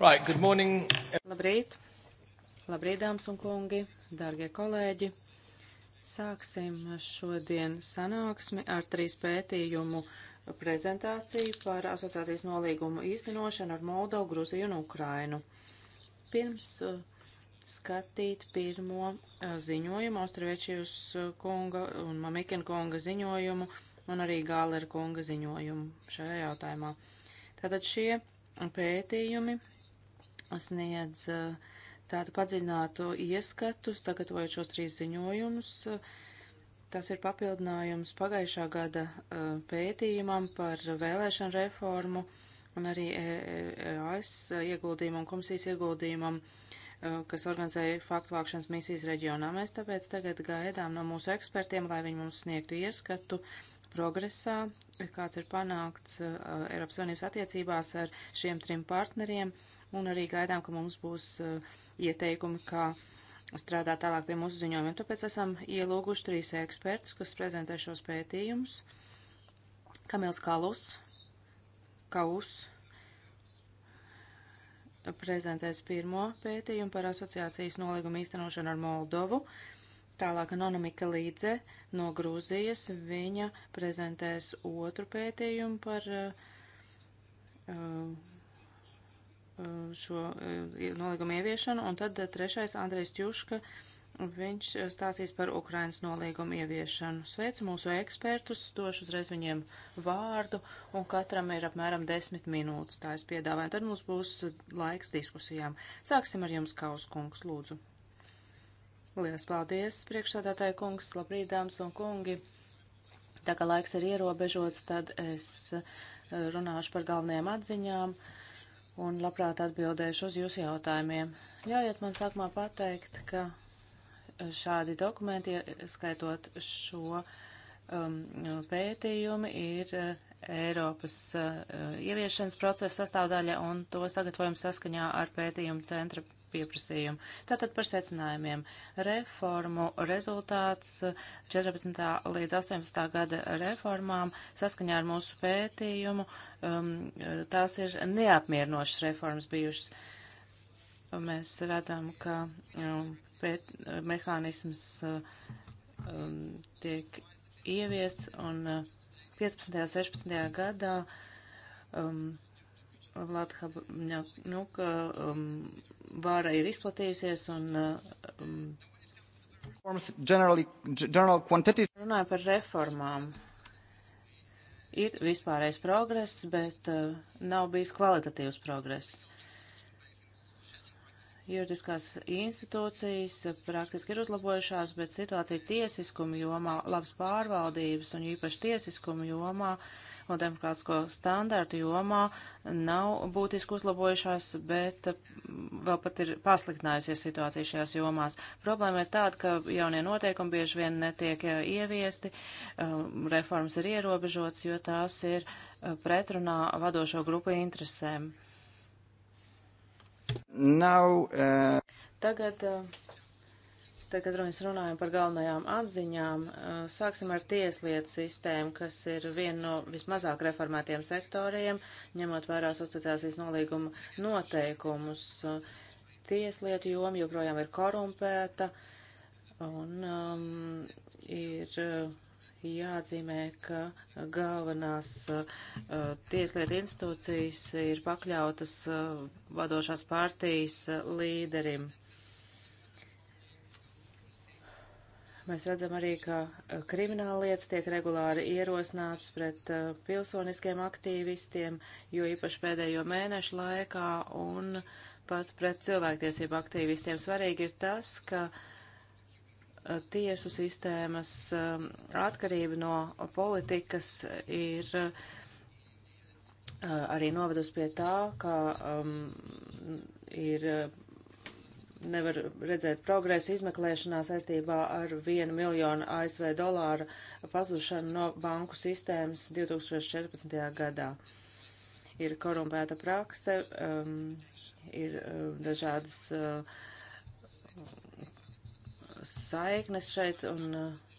Right, good morning. Labrīt. Labrīt, dāmas un kungi, dārgie kolēģi. Sāksim šodien sanāksmi ar trīs pētījumu prezentāciju par asociācijas nolīgumu īstenošanu ar Moldovu, Gruziju un Ukrainu. Pirms uh, skatīt pirmo uh, ziņojumu, Austrievečijus uh, kunga un Mamikina kunga ziņojumu un arī Gālera kunga ziņojumu šajā jautājumā. Tātad šie pētījumi sniedz tādu padziļinātu ieskatu, sagatavojot šos trīs ziņojumus. Tas ir papildinājums pagājušā gada pētījumam par vēlēšanu reformu un arī EAS e, e, ieguldījumam, komisijas ieguldījumam, kas organizēja faktu vākšanas misijas reģionā. Mēs tāpēc tagad gaidām no mūsu ekspertiem, lai viņi mums sniegtu ieskatu progresā, kāds ir panākts Eiropas Savienības attiecībās ar šiem trim partneriem un arī gaidām, ka mums būs uh, ieteikumi, kā strādāt tālāk pie mūsu ziņojumiem. Tāpēc esam ielūguši trīs ekspertus, kas prezentē šos pētījumus. Kamils Kalus, Kaus prezentēs pirmo pētījumu par asociācijas nolīgumu īstenošanu ar Moldovu. Tālāk anonimika līdze no Grūzijas, viņa prezentēs otru pētījumu par uh, uh Eh, šo eh, nolīgumu ieviešanu, un tad eh, trešais Andrejs Čuška, viņš stāstīs par Ukrainas nolīgumu ieviešanu. Sveicu mūsu ekspertus, došu uzreiz viņiem vārdu, un katram ir apmēram desmit minūtes, tā es piedāvāju, tad mums būs laiks diskusijām. Sāksim ar jums, Kauskungs, lūdzu. Lielas paldies, priekšsādātāja kungs, labrīt, dāmas un kungi. Tā kā laiks ir ierobežots, tad es runāšu par galvenajām atziņām. Uh, un labprāt atbildēšu uz jūsu jautājumiem. Ļaujiet man sākumā pateikt, ka e, šādi dokumenti, skaitot šo um, pētījumi, ir uh, Eiropas uh, ieviešanas procesa sastāvdaļa, un to sagatavojam saskaņā ar pētījumu centra pieprasījumu. Tātad par secinājumiem. Reformu rezultāts 14. Eh, līdz 18. gada reformām saskaņā ar mūsu pētījumu um, eh, tās ir neapmierinošas reformas bijušas. Mēs redzam, ka um, pēt, mehānisms eh, um, tiek ieviests un 15. un 16. gadā um, Lathabņuka um, vāra ir izplatījusies un uh, um, generally, general quantitative... runāja par reformām. Ir vispārējais progress, bet uh, nav bijis kvalitatīvs progress. Juridiskās institūcijas uh, praktiski ir uzlabojušās, bet situācija tiesiskuma jomā, labas pārvaldības un īpaši tiesiskuma jomā uh, no demokrātisko standārtu jomā nav būtiski uzlabojušās, bet mm, vēl pat ir pasliktinājusies situācija šajās jomās. Problēma ir tāda, ka jaunie noteikumi bieži vien netiek e, ieviesti, e, reformas ir ierobežotas, jo tās ir e, pretrunā vadošo grupu interesēm. Now, uh... Tagad uh, Tad, kad mēs runājam par galvenajām atziņām, sāksim ar tieslietu sistēmu, kas ir viena no vismazāk reformētiem sektoriem, ņemot vērā asociācijas nolīguma noteikumus. Tieslietu joma joprojām ir korumpēta un um, ir jāatzīmē, ka galvenās uh, tieslietu institūcijas ir pakļautas uh, vadošās partijas uh, līderim. Uh, Mēs redzam arī, ka e, krimināla lietas tiek regulāri ierosināts pret uh, pilsoniskiem aktīvistiem, jo īpaši pēdējo mēnešu laikā un pat pret cilvēktiesību aktīvistiem. Svarīgi ir tas, ka uh, tiesu sistēmas uh, atkarība no politikas ir arī novedusi pie tā, ka um, ir nevar redzēt progresu izmeklēšanā saistībā ar 1 miljonu ASV dolāru pazušanu no banku sistēmas 2014. gadā. Ir korumpēta prakse, um, ir um, dažādas uh, saiknes šeit, un uh,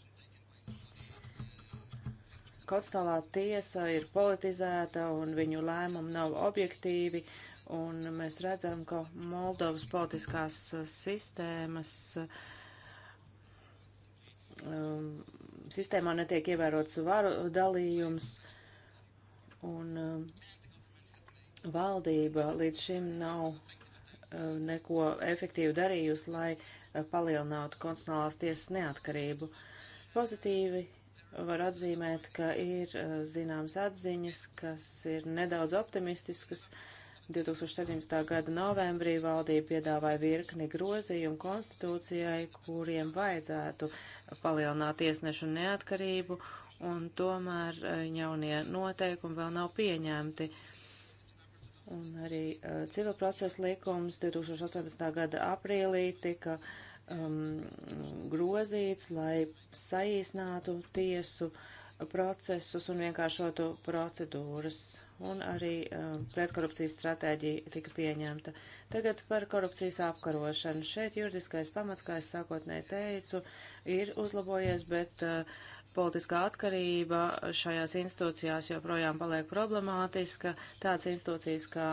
konstitucionālā tiesa ir politizēta un viņu lēmumi nav objektīvi, un mēs redzam, ka Moldovas politiskās sistēmas um, sistēmā netiek ievērots varu dalījums, un um, valdība līdz šim nav um, neko efektīvi darījusi, lai palielinātu konstitucionālās tiesas neatkarību. Pozitīvi var atzīmēt, ka ir eh, zināmas atziņas, kas ir nedaudz optimistiskas. 2017. gada novembrī valdība piedāvāja virkni grozījumu konstitūcijai, kuriem vajadzētu palielināt tiesnešu neatkarību, un tomēr eh, jaunie noteikumi vēl nav pieņemti. Un arī eh, civil procesa likums 2018. gada aprīlī tika uh, um, grozīts, lai saīsnātu tiesu procesus un vienkāršotu procedūras. Un arī um, pretkorupcijas stratēģija tika pieņemta. Tagad par korupcijas apkarošanu. Šeit juridiskais pamats, kā es sākotnēji teicu, ir uzlabojies, bet uh, politiskā atkarība šajās institūcijās joprojām paliek problemātiska. Tāds institūcijas kā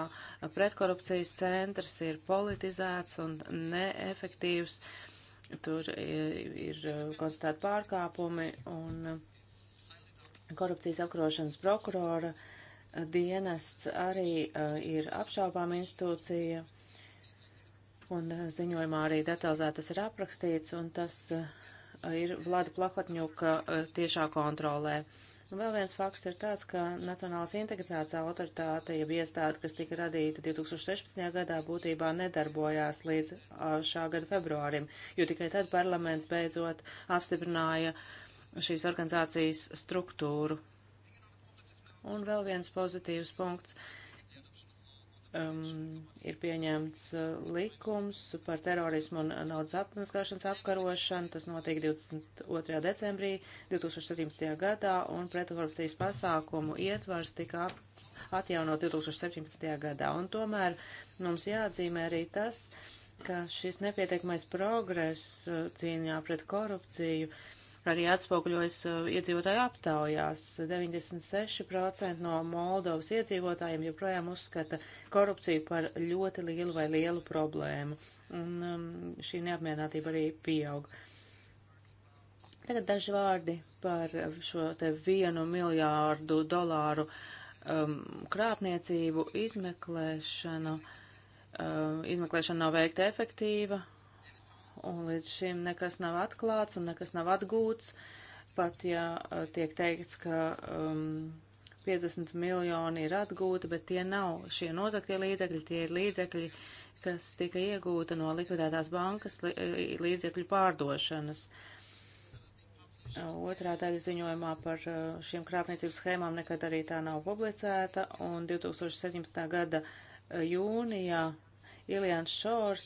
pretkorupcijas centrs ir politizēts un neefektīvs. Uh, Tur ir, ir e, konstatēti pārkāpumi un e, korupcijas apkarošanas prokurora e, dienests arī ir apšaubām institūcija. Un ziņojumā arī detalizēti tas ir aprakstīts, un tas ir Vlada Plahotņuka tiešā kontrolē. Un nu, vēl viens fakts ir tāds, ka Nacionālās integritātes autoritāte, jeb iestāde, kas tika radīta 2016. gadā, būtībā nedarbojās līdz šā gada februārim, jo tikai tad parlaments beidzot apstiprināja šīs organizācijas struktūru. Un vēl viens pozitīvs punkts. Uh, um, ir pieņemts uh, likums par terorismu un naudas apmaskāšanas apkarošanu. Tas notiek 22. decembrī 2017. gadā, un pretkorupcijas pasākumu ietvars tika atjaunots 2017. gadā. Un tomēr mums jāatzīmē arī tas, ka šis nepietiekamais progress uh, cīņā pret korupciju uh, arī atspoguļojas uh, iedzīvotāju aptaujās. 96% no Moldovas iedzīvotājiem joprojām uzskata korupciju par ļoti lielu vai lielu problēmu, un um, šī neapmierinātība arī pieaug. Tagad daži vārdi par šo te vienu miljārdu dolāru um, krāpniecību izmeklēšanu. Um, izmeklēšana nav veikta efektīva, un līdz šim nekas nav atklāts un nekas nav atgūts, pat ja eh, tiek teikts, ka um, 50 miljoni ir atgūti, bet tie nav šie nozaktie līdzekļi, tie ir līdzekļi, kas tika iegūta no likvidētās bankas li eh, līdzekļu pārdošanas. Otrā daļa ziņojumā par eh, šiem krāpniecības schēmām nekad arī tā nav publicēta, un 2017. gada jūnijā Iljāns Šors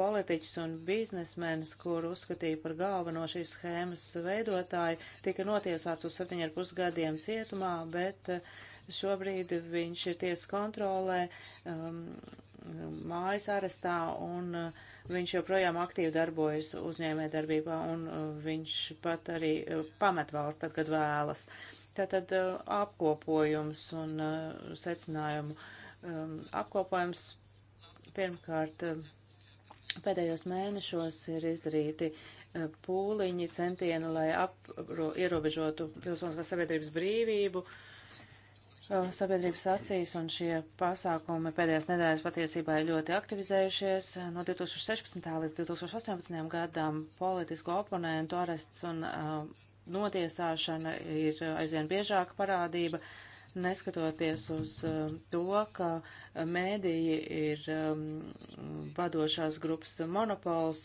politiķus un biznesmenus, kur uzskatīja par galveno šīs schēmas veidotāju, tika notiesāts uz 7,5 gadiem cietumā, bet eh, šobrīd viņš ir tiesa kontrolē, um, mājas arestā un uh, viņš joprojām aktīvi darbojas uzņēmē darbībā un uh, viņš pat arī uh, pamet valsts tad, kad vēlas. Tātad apkopojums un secinājumu um, apkopojums pirmkārt. Uh, Pēdējos mēnešos ir izdarīti eh, pūliņi, centieni, lai apro, ierobežotu pilsoniskās sabiedrības brīvību eh, sabiedrības acīs, un šie pasākumi pēdējās nedēļas patiesībā ir ļoti aktivizējušies. No 2016. līdz 2018. gadam politisko oponentu arests un uh, notiesāšana ir aizvien biežāka parādība. Uh, neskatoties uz um, to, ka mēdīji ir um, vadošās grupas monopols,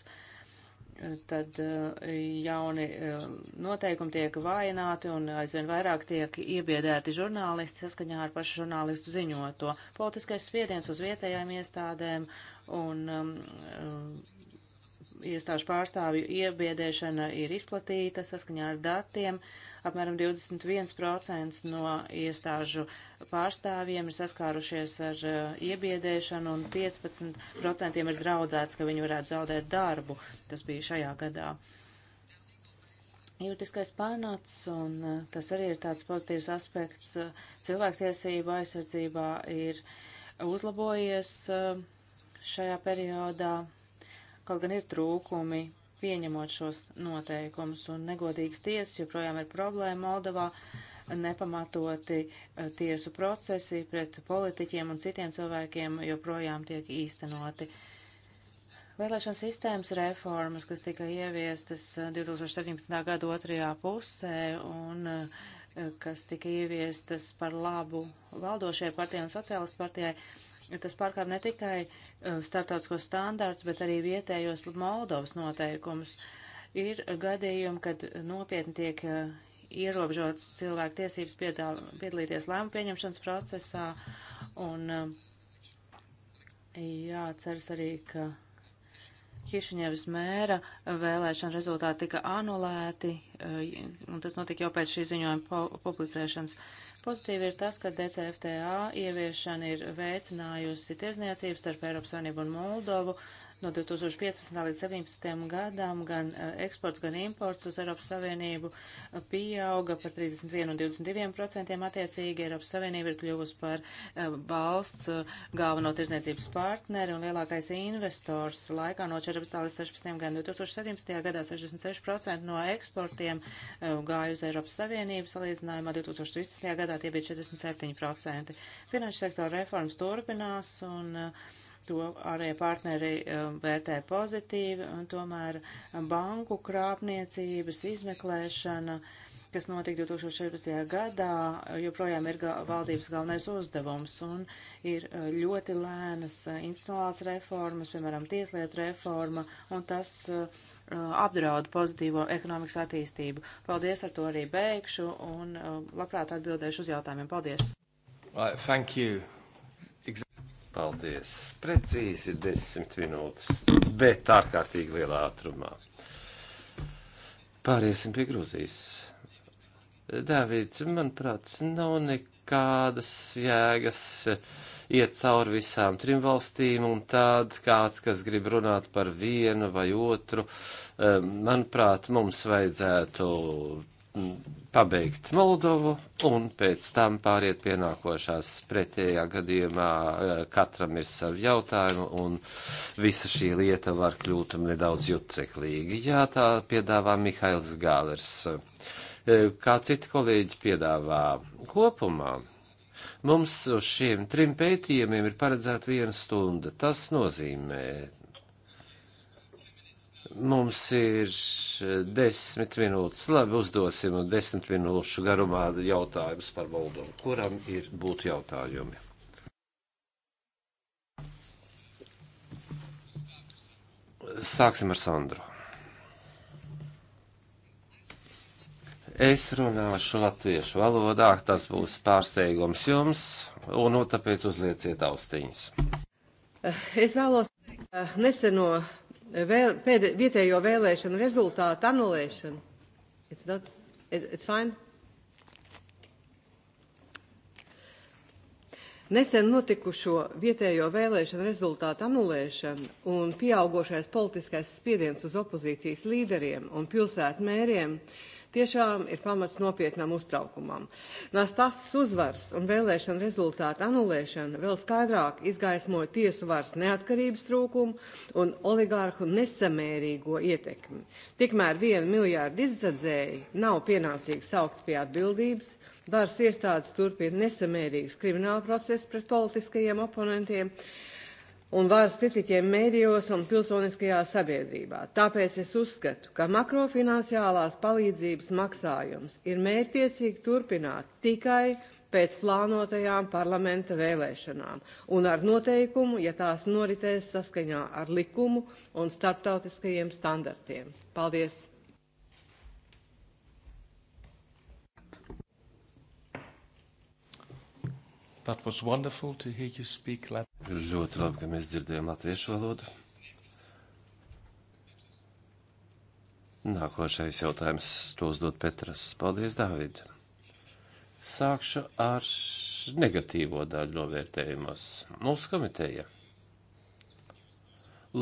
tad uh, jauni um, noteikumi tiek vājināti un aizvien vairāk tiek iebiedēti žurnālisti saskaņā ar pašu žurnālistu ziņoto. Politiskais spiediens uz vietējām iestādēm un um, iestāžu pārstāvju iebiedēšana ir izplatīta saskaņā ar datiem. Apmēram 21% no iestāžu pārstāvjiem ir saskārušies ar uh, iebiedēšanu un 15% ir draudēts, ka viņi varētu zaudēt darbu. Tas bija šajā gadā. Juridiskais pārnāts, un uh, tas arī ir tāds pozitīvs aspekts, uh, cilvēktiesība aizsardzībā ir uzlabojies uh, šajā periodā Kaut gan ir trūkumi pieņemot šos noteikumus, un negodīgas tiesas joprojām ir problēma Moldovā, nepamatoti eh, tiesu procesi pret politiķiem un citiem cilvēkiem joprojām tiek īstenoti. Vēlēšana sistēmas reformas, kas tika ieviestas 2017. Eh, gada otrajā pusē un eh, kas tika ieviestas par labu valdošajai partijai un sociālistu partijai, Tas pārkāp ne tikai uh, starptautiskos standārts, bet arī vietējos Moldovas noteikumus. Ir gadījumi, kad nopietni tiek uh, ierobežotas cilvēku tiesības piedāl, piedalīties lēmu pieņemšanas procesā, un um, jāceras arī, ka Kišiņevas mēra vēlēšana rezultāti tika anulēti, eh, un tas notika jau pēc šī ziņojuma publicēšanas. Pozitīvi ir tas, ka DCFTA ieviešana ir veicinājusi tiesniecības starp Eiropas Savienību un Moldovu, no 2015. līdz 2017. gadam gan eh, eksports, gan imports uz Eiropas Savienību eh, pieauga par 31 un 22 procentiem attiecīgi. Eiropas Savienība ir kļuvusi par eh, valsts galveno tirzniecības partneri un lielākais investors laikā no 14. līdz 16. gadam. 2017. gadā 66% no eksportiem gāja uz Eiropas Savienību, salīdzinājumā 2013. gadā tie bija 47%. Finanšu sektora reformas turpinās un uh, To arī partneri um, vērtē pozitīvi, un tomēr banku krāpniecības izmeklēšana, kas notika 2014. gadā, joprojām ir gal, valdības galvenais uzdevums, un ir uh, ļoti lēnas uh, institucionālās reformas, piemēram, tieslietu reforma, un tas uh, apdraud pozitīvo ekonomikas attīstību. Paldies, ar to arī beigšu, un labprāt atbildēšu uz jautājumiem. Paldies! Right, thank you. Paldies. Precīzi desmit minūtes, bet ārkārtīgi lielā ātrumā. Pāriesim pie Grūzijas. Dāvids, manuprāt, nav nekādas jēgas iet cauri visām trim valstīm, un tad kāds, kas grib runāt par vienu vai otru, eh, manuprāt, mums vajadzētu pabeigt Moldovu un pēc tam pāriet pie nākošās. Pretējā gadījumā eh, katram ir savi jautājumi un visa šī lieta var kļūt nedaudz juceklīgi. Jā, tā piedāvā Mihails Gālers. Eh, kā citi kolēģi piedāvā kopumā, mums uz šiem trim pētījumiem ir paredzēta viena stunda. Tas nozīmē Mums ir eh, desmit minūtes. Labi, uzdosim desmit minūšu garumā jautājumus par Moldovu. Kuram ir būtu jautājumi? Sāksim ar Sandru. Es runāšu latviešu valodā, tas būs pārsteigums jums, un nu, tāpēc uzlieciet austiņas. Es vēlos teikt eh, neseno vēl, pēdē, vietējo vēlēšanu rezultātu anulēšanu. It's not, it, it's fine. Nesen notikušo vietējo vēlēšanu rezultātu anulēšana un pieaugošais politiskais spiediens uz opozīcijas līderiem un pilsētu mēriem uh, tiešām ir pamats nopietnam uztraukumam. Nastasas uzvars un vēlēšana rezultātu anulēšana vēl skaidrāk izgaismoja tiesu varas neatkarības trūkumu un oligārhu nesamērīgo ietekmi. Tikmēr vienu miljārdu izdzadzēji nav pienācīgi saukt pie atbildības, varas iestādes turpina nesamērīgus kriminālu procesus pret politiskajiem oponentiem, un varas kritiķiem mēdījos un pilsoniskajā sabiedrībā. Tāpēc es uzskatu, ka makrofinansiālās palīdzības maksājums ir mērķtiecīgi turpināt tikai pēc plānotajām parlamenta vēlēšanām un ar noteikumu, ja tās noritēs saskaņā ar likumu un starptautiskajiem standartiem. Paldies! That was wonderful to hear you speak Latvijas. Ļoti labi, ka mēs dzirdējām latviešu valodu. Nākošais jautājums to uzdot Petras. Paldies, Dāvid. Sākšu ar negatīvo daļu novērtējumos. Mūsu komiteja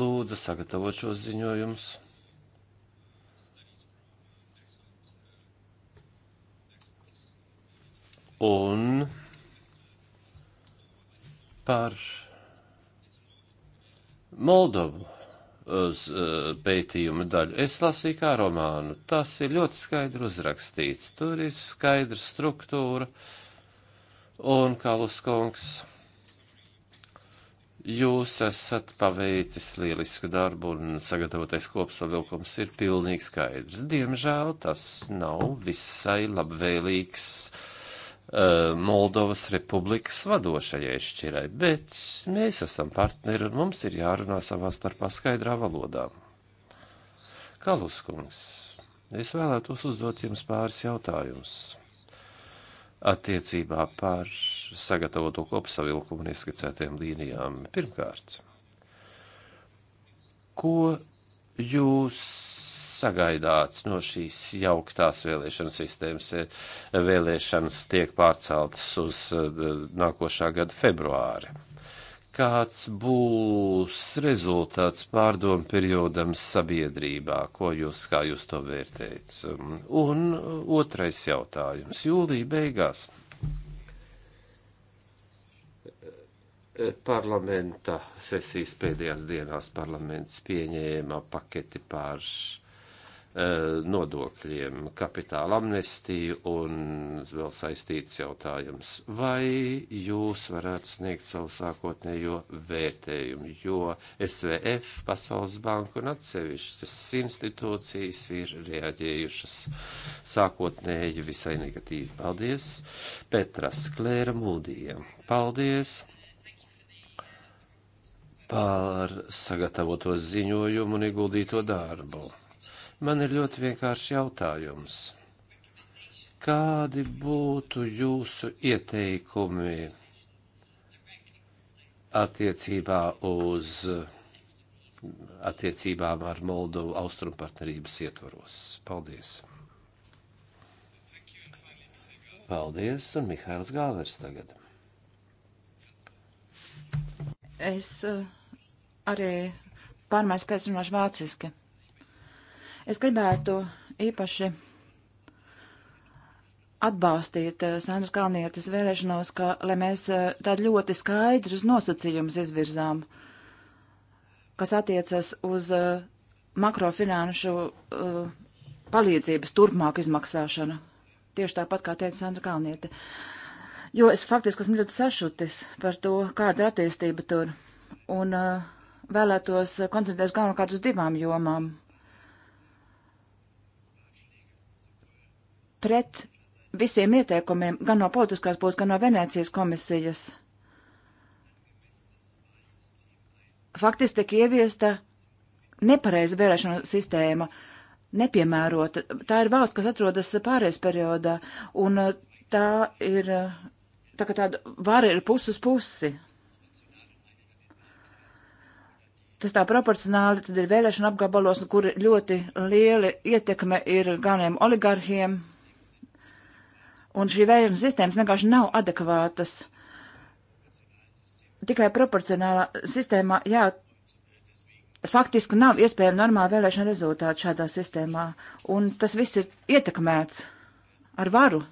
lūdza sagatavot šos ziņojumus. Un par Moldovu uz eh, pētījuma daļu. Es lasīju kā romānu. Tas ir ļoti skaidri uzrakstīts. Tur ir skaidra struktūra un Kaluskungs. Jūs esat paveicis lielisku darbu un sagatavotais kopsavilkums ir pilnīgi skaidrs. Diemžēl tas nav visai labvēlīgs uh, Eh, Moldovas republikas vadošajai šķirai, bet mēs esam partneri un mums ir jārunā savā starpā skaidrā valodā. Kaluskungs, es vēlētos uzdot jums pāris jautājumus attiecībā par sagatavoto kopsavilkumu un ieskicētiem līnijām. Pirmkārt, ko jūs sagaidāts no šīs jauktās vēlēšana sistēmas. E, vēlēšanas tiek pārceltas uz e, nākošā gada februāri. Kāds būs rezultāts pārdomu periodam sabiedrībā, ko jūs, kā jūs to vērtējat? Un otrais jautājums - jūlija beigās. parlamenta sesijas pēdējās dienās parlaments pieņēma paketi par uh, Eh, nodokļiem, kapitāla amnestiju un vēl saistīts jautājums. Vai jūs varētu sniegt savu sākotnējo vērtējumu, jo SVF, Pasaules banka un atsevišķas institūcijas ir reaģējušas sākotnēji visai negatīvi. Paldies Petras Klēra Mūdijam. Paldies! par sagatavoto ziņojumu un ieguldīto darbu. Man ir ļoti vienkārši jautājums. Kādi būtu jūsu ieteikumi attiecībā uz attiecībām ar Moldovu austrumpartnerības ietvaros? Paldies! Paldies, un Mihāls Gāvers tagad. Es eh, arī pārmērs pēc runāšu vāciski. Es gribētu īpaši atbalstīt eh, Sandras Kalnietes vēlēšanos, ka, lai mēs eh, tādu ļoti skaidrus nosacījumus izvirzām, kas attiecas uz eh, makrofinanšu palīdzības turpmāku izmaksāšanu. Tieši tāpat, kā teica Sandra Kalniete. Jo es faktiski esmu ļoti sašutis par to, kāda ir attīstība tur. Un vēlētos koncentrēties galvenokārt uz divām jomām pret visiem ieteikumiem, gan no politiskās puses, gan no Venēcijas komisijas. Faktiski tika ieviesta nepareiza vēlēšanu sistēma, nepiemērota. Tā ir valsts, kas atrodas pārējais periodā, un uh, tā ir, uh, tā kā tāda vara ir puses pusi. Tas tā proporcionāli tad ir vēlēšana apgabalos, kur ļoti liela ietekme ir ganiem oligarhiem, Un šī vēršanas sistēmas vienkārši nav adekvātas. Tikai proporcionālā sistēmā, jā, faktiski nav iespējama normāla vēlēšana rezultāta šādā sistēmā. Un tas viss ir ietekmēts ar varu,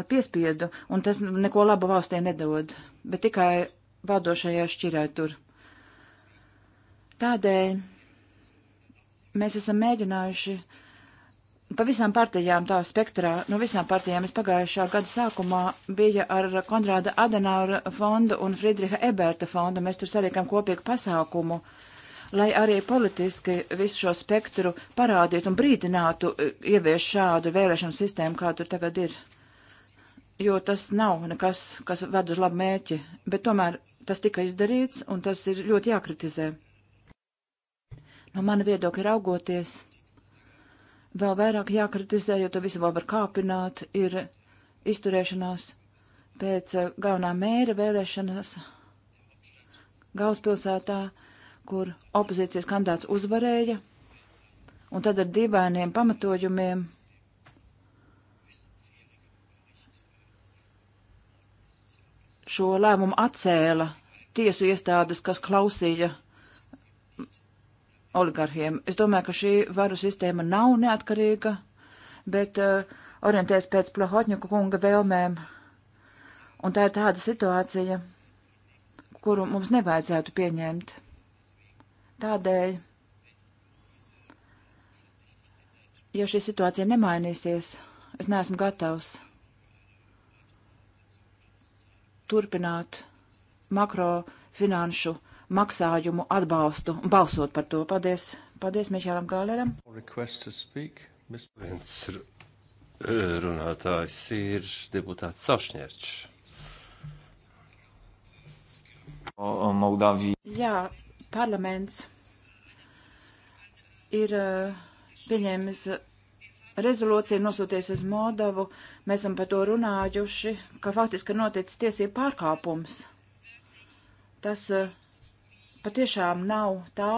ar piespiedu, un tas neko labu valstī nedod, bet tikai valdošajai šķirai tur. Tādēļ mēs esam mēģinājuši uh, pa visām partijām tā spektrā, no visām partijām es pagājušā gada sākumā bija ar Konrāda Adenaura fondu un Friedriha Eberta fondu. Mēs tur sarīkam kopīgu pasākumu, lai arī politiski visu šo spektru parādītu un brīdinātu e, ievies šādu vēlēšanu sistēmu, kā tur tagad ir. Jo tas nav nekas, kas ved uz labu mērķi, bet tomēr tas tika izdarīts un tas ir ļoti jākritizē. No mana viedokļa raugoties vēl vairāk jākritizē, jo to visu vēl var kāpināt, ir izturēšanās pēc eh, galvenā mēra vēlēšanas galvaspilsētā, kur opozīcijas kandidāts uzvarēja, un tad ar dīvainiem pamatojumiem. Šo lēmumu atcēla tiesu iestādes, kas klausīja oligarhiem. Es domāju, ka šī varu sistēma nav neatkarīga, bet uh, eh, orientēs pēc Plahotņuka kunga vēlmēm. Un tā ir tāda situācija, kuru mums nevajadzētu pieņemt. Tādēļ, ja šī situācija nemainīsies, es neesmu gatavs turpināt makrofinanšu finanšu maksājumu atbalstu. Balsot par to. Paldies. Paldies Mišēlam Gāleram. Viens runātājs ir deputāts Sošņērčs. Jā, parlaments ir eh, pieņēmis rezolūcija nosūties uz Moldavu, mēs esam par to runājuši, ka faktiski noticis tiesību pārkāpums. Tas uh, patiešām nav tā,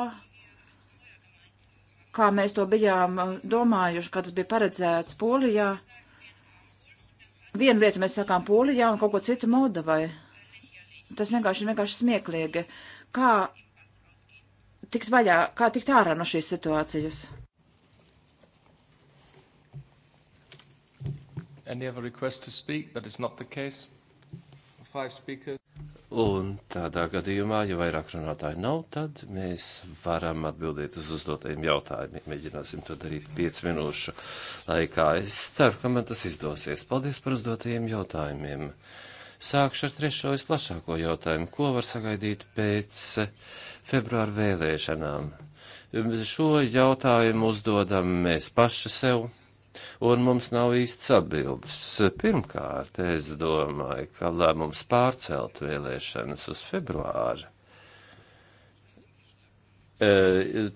kā mēs to bijām uh, domājuši, kad tas bija paredzēts Polijā. Vienu lietu mēs sakām Polijā un kaut ko citu Moldavai. Tas vienkārši ir vienkārši smieklīgi. Kā tikt vaļā, kā tikt ārā no šīs situācijas? Any other request to speak? That is not the case. Un tādā gadījumā, ja vairāk runātāji nav, tad mēs varam atbildēt uz uzdotajiem jautājumiem. Mēģināsim to darīt 5 minūšu laikā. Es ceru, ka man tas izdosies. Paldies par uzdotajiem jautājumiem. Sākšu ar trešo visplašāko jautājumu. Ko var sagaidīt pēc februāra vēlēšanām? Šo jautājumu uzdodam mēs paši sev un mums nav īsts atbildes. Pirmkārt, es domāju, ka lēmums pārcelt vēlēšanas uz februāri. E,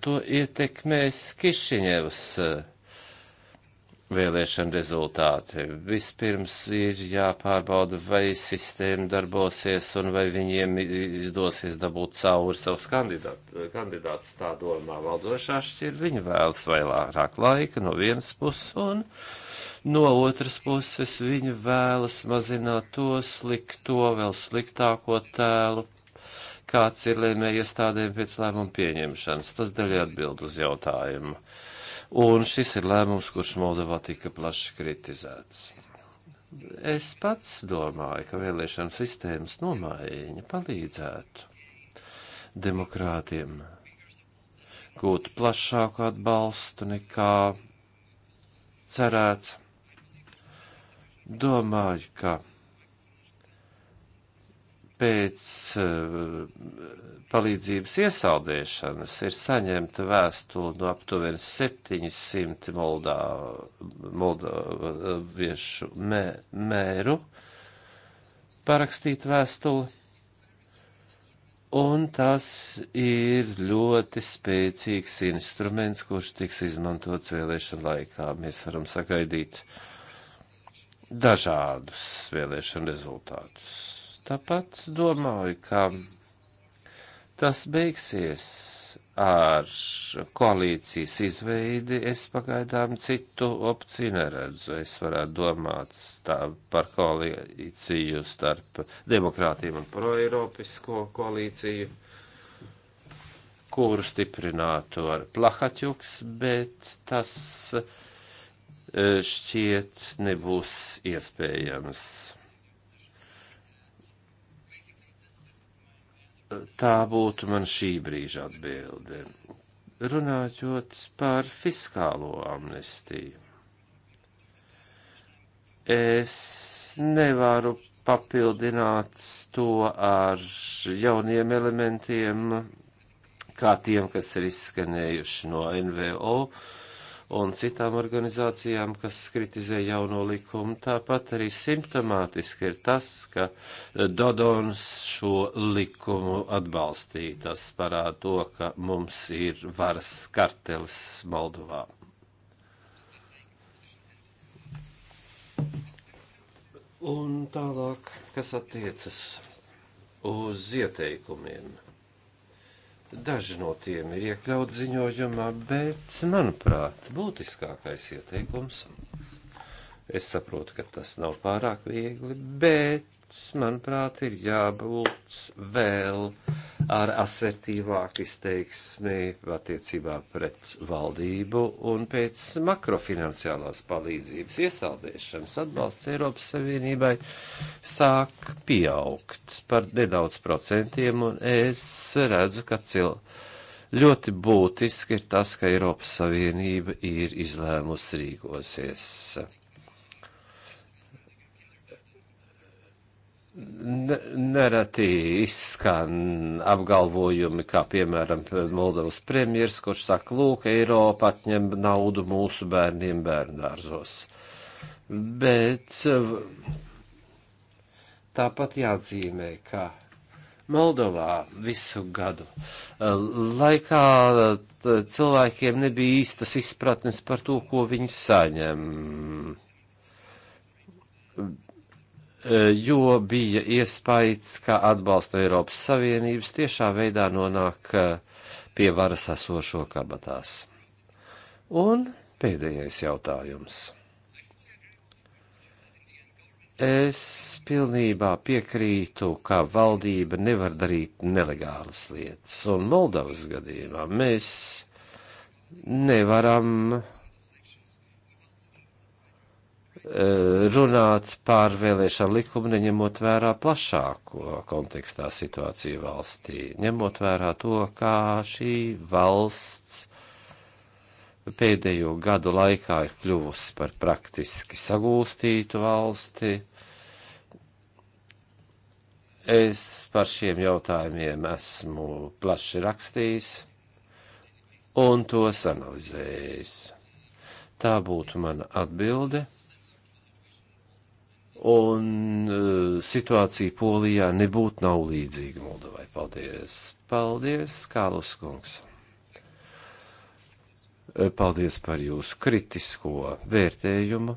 to ietekmēs Kišiņevas. E, vēlēšana rezultāti. Vispirms ir jāpārbauda, vai sistēma darbosies un vai viņiem izdosies dabūt cauri savus kandidātus. Tā domā valdošā šķir, viņi vēlas vairāk laika no vienas puses un no otras puses viņi vēlas mazināt to slikto, vēl sliktāko tēlu, kāds ir lēmē iestādēm pēc lēmumu pieņemšanas. Tas daļai atbild uz jautājumu un šis ir lēmums, kurš Moldovā tika plaši kritizēts. Es pats domāju, ka vēlēšana sistēmas nomaiņa palīdzētu demokrātiem gūt plašāku atbalstu nekā cerēts. Domāju, ka pēc eh, palīdzības iesaldēšanas ir saņemta vēstule no aptuveni 700 moldā, moldāviešu eh, mē, mēru parakstīt vēstuli, un tas ir ļoti spēcīgs instruments, kurš tiks izmantots vēlēšana laikā. Mēs varam sagaidīt dažādus vēlēšana rezultātus Tāpat domāju, ka tas beigsies ar koalīcijas izveidi. Es pagaidām citu opciju neredzu. Es varētu domāt stāv par koalīciju starp demokrātiem un proeiropisko koalīciju kuru stiprinātu ar plahaķuks, bet tas eh, šķiet nebūs iespējams. tā būtu man šī brīža atbilde. Runājot par fiskālo amnestiju, es nevaru papildināt to ar jauniem elementiem, kā tiem, kas ir izskanējuši no NVO. Uh, un citām organizācijām, kas kritizē jauno likumu. Tāpat arī simptomātiski ir tas, ka Dodons šo likumu atbalstīja. Tas parāda to, ka mums ir varas kartelis Moldovā. Un tālāk, kas attiecas uz ieteikumiem. Daži no tiem ir iekļaut ziņojumā, bet, manuprāt, būtiskākais ieteikums. Es saprotu, ka tas nav pārāk viegli, bet manuprāt, ir jābūt vēl ar asertīvāku izteiksmi attiecībā pret valdību un pēc makrofinanciālās palīdzības iesaldēšanas atbalsts Eiropas Savienībai sāk pieaugt par nedaudz procentiem, un es redzu, ka cil... ļoti būtiski ir tas, ka Eiropas Savienība ir izlēmusi rīkosies. nereti izskan apgalvojumi, kā piemēram Moldovas premjers, kurš saka, lūk, Eiropa atņem naudu mūsu bērniem bērndārzos. Bet tāpat jāatzīmē, ka Moldovā visu gadu. Eh, laikā eh, cilvēkiem nebija īstas izpratnes par to, ko viņi saņem jo bija iespējas, ka atbalsta Eiropas Savienības tiešā veidā nonāk eh, pie varas esošo kabatās. Un pēdējais jautājums. Es pilnībā piekrītu, ka valdība nevar darīt nelegālas lietas, un Moldovas gadījumā mēs nevaram Eh, runāt par vēlēšanu likumu, neņemot vērā plašāko kontekstā situāciju valstī, ņemot vērā to, kā šī valsts pēdējo gadu laikā ir kļuvusi par praktiski sagūstītu valsti. Es par šiem jautājumiem esmu plaši rakstījis un tos analizējis. Tā būtu mana atbilde un e, situācija Polijā nebūtu nav līdzīga Moldovai. Paldies! Paldies, Kālus kungs! E, paldies par jūsu kritisko vērtējumu.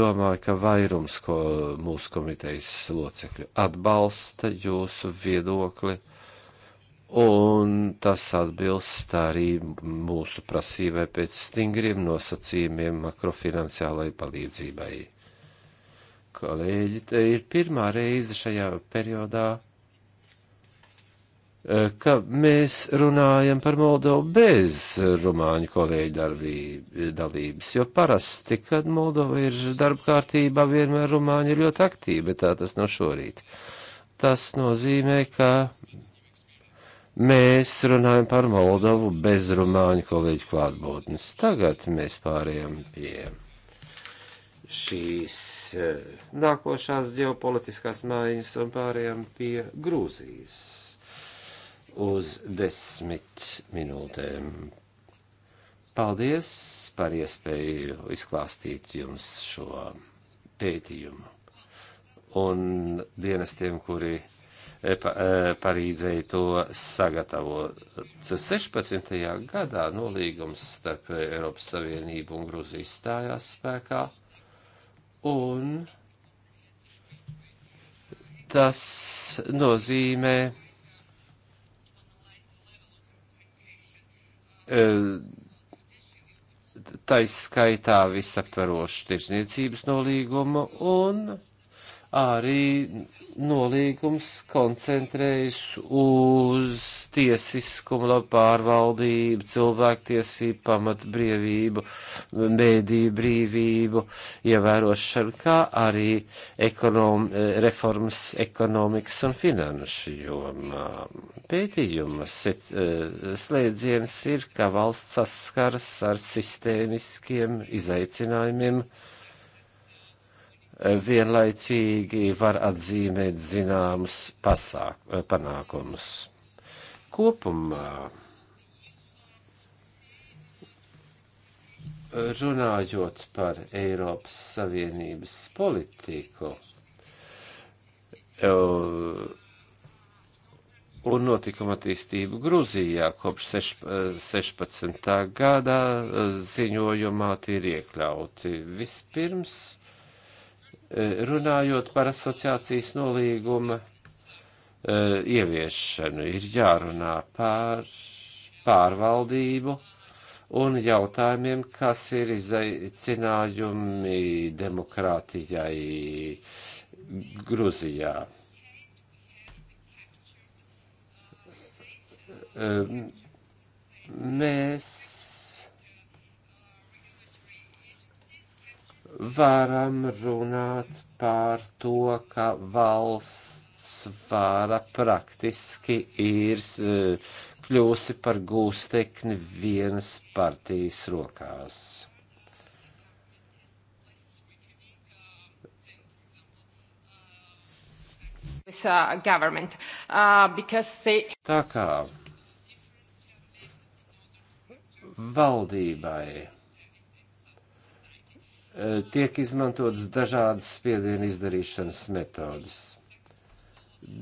Domāju, ka vairums ko mūsu komitejas locekļu atbalsta jūsu viedokli, un tas atbilst arī mūsu prasībai pēc stingriem nosacījumiem makrofinanciālai palīdzībai kolēģi, te ir pirmā reize šajā periodā, eh, ka mēs runājam par Moldovu bez rumāņu kolēģu darbība, dalības, jo parasti, kad Moldova ir darba kārtībā, vienmēr rumāņi ir ļoti aktīvi, bet tā tas no šorīt. Tas nozīmē, ka mēs runājam par Moldovu bez rumāņu kolēģu klātbūtnes. Tagad mēs pārējām pie šīs nākošās ģeopolitiskās mājiņas un pārējām pie Grūzijas uz desmit minūtēm. Paldies par iespēju izklāstīt jums šo pētījumu un dienestiem, kuri e, palīdzēja e, to sagatavot. 16. gadā nolīgums starp Eiropas Savienību un Gruziju stājās spēkā, Un tas nozīmē e, taiskaitā visaptvarošu tirsniecības nolīgumu un arī nolīgums koncentrējas uz tiesiskumu, labu pārvaldību, cilvēktiesību, pamatbrīvību, mēdīju brīvību, ievērošanu, kā arī ekonom, reformas ekonomikas un finanšu jomā. Pētījuma eh, slēdziens ir, ka valsts saskaras ar sistēmiskiem izaicinājumiem, vienlaicīgi var atzīmēt zināmus pasāk, panākumus. Kopumā runājot par Eiropas Savienības politiku uh, un notikuma attīstību Gruzijā kopš 16. Uh, gadā uh, ziņojumā tie ir iekļauti. Vispirms E, runājot par asociācijas nolīguma e, ieviešanu, ir jārunā par pārvaldību un jautājumiem, kas ir izaicinājumi demokrātijai Gruzijā. E, mēs varam runāt par to, ka valsts vara praktiski ir eh, kļūsi par gūstekni vienas partijas rokās. This, uh, government, uh, because they... Tā kā valdībai tiek izmantotas dažādas spiedienu izdarīšanas metodas.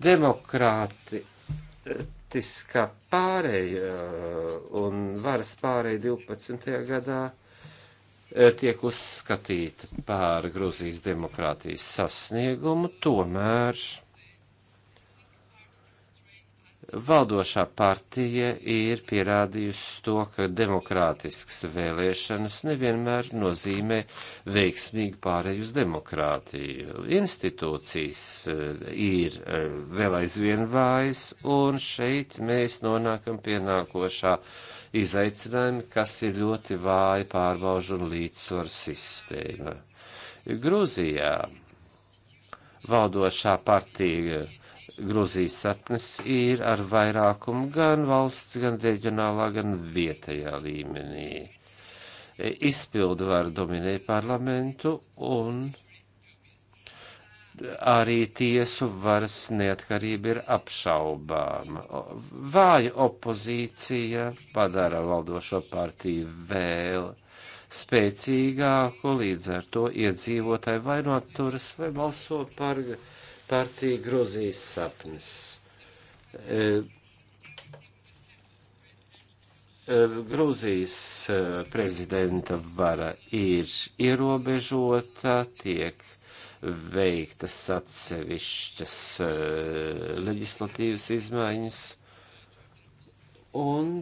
Demokrātiskā pārēja uh, un varas pārēja 12. gadā uh, tiek uzskatīta par Grūzijas demokrātijas sasniegumu, tomēr Valdošā partija ir pierādījusi to, ka demokrātisks vēlēšanas nevienmēr nozīmē veiksmīgu pārēju uz demokrātiju. Institūcijas eh, ir eh, vēl aizvien vājas, un šeit mēs nonākam pie nākošā izaicinājuma, kas ir ļoti vāja pārbaužu un līdzsvaru sistēma. Grūzijā valdošā partija Grūzijas sapnes ir ar vairākumu gan valsts, gan reģionālā, gan vietējā līmenī. Izpildu varu dominē parlamentu un arī tiesu varas neatkarība ir apšaubāma. Vāja opozīcija padara valdošo partiju vēl spēcīgāku, līdz ar to iedzīvotāji vai nu atturas vai balso par. Uh, partija Grūzijas sapnis. E, e, Grūzijas e, prezidenta vara ir ierobežota, tiek veiktas atsevišķas leģislatīvas izmaiņas, un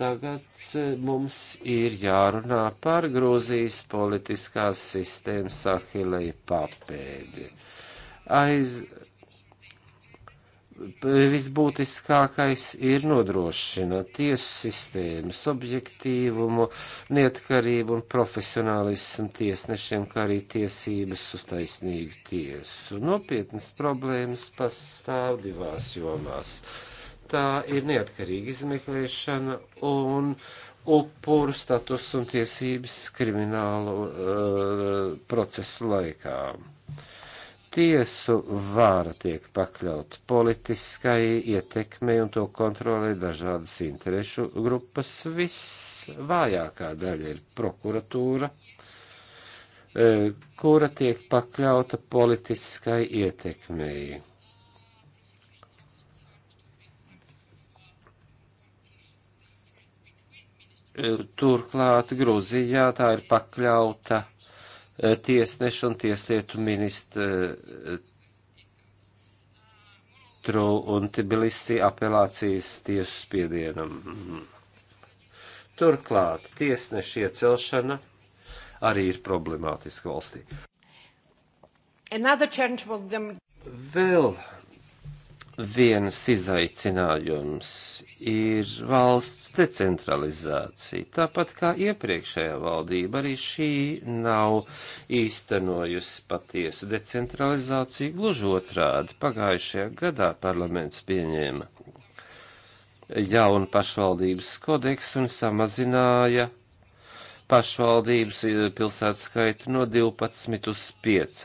tagad mums ir jārunā par Grūzijas politiskās sistēmas ahilei papēdi. Uh, aiz visbūtiskākais ir nodrošināt tiesu sistēmas objektīvumu, neatkarību un profesionālismu tiesnešiem, kā arī tiesības uz taisnīgu tiesu. Nopietnas problēmas pastāv divās jomās. Tā ir neatkarīga izmeklēšana un upuru status un tiesības kriminālu uh, procesu laikā. Tiesu vāra tiek pakļaut politiskai ietekmei un to kontrolē dažādas interešu grupas. Visvājākā daļa ir prokuratūra, e, kura tiek pakļauta politiskai ietekmei. E, turklāt Gruzijā tā ir pakļauta Eh, tiesnešu un tieslietu ministru eh, un Tbilisi apelācijas tiesu spiedienam. Mhm. Turklāt tiesnešu iecelšana arī ir problemātiska valstī. Vēl Vienas izaicinājums ir valsts decentralizācija. Tāpat kā iepriekšējā valdība, arī šī nav īstenojusi patiesu decentralizāciju. Gluži otrādi, pagājušajā gadā parlaments pieņēma jaunu pašvaldības kodeksu un samazināja pašvaldības eh, pilsētu skaitu no 12 uz 5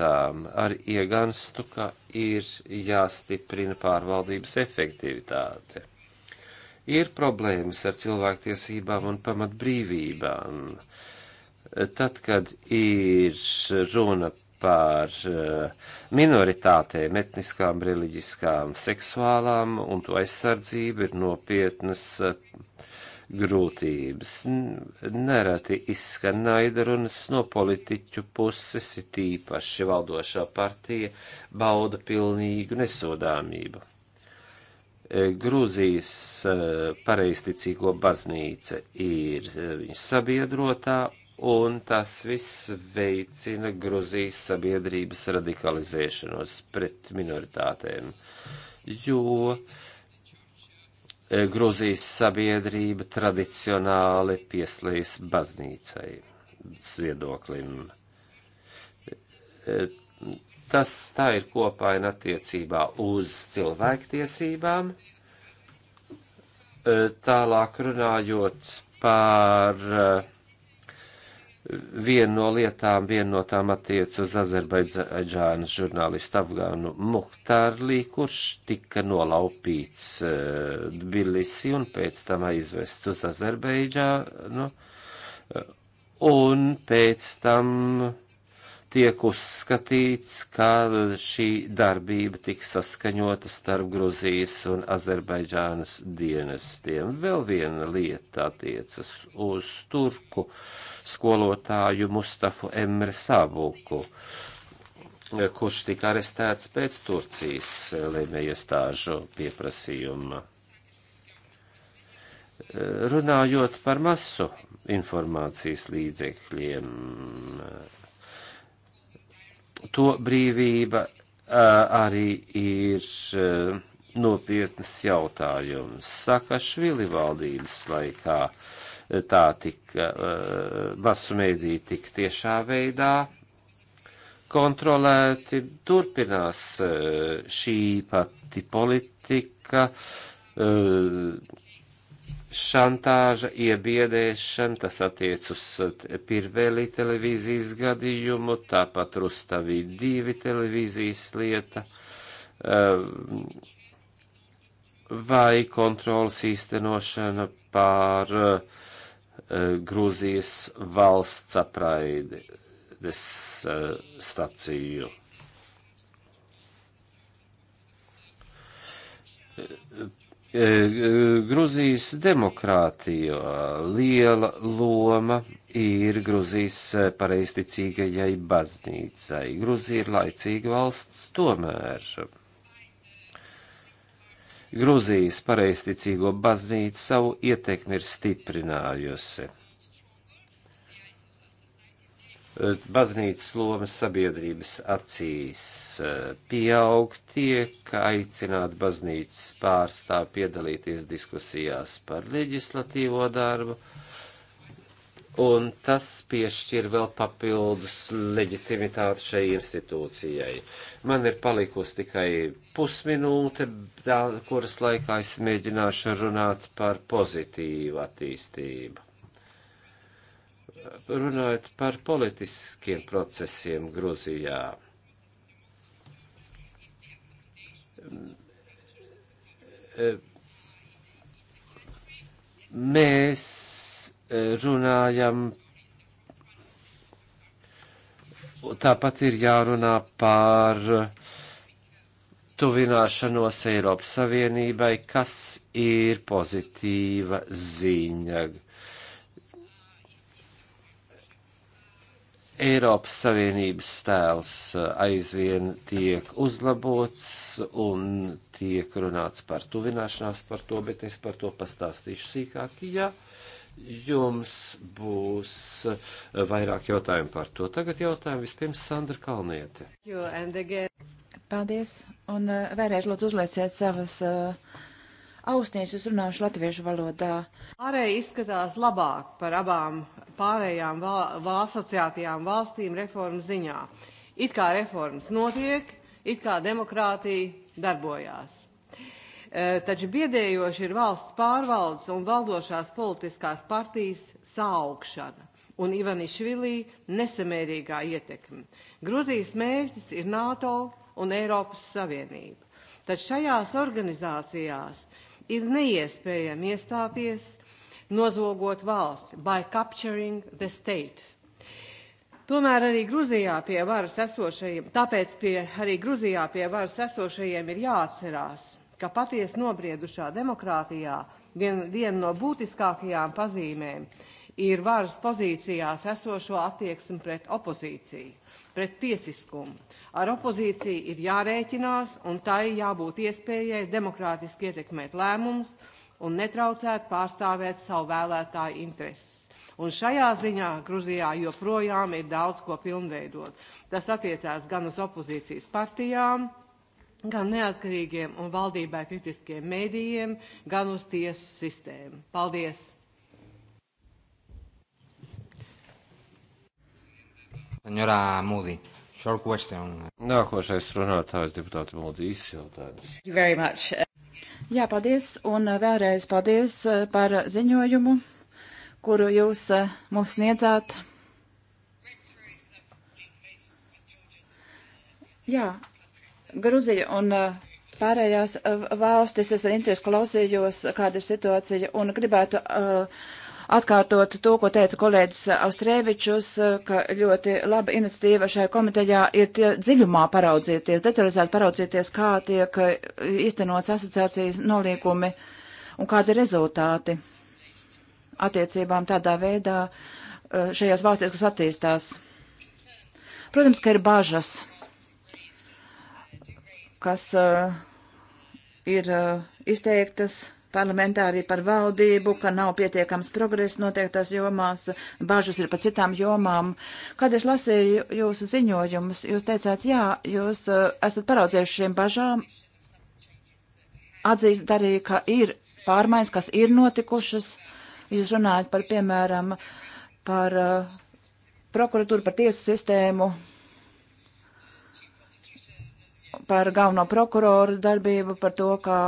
ar iegānstu, ka ir jāstiprina pārvaldības efektivitāte. Ir problēmas ar cilvēktiesībām un pamatbrīvībām. Tad, kad ir runa par eh, minoritātēm, etniskām, reliģiskām, seksuālām un to aizsardzību ir nopietnas uh, grūtības. Nereti izskan naidarunas no politiķu puses, it īpaši valdošā partija bauda pilnīgu nesodāmību. E, Grūzijas e, pareisticīgo baznīca ir e, viņu sabiedrotā, un tas viss veicina Grūzijas sabiedrības radikalizēšanos pret minoritātēm, jo uh, E, Grūzijas sabiedrība tradicionāli pieslīs baznīcai viedoklim. E, tas tā ir kopaina attiecībā uz cilvēktiesībām. E, Tālāk runājot par Viena no lietām, viena no tām attiec uz Azerbaidžānas žurnālistu Afgānu Muhtārlī, kurš tika nolaupīts uh, eh, Bilisi un pēc tam aizvests uz Azerbaidžānu. Eh, un pēc tam tiek uzskatīts, ka šī darbība tiks saskaņota starp Gruzijas un Azerbaidžānas dienestiem. Vēl viena lieta attiecas uz turku skolotāju Mustafu Emre Sabuku kurš tika arestēts pēc Turcijas lēmējiestāžu pieprasījuma. Runājot par masu informācijas līdzekļiem, to brīvība arī ir nopietnas jautājums. Saka Švili valdības laikā tā tika masu mēdī tik tiešā veidā kontrolēti, turpinās šī pati politika, šantāža, iebiedēšana, tas attiec uz eh, Pirvēlī televīzijas gadījumu, tāpat Rustavī divi televīzijas lieta, eh, vai kontrolas īstenošana pār eh, Grūzijas valsts apraides staciju. E, e, Gruzijas demokrātija liela loma ir Gruzijas pareisticīgajai baznīcai. Gruzija ir laicīga valsts tomēr. Gruzijas pareisticīgo baznīca savu ietekmi ir stiprinājusi baznīcas lomas sabiedrības acīs eh, pieaug, tiek aicināt baznīcas pārstāv piedalīties diskusijās par leģislatīvo darbu, un tas piešķir vēl papildus leģitimitāti šai institūcijai. Man ir palikusi tikai pusminūte, kuras laikā es mēģināšu runāt par pozitīvu attīstību runājot par politiskiem procesiem Gruzijā. Mēs runājam, tāpat ir jārunā par tuvināšanos Eiropas Savienībai, kas ir pozitīva ziņa Eiropas Savienības tēls eh, aizvien tiek uzlabots un tiek runāts par tuvināšanās par to, bet es par to pastāstīšu sīkāk, ja jums būs eh, vairāk jautājumu par to. Tagad jautājumu vispirms Sandra Kalniete. Paldies, un eh, vēlreiz lūdzu uzlieciet savas uh, austiņas, es runāšu latviešu valodā. Ārēji izskatās labāk par abām pārējām val, val, asociētajām valstīm reformu ziņā. It kā reformas notiek, it kā demokrātija darbojās. E, taču biedējoši ir valsts pārvaldes un valdošās politiskās partijas saaugšana un Ivanišvilī nesamērīgā ietekme. Gruzijas mērķis ir NATO un Eiropas Savienība. Taču šajās organizācijās ir neiespējami iestāties nozogot valsti by capturing the state. Tomēr arī Gruzijā pie varas esošajiem, tāpēc pie, arī Gruzijā pie varas esošajiem ir jāatcerās, ka patiesi nobriedušā demokrātijā viena vien no būtiskākajām pazīmēm ir varas pozīcijās esošo attieksmi pret opozīciju, pret tiesiskumu. Ar opozīciju ir jārēķinās un tai jābūt iespējai demokrātiski ietekmēt lēmumus un netraucēt pārstāvēt savu vēlētāju intereses. Un šajā ziņā Gruzijā joprojām ir daudz ko pilnveidot. Tas attiecās gan uz opozīcijas partijām, gan neatkarīgiem un valdībai kritiskiem mēdījiem, gan uz tiesu sistēmu. Paldies! Senora Moody, short question. Nākošais runātājs deputāta Moody, īsts jautājums. Jā, paldies, un eh, vēlreiz paldies eh, par ziņojumu, kuru jūs eh, mums sniedzāt. Jā, Gruzija un pārējās valstis, es ar interesi klausījos, kāda ir situācija, un gribētu uh, atkārtot to, ko teica kolēģis Austrēvičus, ka ļoti laba iniciatīva šajā komitejā ir tie dziļumā paraudzieties, detalizēt paraudzieties, kā tiek īstenots asociācijas nolīgumi un kādi ir rezultāti attiecībām tādā veidā e, šajās valstīs, kas attīstās. Protams, ka ir bažas, kas uh, ir uh, izteiktas parlamentā arī par valdību, ka nav pietiekams progress noteiktās jomās, bažas ir par citām jomām. Kad es lasīju jūsu ziņojumus, jūs teicāt, jā, jūs uh, esat paraudzējuši šiem bažām, atzīst arī, ka ir pārmaiņas, kas ir notikušas. Jūs runājat par, piemēram, par uh, prokuratūru, par tiesu sistēmu, par galveno prokuroru darbību, par to, kā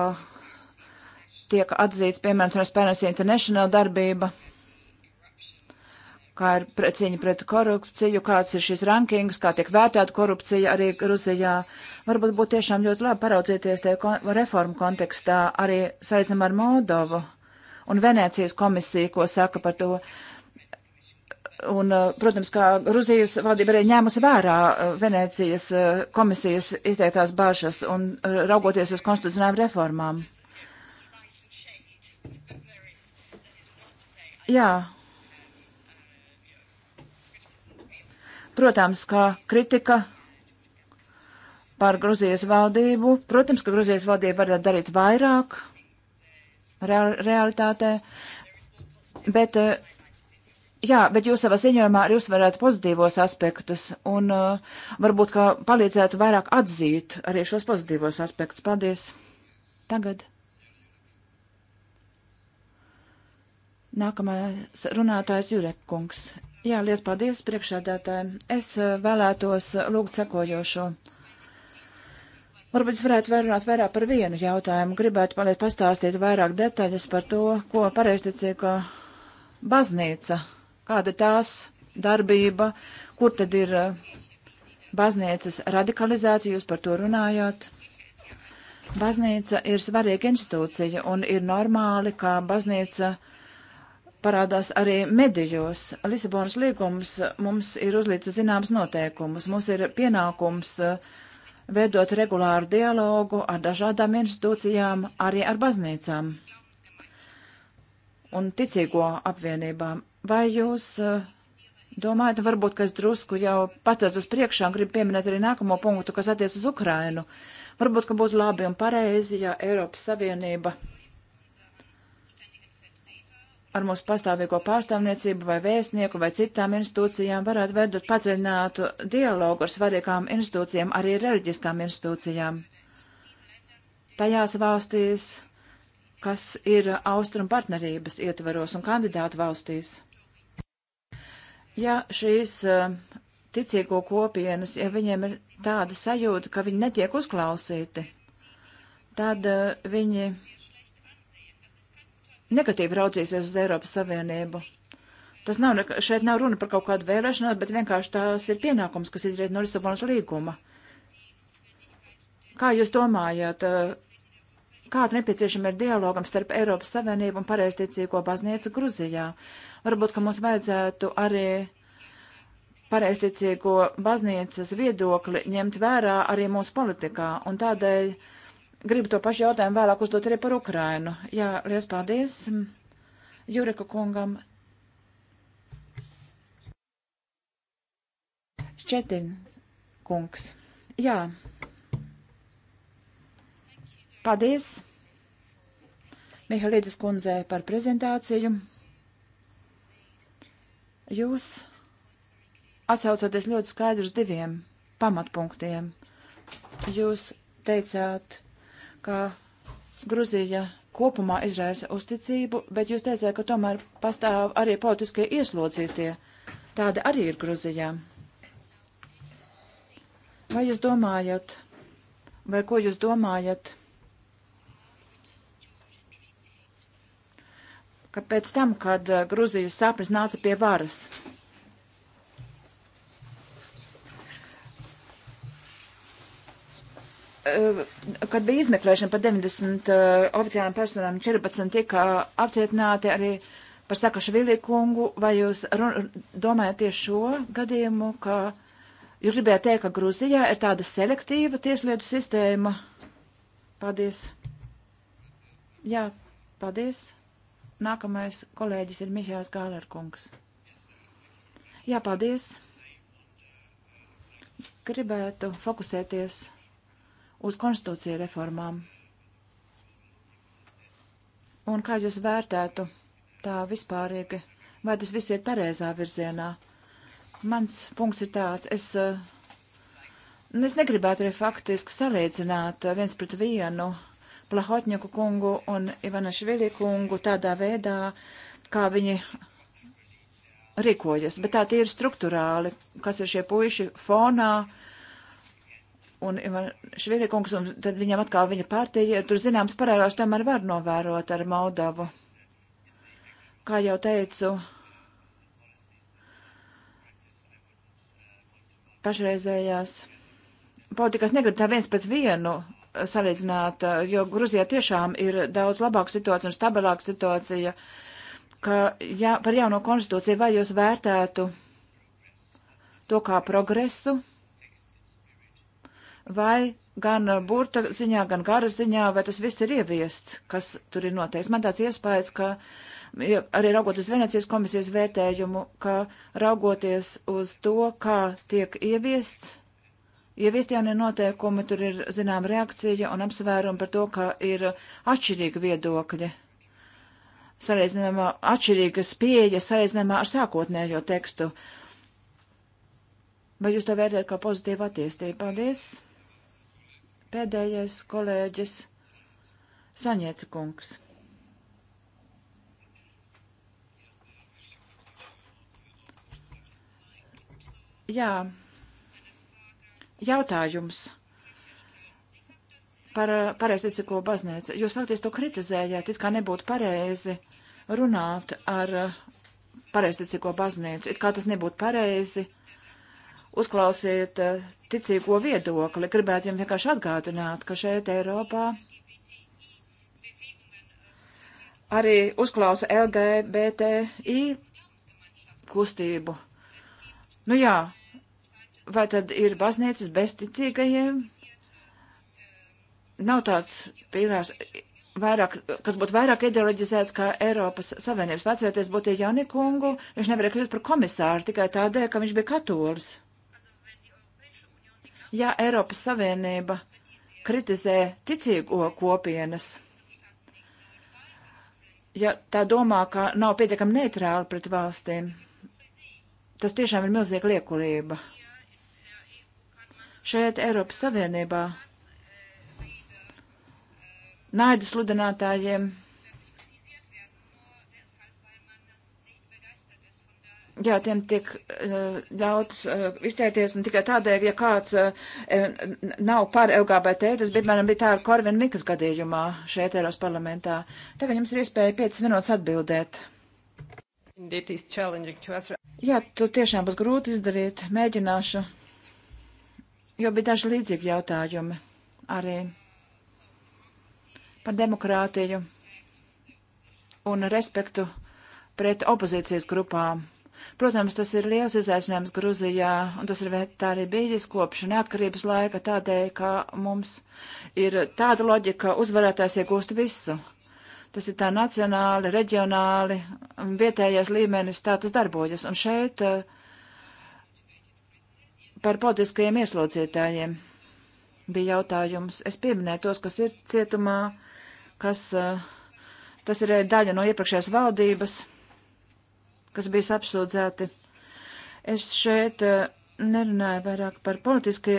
tiek atzīts, piemēram, Transparency International darbība, kā ir pret cīņa pret korupciju, kāds ir šis rankings, kā tiek vērtēta korupcija arī Rusijā. Varbūt būtu tiešām ļoti labi paraudzīties tie kon reformu kontekstā arī saistībā ar Moldovu un Venēcijas komisiju, ko saka par to. Un, uh, protams, kā Gruzijas valdība arī ņēmusi vērā uh, Venēcijas uh, komisijas izteiktās bāžas un raugoties uz konstitucionālām reformām. Jā. Protams, kā kritika par Gruzijas valdību. Protams, ka Gruzijas valdība varētu darīt vairāk real, realitātē, bet, eh, jā, bet jūs savā ziņojumā arī uzsverētu pozitīvos aspektus un uh, varbūt, ka palīdzētu vairāk atzīt arī šos pozitīvos aspektus. Paldies! Tagad. Nākamais runātājs Jurekungs. Jā, liels paldies priekšādātājiem. Es eh, vēlētos lūgt sekojošo. Varbūt es varētu runāt vairāk par vienu jautājumu. Gribētu paliet pastāstīt vairāk detaļas par to, ko pareizticīga baznīca, kāda tās darbība, kur tad ir eh, baznīcas radikalizācija, jūs par to runājāt. Baznīca ir svarīga institūcija un ir normāli, kā baznīca. Uh, parādās arī medijos. Lisabonas līgums mums ir uzlīdz zināms noteikumus. Mums ir pienākums eh, veidot regulāru dialogu ar dažādām institūcijām, arī ar baznīcām un ticīgo apvienībām. Vai jūs eh, domājat, varbūt, ka es drusku jau pacēlos uz priekšā un gribu pieminēt arī nākamo punktu, kas attiec uz Ukrainu? Varbūt, ka būtu labi un pareizi, ja Eiropas Savienība ar mūsu pastāvīgo pārstāvniecību vai vēstnieku vai citām institūcijām varētu veidot padziļinātu dialogu ar svarīgām institūcijām, arī reliģiskām institūcijām. Tajās valstīs, kas ir austrum partnerības ietvaros un kandidātu valstīs. Ja šīs eh, ticīgo kopienas, ja viņiem ir tāda sajūta, ka viņi netiek uzklausīti, tad eh, viņi negatīvi raudzīsies uz Eiropas Savienību. Tas nav, šeit nav runa par kaut kādu vēlēšanos, bet vienkārši tās ir pienākums, kas izriet no Lisabonas līguma. Kā jūs domājat, eh, kāda nepieciešama ir dialogam starp Eiropas Savienību un pareizticīgo baznīcu Gruzijā? Varbūt, ka mums vajadzētu arī pareizticīgo baznīcas viedokli ņemt vērā arī mūsu politikā, un tādēļ gribu to pašu jautājumu vēlāk uzdot arī par Ukrainu. Jā, liels paldies mm, Jureka kungam. Šķetin kungs. Jā. Paldies Mihalīdzes kundzē par prezentāciju. Jūs atsaucoties ļoti skaidrus diviem pamatpunktiem. Jūs teicāt, ka Gruzija kopumā izraisa uzticību, bet jūs teicāt, ka tomēr pastāv arī politiskie ieslodzītie. Tāda arī ir Gruzijā. Vai jūs domājat, vai ko jūs domājat, ka pēc tam, kad Gruzijas sapnis nāca pie varas, Eh, kad bija izmeklēšana par 90 uh, eh, oficiālām personām, 14 tika apcietināti arī par Sakašvili kungu, vai jūs run, domājat tieši šo gadījumu, ka jūs gribējāt teikt, ka Grūzijā ir tāda selektīva tieslietu sistēma? Paldies. Jā, paldies. Nākamais kolēģis ir Mihāls Gālērkungs. Jā, paldies. Gribētu fokusēties uz konstitūcija reformām. Un kā jūs vērtētu tā vispārīgi, vai tas viss ir pareizā virzienā? Mans punkts ir tāds, es, eh, es negribētu arī faktiski salīdzināt eh, viens pret vienu Plahotņuku kungu un Ivanašvili kungu tādā veidā, kā viņi rīkojas, bet tā tie ir struktūrāli, kas ir šie puiši fonā, uh, un Švievikungs, un tad viņam atkal viņa pārtīja, tur zināms paralēlis tomēr var novērot ar Moldavu. Kā jau teicu, pašreizējās politikas negrib tā viens pēc vienu salīdzināt, jo Gruzijā tiešām ir daudz labāka situācija un stabilāka situācija, ka jā, par jauno konstitūciju vai jūs vērtētu to kā progresu? vai gan burta ziņā, gan gara ziņā, vai tas viss ir ieviests, kas tur ir noteikts. Man tāds iespējas, ka ja, arī raugoties Venecijas komisijas vērtējumu, ka raugoties uz to, kā tiek ieviests, ieviest jaunie noteikumi, tur ir zinām reakcija un apsvērumi par to, ka ir atšķirīgi viedokļi salīdzinājumā atšķirīgas pieejas salīdzinājumā ar sākotnējo tekstu. Vai jūs to vērtējat kā pozitīvu attīstību? Paldies! Pēdējais kolēģis Saņieca kungs. Jā, jautājums par pareizticīgo baznīcu. Jūs faktiski to kritizējāt, it kā nebūtu pareizi runāt ar pareizticīgo baznīcu, it kā tas nebūtu pareizi uzklausīt eh, ticīgo viedokli. Gribētu jums vienkārši atgādināt, ka šeit Eiropā arī uzklausa LGBTI kustību. Nu jā, vai tad ir baznīcas bezticīgajiem? Nav tāds pīrās vairāk, kas būtu vairāk ideoloģizēts kā Eiropas Savienības. Vecēties būtu Janikungu, viņš nevarēja kļūt par komisāru tikai tādēļ, ka viņš bija katolis ja Eiropas Savienība kritizē ticīgo kopienas, ja tā domā, ka nav pietiekami neitrāli pret valstīm, tas tiešām ir milzīga liekulība. Šeit Eiropas Savienībā naidu sludinātājiem Jā, tiem tiek eh, ļauts eh, izteikties ne tikai tādēļ, ja kāds eh, nav par LGBT, tas bija, piemēram, bija tā ar Korvina Mikas gadījumā šeit Eiros parlamentā. Tagad jums ir iespēja 5 minūtes atbildēt. Jā, tu tiešām būs grūti izdarīt, mēģināšu, jo bija daži līdzīgi jautājumi arī par demokrātiju un respektu pret opozīcijas grupām Protams, tas ir liels izaicinājums Gruzijā, un tas ir tā arī bijis kopš neatkarības laika tādēļ, ka mums ir tāda loģika, ka uzvarētājs iegūst visu. Tas ir tā nacionāli, reģionāli, vietējais līmenis, tā tas darbojas. Un šeit eh, par politiskajiem ieslodzītājiem bija jautājums. Es pieminēju tos, kas ir cietumā, kas, eh, tas ir daļa no iepriekšējās valdības kas bijis apsūdzēti. Es šeit eh, nerunāju vairāk par politiski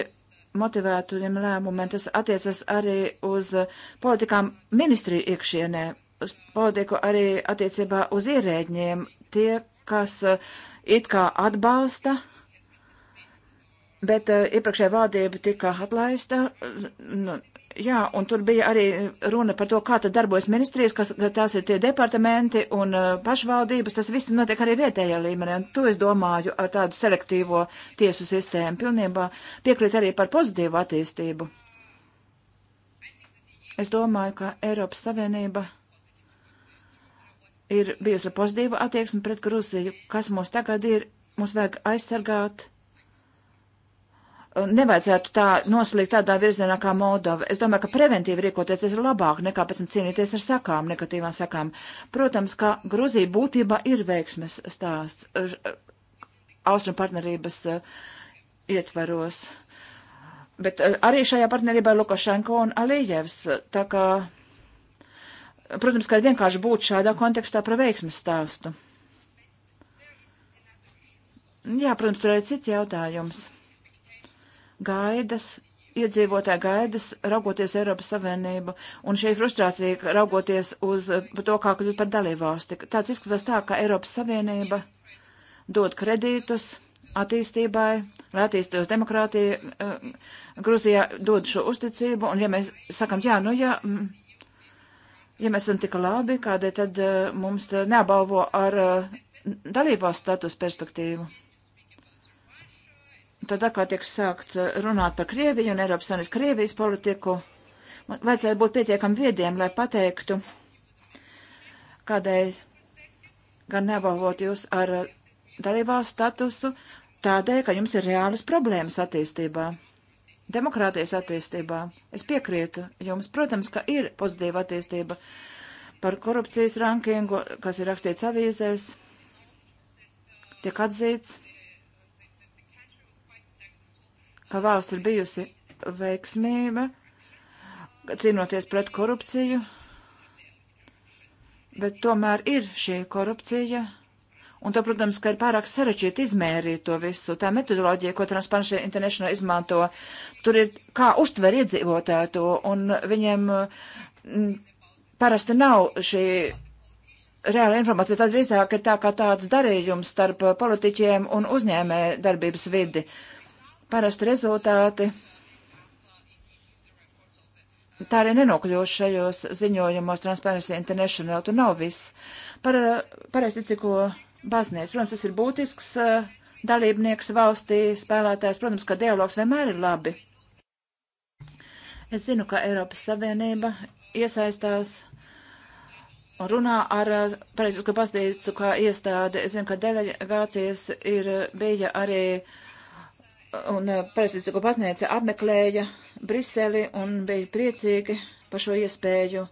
motivētiem lēmumiem. Tas attiecas arī uz politikām ministriju iekšienē, uz politiku arī attiecībā uz ierēģiem. Tie, kas eh, it kā atbalsta, bet eh, iepriekšējā valdība tika atlaista, nu, Jā, un tur bija arī runa par to, kā tad darbojas ministrijas, kas tās ir tie departamenti un uh, pašvaldības. Tas viss notiek arī vietējā līmenī. Un to es domāju ar tādu selektīvo tiesu sistēmu. Pilnībā piekrīt arī par pozitīvu attīstību. Es domāju, ka Eiropas Savienība ir bijusi pozitīva attieksme pret Gruziju. Kas mums tagad ir? Mums vajag aizsargāt nevajadzētu tā noslīgt tādā virzienā kā Moldova. Es domāju, ka preventīvi rīkoties ir labāk nekā pēc tam cīnīties ar sakām, negatīvām sakām. Protams, ka Gruzija būtībā ir veiksmes stāsts austrumu partnerības eh, ietvaros. Bet eh, arī šajā partnerībā ir Lukašenko un Alijevs. Tā kā, protams, ka ir vienkārši būt šādā kontekstā par veiksmes stāstu. Jā, protams, tur ir cits jautājums gaidas, iedzīvotāja gaidas, raugoties Eiropas Savienību, un šī frustrācija, raugoties uz to, kā kļūt par dalībvalsti. Tāds izskatās tā, ka Eiropas Savienība dod kredītus attīstībai, lai attīstītos demokrātija, uh, Gruzijā dod šo uzticību, un ja mēs sakam, jā, nu jā, mm, ja mēs esam tik labi, kādēļ tad uh, mums neapbalvo ar uh, dalībvalsts status perspektīvu tad atkal tiek sākts eh, runāt par Krieviju un Eiropas Savienības Krievijas politiku. Man vajadzēja būt pietiekam viediem, lai pateiktu, kādēļ gan nebalvot jūs ar eh, dalībvalstu statusu, tādēļ, ka jums ir reālas problēmas attīstībā. Demokrātijas attīstībā. Es piekrītu jums, protams, ka ir pozitīva attīstība par korupcijas rankingu, kas ir rakstīts avīzēs, tiek atzīts ka valsts ir bijusi veiksmība cīnoties pret korupciju, bet tomēr ir šī korupcija. Un to, protams, ka ir pārāk sarežģīti izmērīt to visu. Tā metodoloģija, ko Transparency International izmanto, tur ir kā uztver iedzīvotāju to, un viņiem m, mm, parasti nav šī reāla informācija. Tad drīzāk ir tā kā tāds darījums starp politiķiem un uzņēmē darbības vidi. Uh, parasti rezultāti tā arī nenokļūst šajos ziņojumos Transparency International. Tur nav viss. Par pareizticīgo baznīcu, protams, tas ir būtisks eh, dalībnieks valstī, spēlētājs. Protams, ka dialogs vienmēr ir labi. Es zinu, ka Eiropas Savienība iesaistās un runā ar pareizticīgo baznīcu kā iestādi. Es zinu, ka delegācijas ir, bija arī. Uh, un eh, parastīdzīgo baznīca apmeklēja Briseli un bija priecīgi par šo iespēju.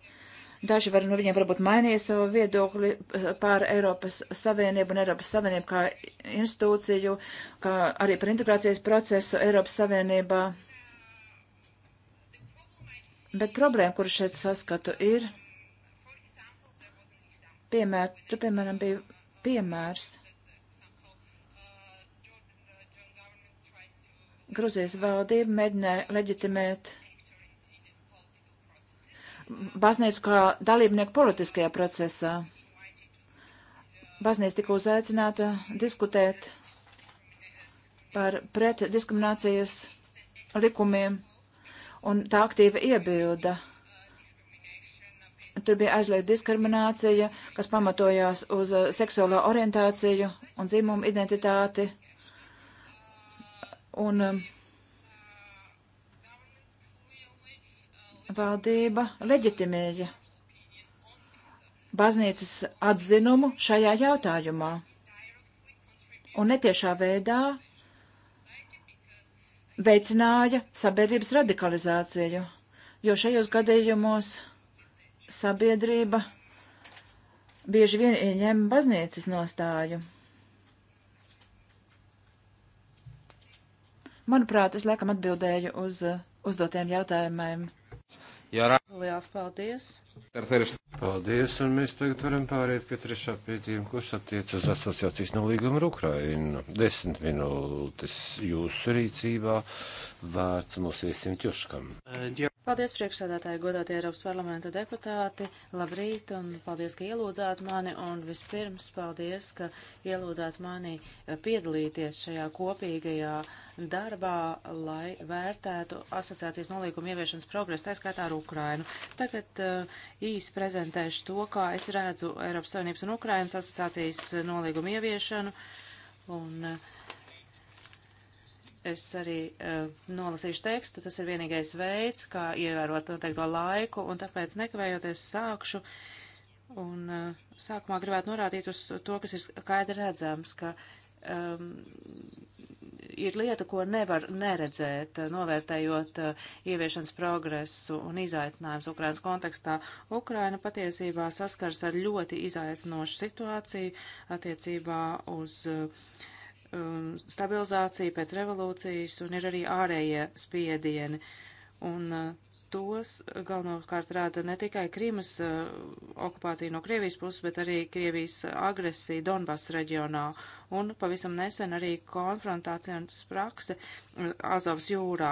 Daži var no viņiem varbūt mainīja savu viedokli eh, pār Eiropas Savienību un Eiropas Savienību kā institūciju, kā arī par integrācijas procesu Eiropas Savienībā. Bet problēma, kuru šeit saskatu, ir, piemēr, tu, piemēram, bija piemērs Gruzijas valdība mēģināja leģitimēt baznīcu kā dalībnieku politiskajā procesā. Baznīca tika uzaicināta diskutēt par pretdiskriminācijas likumiem, un tā aktīva iebilda. Tur bija aizliegta diskriminācija, kas pamatojās uz uh, seksuālo orientāciju un dzimumu identitāti un um, valdība leģitimēja baznīcas atzinumu šajā jautājumā. Un netiešā veidā veicināja sabiedrības radikalizāciju, jo šajos gadījumos sabiedrība bieži vien ieņēma baznīcas nostāju. Manuprāt, es laikam atbildēju uz uh, uzdotiem jautājumiem. Jā, rā. Lielas paldies. Paldies, un mēs tagad varam pāriet pie trešā pētījuma, kurš attiec uz asociācijas nolīgumu ar Ukrainu. Desmit minūtes jūsu rīcībā vārds mūsu viesim Tjuškam. Paldies, priekšsēdētāji, godātie Eiropas parlamenta deputāti. Labrīt, un paldies, ka ielūdzāt mani, un vispirms paldies, ka ielūdzāt mani eh, piedalīties šajā kopīgajā uh, darbā, lai vērtētu asociācijas nolīguma ieviešanas progresu, tā skaitā ar Ukrainu. Tagad uh, īsi prezentēšu to, kā es redzu Eiropas Savienības un Ukrainas asociācijas uh, nolīguma ieviešanu. Un, uh, Es arī uh, nolasīšu tekstu, tas ir vienīgais veids, kā ievērot noteikto laiku, un tāpēc nekavējoties sākšu uh, Un sākumā gribētu norādīt uz to, kas ir skaidri redzams, ka um, ir lieta, ko nevar neredzēt, novērtējot eh, ieviešanas progresu un izaicinājums Ukrainas kontekstā. Ukraina patiesībā saskars ar ļoti izaicinošu situāciju attiecībā uz eh, um, stabilizāciju pēc revolūcijas un ir arī ārējie spiedieni. Un uh, tos galvenokārt rāda ne tikai Krīmas uh, eh, okupācija no Krievijas puses, bet arī Krievijas agresija Donbass reģionā un pavisam nesen arī konfrontācijas prakse uh, eh, Azovas jūrā.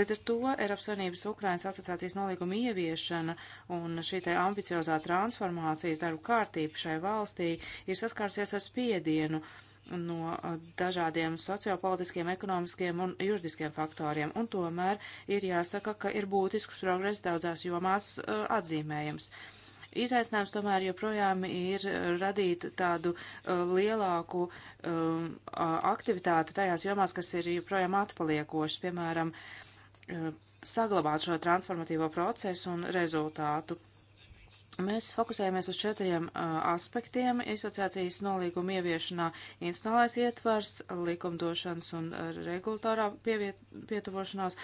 Līdz ar to Eiropas Savienības Ukrainas asociācijas nolīguma ieviešana un šī te ambiciozā transformācijas darba kārtība šai valstī ir saskārsies ar spiedienu. Uh, no dažādiem sociopolitiskiem, ekonomiskiem un juridiskiem faktoriem, un tomēr ir jāsaka, ka ir būtisks progress daudzās jomās uh, atzīmējams. Izaicinājums tomēr joprojām ir radīt tādu uh, lielāku uh, aktivitāti tajās jomās, kas ir joprojām atpaliekošas, piemēram, saglabāt šo transformatīvo procesu un rezultātu. Mēs fokusējamies uz četriem uh, aspektiem asociācijas nolīguma ieviešanā - institucionālais ietvars, likumdošanas un regulatorā pietuvošanās,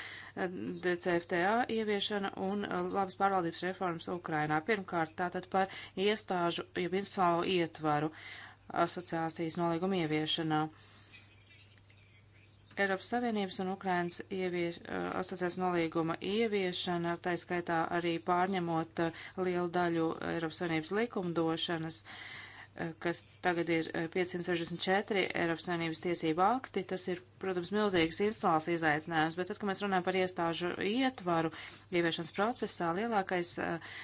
DCFTA ieviešana un uh, labas pārvaldības reformas Ukrainā. Pirmkārt, tātad par iestāžu, jeb institucionālo ietvaru asociācijas nolīguma ieviešanā. Uh, Eiropas Savienības un Ukrainas ievieš, eh, asociācijas nolīguma ieviešana, tā skaitā arī pārņemot eh, lielu daļu Eiropas Savienības likumdošanas, eh, kas tagad ir 564 Eiropas Savienības tiesība akti. Tas ir, protams, milzīgs institucionāls izaicinājums, bet tad, kad mēs runājam par iestāžu ietvaru ieviešanas procesā, lielākais uh,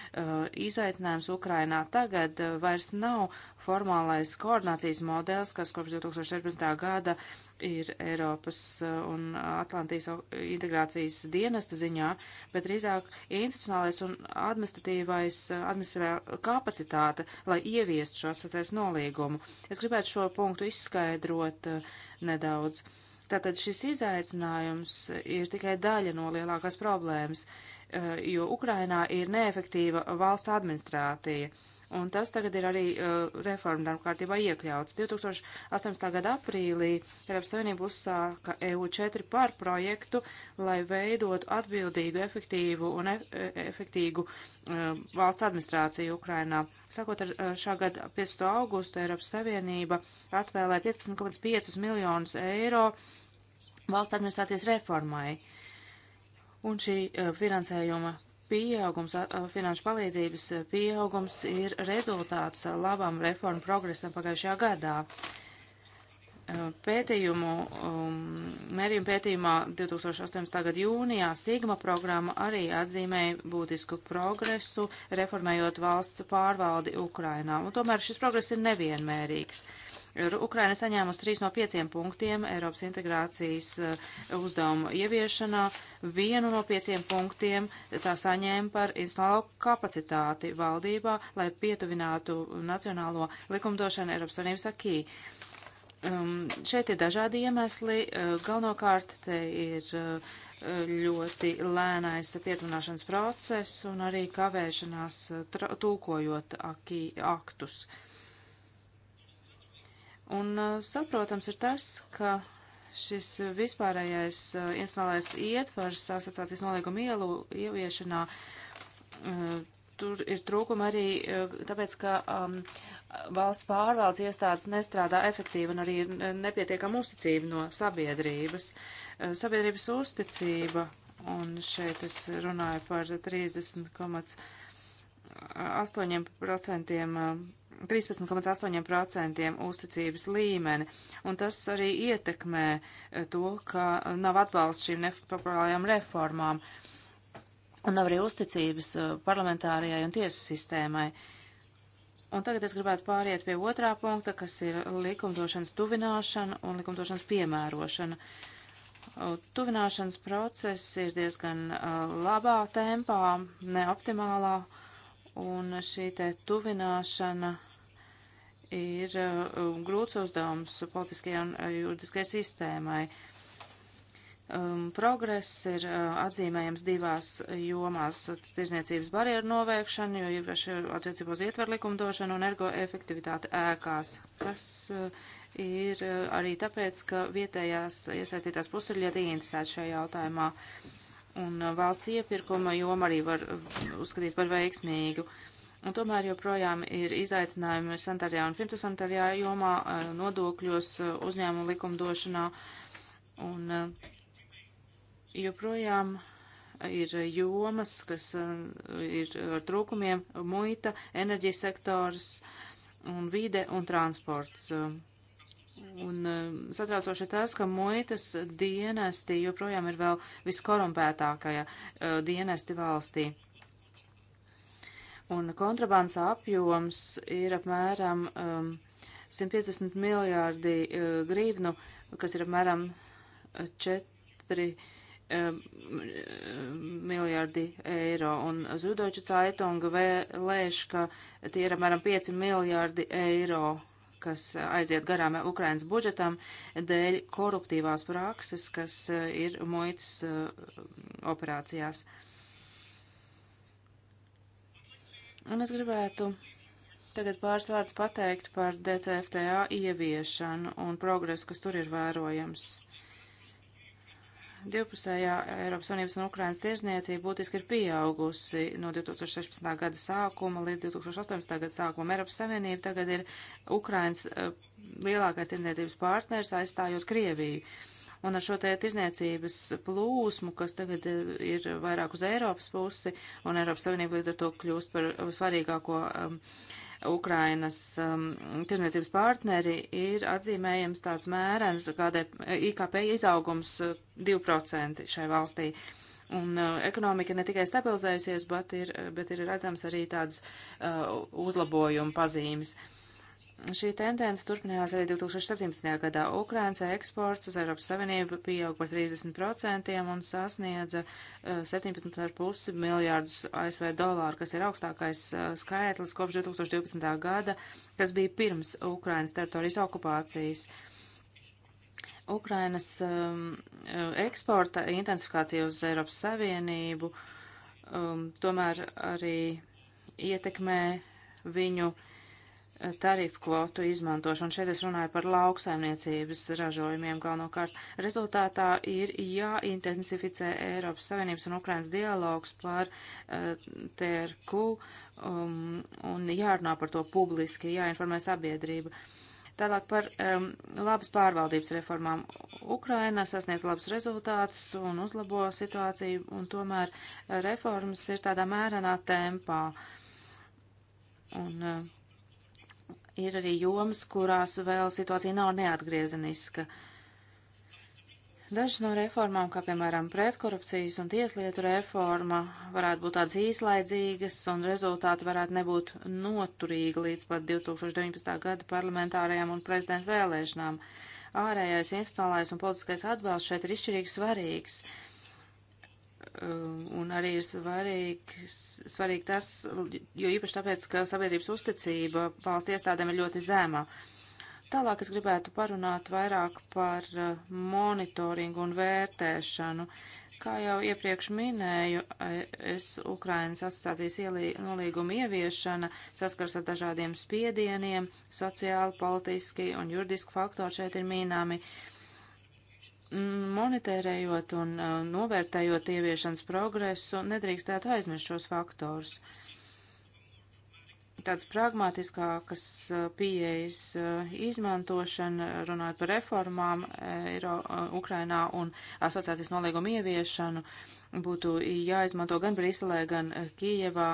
izaicinājums Ukrainā tagad vairs nav formālais koordinācijas modelis, kas kopš 2014. gada ir Eiropas uh, un Atlantijas integrācijas dienesta ziņā, bet drīzāk institucionālais un administratīvais, uh, administratīvā kapacitāte, lai ieviestu šo asociēs nolīgumu. Es gribētu šo punktu izskaidrot uh, nedaudz. Tātad šis izaicinājums ir tikai daļa no lielākās problēmas, jo Ukrainā ir neefektīva valsts administrācija un tas tagad ir arī uh, reforma darba kārtībā iekļauts. 2018. gada aprīlī Eiropas Savienība uzsāka EU4 par projektu, lai veidotu atbildīgu, efektīvu un e, e efektīgu uh, valsts administrāciju Ukrainā. Sākot ar uh, šā gada 15. augustu, Eiropas Savienība atvēlēja 15,5 miljonus eiro valsts administrācijas reformai. Un šī uh, finansējuma pieaugums, finanšu palīdzības pieaugums ir rezultāts labam reformu progresam pagājušajā gadā. Pētījumu, um, mērījuma pētījumā 2018. gada jūnijā Sigma programma arī atzīmēja būtisku progresu, reformējot valsts pārvaldi Ukrainā, un tomēr šis progress ir nevienmērīgs. Uh, Ukraina saņēmusi 3 no 5 punktiem Eiropas integrācijas eh, uzdevumu ieviešanā, 1 no 5 punktiem tā saņēma par institucionālo kapacitāti valdībā, lai pietuvinātu nacionālo likumdošanu Eiropas Savienības akī. Um, šeit ir dažādi iemesli, uh, galvenokārt te ir uh, ļoti lēnais pietuvināšanas process un arī kavēšanās uh, tulkojot akī, aktus. Uh, Un uh, saprotams ir tas, ka šis vispārējais uh, institucionālais ietvars asociācijas nolīguma ielu ieviešanā, uh, tur ir trūkuma arī tāpēc, ka um, valsts pārvaldes iestādes nestrādā efektīvi un arī nepietiekama uzticība no sabiedrības. Sabiedrības uzticība, un šeit es runāju par 30,8% 13,8% uzticības līmeni, un tas arī ietekmē e, to, ka nav atbalsts šīm nepopulārajām reformām, un nav arī uzticības e, parlamentārajai un tiesu sistēmai. Un tagad es gribētu pāriet pie otrā punkta, kas ir likumdošanas tuvināšana un likumdošanas piemērošana. Tuvināšanas process ir diezgan e, labā tempā, neoptimālā. optimālā Un šī te tuvināšana ir uh, grūts uzdevums politiskajai un uh, juridiskajai sistēmai. Um, progress ir uh, atzīmējams divās jomās - tirzniecības barjeru novērkšana, jo īpaši attiecībā uz ietver likumdošanu un ergoefektivitāte ēkās, kas uh, ir uh, arī tāpēc, ka vietējās iesaistītās puses ir ļoti interesētas šajā jautājumā. Uh, un uh, valsts iepirkuma joma arī var uh, uzskatīt par veiksmīgu. Un tomēr joprojām ir izaicinājumi sanitārajā un fitosanitārajā jomā, uh, nodokļos, uzņēmumu likumdošanā. Un joprojām ir jomas, kas ir ar trūkumiem - muita, enerģijas sektors un vide un transports. Uh, Un e, satraucoši tas, ka muitas dienesti joprojām ir vēl viskorumpētākajā uh, dienesti valstī. Un kontrabandas apjoms ir apmēram um, 150 miljārdi uh, grīvnu, kas ir apmēram 4 um, miljārdi eiro. Un Zudoča Caitonga vēlēš, ka tie ir apmēram 5 miljārdi eiro kas aiziet garām Ukrainas budžetam dēļ koruptīvās prakses, kas eh, ir muitas eh, operācijās. Un es gribētu tagad pāris vārds pateikt par DCFTA ieviešanu un progresu, kas tur ir vērojams. Divpusējā Eiropas Savienības un Ukrainas tirzniecība būtiski ir pieaugusi no 2016. gada sākuma līdz 2018. gada sākumam. Eiropas Savienība tagad ir Ukrainas uh, lielākais tirzniecības partners, aizstājot Krieviju. Un ar šo te tirzniecības plūsmu, kas tagad eh, ir vairāk uz Eiropas pusi, un Eiropas Savienība līdz ar to kļūst par svarīgāko um, uh, Ukrainas um, tirzniecības partneri, ir atzīmējams tāds mērens, kādai eh, IKP izaugums 2% eh, šai valstī. Un uh, ekonomika ne tikai stabilizējusies, bet ir, bet ir redzams arī tādas uh, uzlabojuma pazīmes. Uh, Šī tendence turpinājās arī 2017. gadā. Ukrainas eksports uz Eiropas Savienību pieauga par 30% un sasniedza 17,5 eh, miljārdus ASV dolāru, kas ir augstākais eh, skaitlis kopš 2012. gada, kas bija pirms Ukrainas teritorijas okupācijas. Ukrainas um, eksporta intensifikācija uz Eiropas Savienību um, tomēr arī ietekmē viņu uh, tarifu kvotu izmantošanu. Šeit es runāju par lauksaimniecības ražojumiem galvenokārt. Rezultātā ir jāintensificē Eiropas Savienības un Ukrainas dialogs par uh, eh, TRQ um, un jārunā par to publiski, jāinformē sabiedrība. Tālāk par um, labas pārvaldības reformām. Ukraina sasniedz labus rezultātus un uzlabo situāciju, un tomēr reformas ir tādā mērenā tempā. Un, uh, ir arī jomas, kurās vēl situācija nav neatgriezeniska. Dažas no reformām, kā piemēram pretkorupcijas un tieslietu reforma, varētu būt tādas īslaidzīgas un rezultāti varētu nebūt noturīgi līdz pat 2019. gada parlamentārajām un prezidenta vēlēšanām. Ārējais institucionālais un politiskais atbalsts šeit ir izšķirīgi svarīgs. Uh, Um, un arī ir svarīgi, svarīgi tas, jo īpaši tāpēc, ka sabiedrības uzticība valsts iestādēm ir ļoti zēma. Tālāk es gribētu parunāt vairāk par uh, monitoringu un vērtēšanu. Kā jau iepriekš minēju, es Ukrainas asociācijas ielī, nolīguma ieviešana saskars ar dažādiem spiedieniem, sociāli, politiski un juridiski faktori šeit ir mīnāmi. Uh, monitērējot un novērtējot ieviešanas progresu, nedrīkstētu aizmirst šos faktorus. Tāds pragmatiskākas pieejas izmantošana, runājot par reformām Eiro, Ukrainā un asociācijas nolīgumu ieviešanu, būtu jāizmanto gan Briselē, gan Kijevā.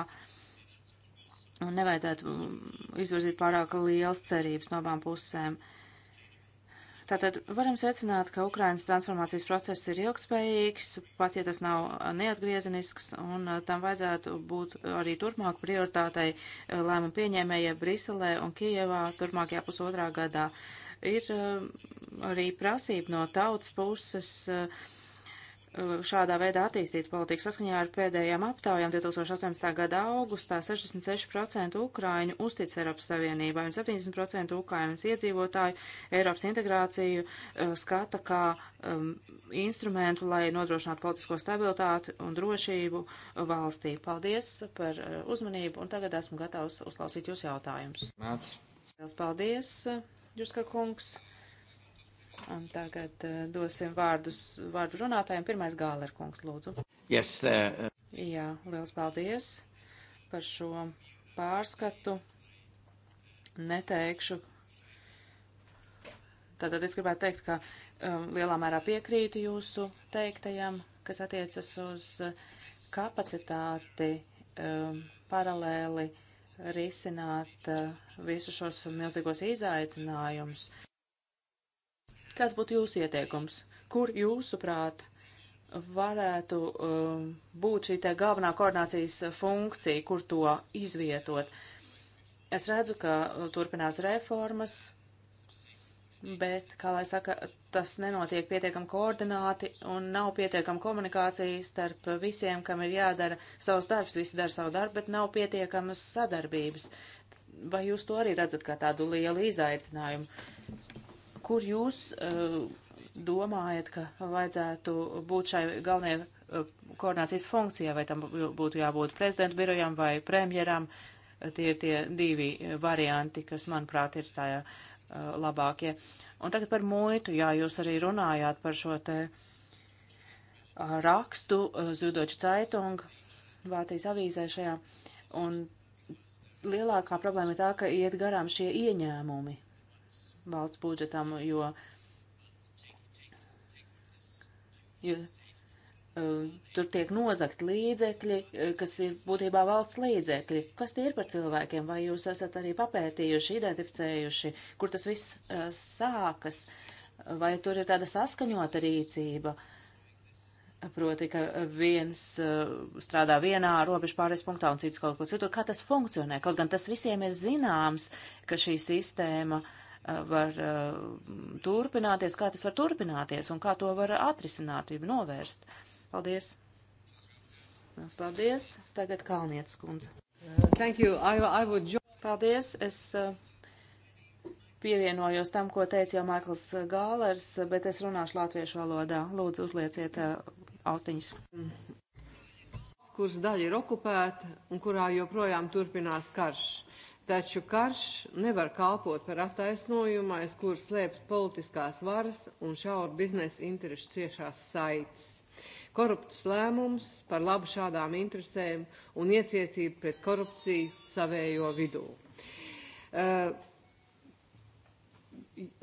Un nevajadzētu izvirzīt pārāk lielas cerības no abām pusēm. Uh, Tātad varam secināt, ka Ukrainas transformācijas process ir ilgspējīgs, pat ja tas nav neatgriezenisks, un uh, tam vajadzētu būt arī turpmāk prioritātei uh, lēmumu pieņēmējai Briselē un Kijevā turpmākajā pusotrā gadā. Ir uh, arī prasība no tautas puses. Uh, Uh, šādā veidā attīstīt politiku. Saskaņā ar pēdējām aptaujām 2018. gada augustā 66% Ukraiņu uztic Eiropas Savienībai un 70% Ukrainas iedzīvotāju Eiropas integrāciju uh, skata kā um, instrumentu, lai nodrošinātu politisko stabilitāti un drošību valstī. Paldies par uh, uzmanību un tagad esmu gatavs uzklausīt jūs jautājumus. Paldies, uh, Juska kungs. Un tagad uh, dosim vārdus, vārdu runātājiem. Pirmais Gāler kungs, lūdzu. Yes, uh, uh... Jā, liels paldies par šo pārskatu. Neteikšu. Tātad es gribētu teikt, ka um, lielā mērā piekrītu jūsu teiktajam, kas attiecas uz uh, kapacitāti um, paralēli risināt uh, visus šos milzīgos izaicinājumus. Kāds būtu jūsu ieteikums? Kur jūsuprāt varētu um, būt šī te galvenā koordinācijas funkcija, kur to izvietot? Es redzu, ka uh, turpinās reformas, bet, kā lai saka, tas nenotiek pietiekam koordināti un nav pietiekam komunikācija starp visiem, kam ir jādara savs darbs, visi dara savu darbu, bet nav pietiekamas sadarbības. Vai jūs to arī redzat kā tādu lielu izaicinājumu? Kur jūs uh, domājat, ka vajadzētu būt šai galvenajai uh, koordinācijas funkcijai, vai tam būtu jābūt prezidentu birojām vai premjeram? Tie ir tie divi eh, varianti, kas, manuprāt, ir tā uh, labākie. Un tagad par muitu, jā, jūs arī runājāt par šo te rakstu Zudoča Caitung, Vācijas avīzē šajā, un lielākā problēma ir tā, ka iet garām šie ieņēmumi, valsts budžetam, jo, jo uh, tur tiek nozakt līdzekļi, uh, kas ir būtībā valsts līdzekļi. Kas tie ir par cilvēkiem? Vai jūs esat arī papētījuši, identificējuši, kur tas viss uh, sākas? Vai tur ir tāda saskaņota rīcība? Proti, ka viens uh, strādā vienā robežu pārējais punktā un cits kaut kur citur. Kā tas funkcionē? Kaut gan tas visiem ir zināms, ka šī sistēma uh, Eh, var eh, turpināties, kā tas var turpināties un kā to var atrisināt, jeb novērst. Paldies! Mēs paldies! Tagad Kalnietes kundze. Thank you. I, I would... Paldies! Es eh, pievienojos tam, ko teica jau Maikls Gālers, bet es runāšu latviešu valodā. Lūdzu, uzlieciet austiņas. Kuras daļa ir okupēta un kurā joprojām turpinās karš taču karš nevar kalpot par attaisnojumu, aiz kur slēpt politiskās varas un šaura biznesa interešu ciešās saites, koruptus lēmumus par labu šādām interesēm un iecietību pret korupciju savējo vidū. Uh,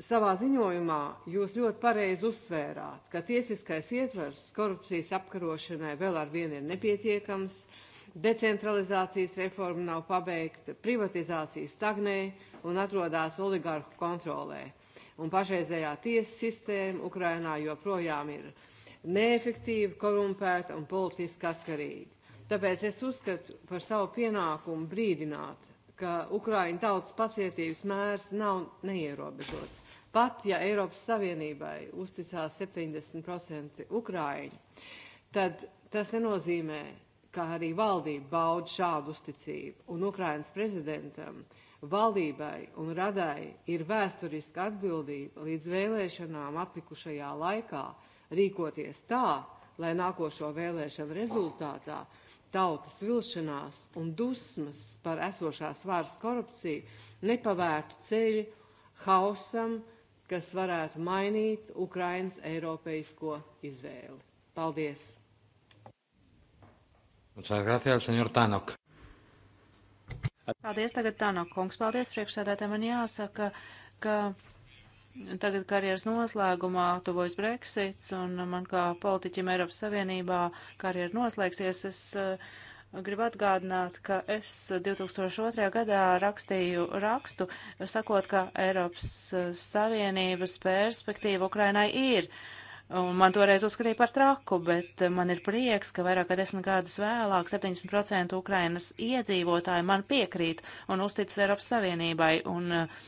savā ziņojumā jūs ļoti pareizi uzsvērāt, ka tiesiskais ietvers korupcijas apkarošanai vēl ar vienu ir nepietiekams, uh, Decentralizācijas reforma nav pabeigta, privatizācija stagnē un atrodas oligarhu kontrolē. Un pašreizējā tiesa sistēma Ukrainā joprojām ir neefektīva, korumpēta un politiski atkarīga. Tāpēc es uzskatu par savu pienākumu brīdināt, ka Ukraiņu tautas pacietības mērs nav neierobežots. Pat ja Eiropas Savienībai uzticās 70% Ukraiņu, tad tas nenozīmē, kā arī valdība baud šādu uzticību, un Ukrainas prezidentam, valdībai un radai ir vēsturiska atbildība līdz vēlēšanām atlikušajā laikā rīkoties tā, lai nākošo vēlēšanu rezultātā tautas vilšanās un dusmas par esošās varas korupciju nepavērtu ceļu hausam, kas varētu mainīt Ukrainas eiropeisko izvēli. Paldies! Muchas gracias, senor Tanok. Paldies, tagad Tanok kungs. Paldies, priekšsēdētāji. Man jāsaka, ka tagad karjeras noslēgumā tuvojas Brexits, un man kā politiķim Eiropas Savienībā karjera noslēgsies. Es uh, gribu atgādināt, ka es 2002. gadā rakstīju rakstu, sakot, ka Eiropas eh, Savienības perspektīva Ukrainai ir. Uh, Un man toreiz uzskatīja par traku, bet man ir prieks, ka vairāk kā desmit gadus vēlāk 70% Ukrainas iedzīvotāji man piekrīt un uzticas Eiropas Savienībai. Un, uh,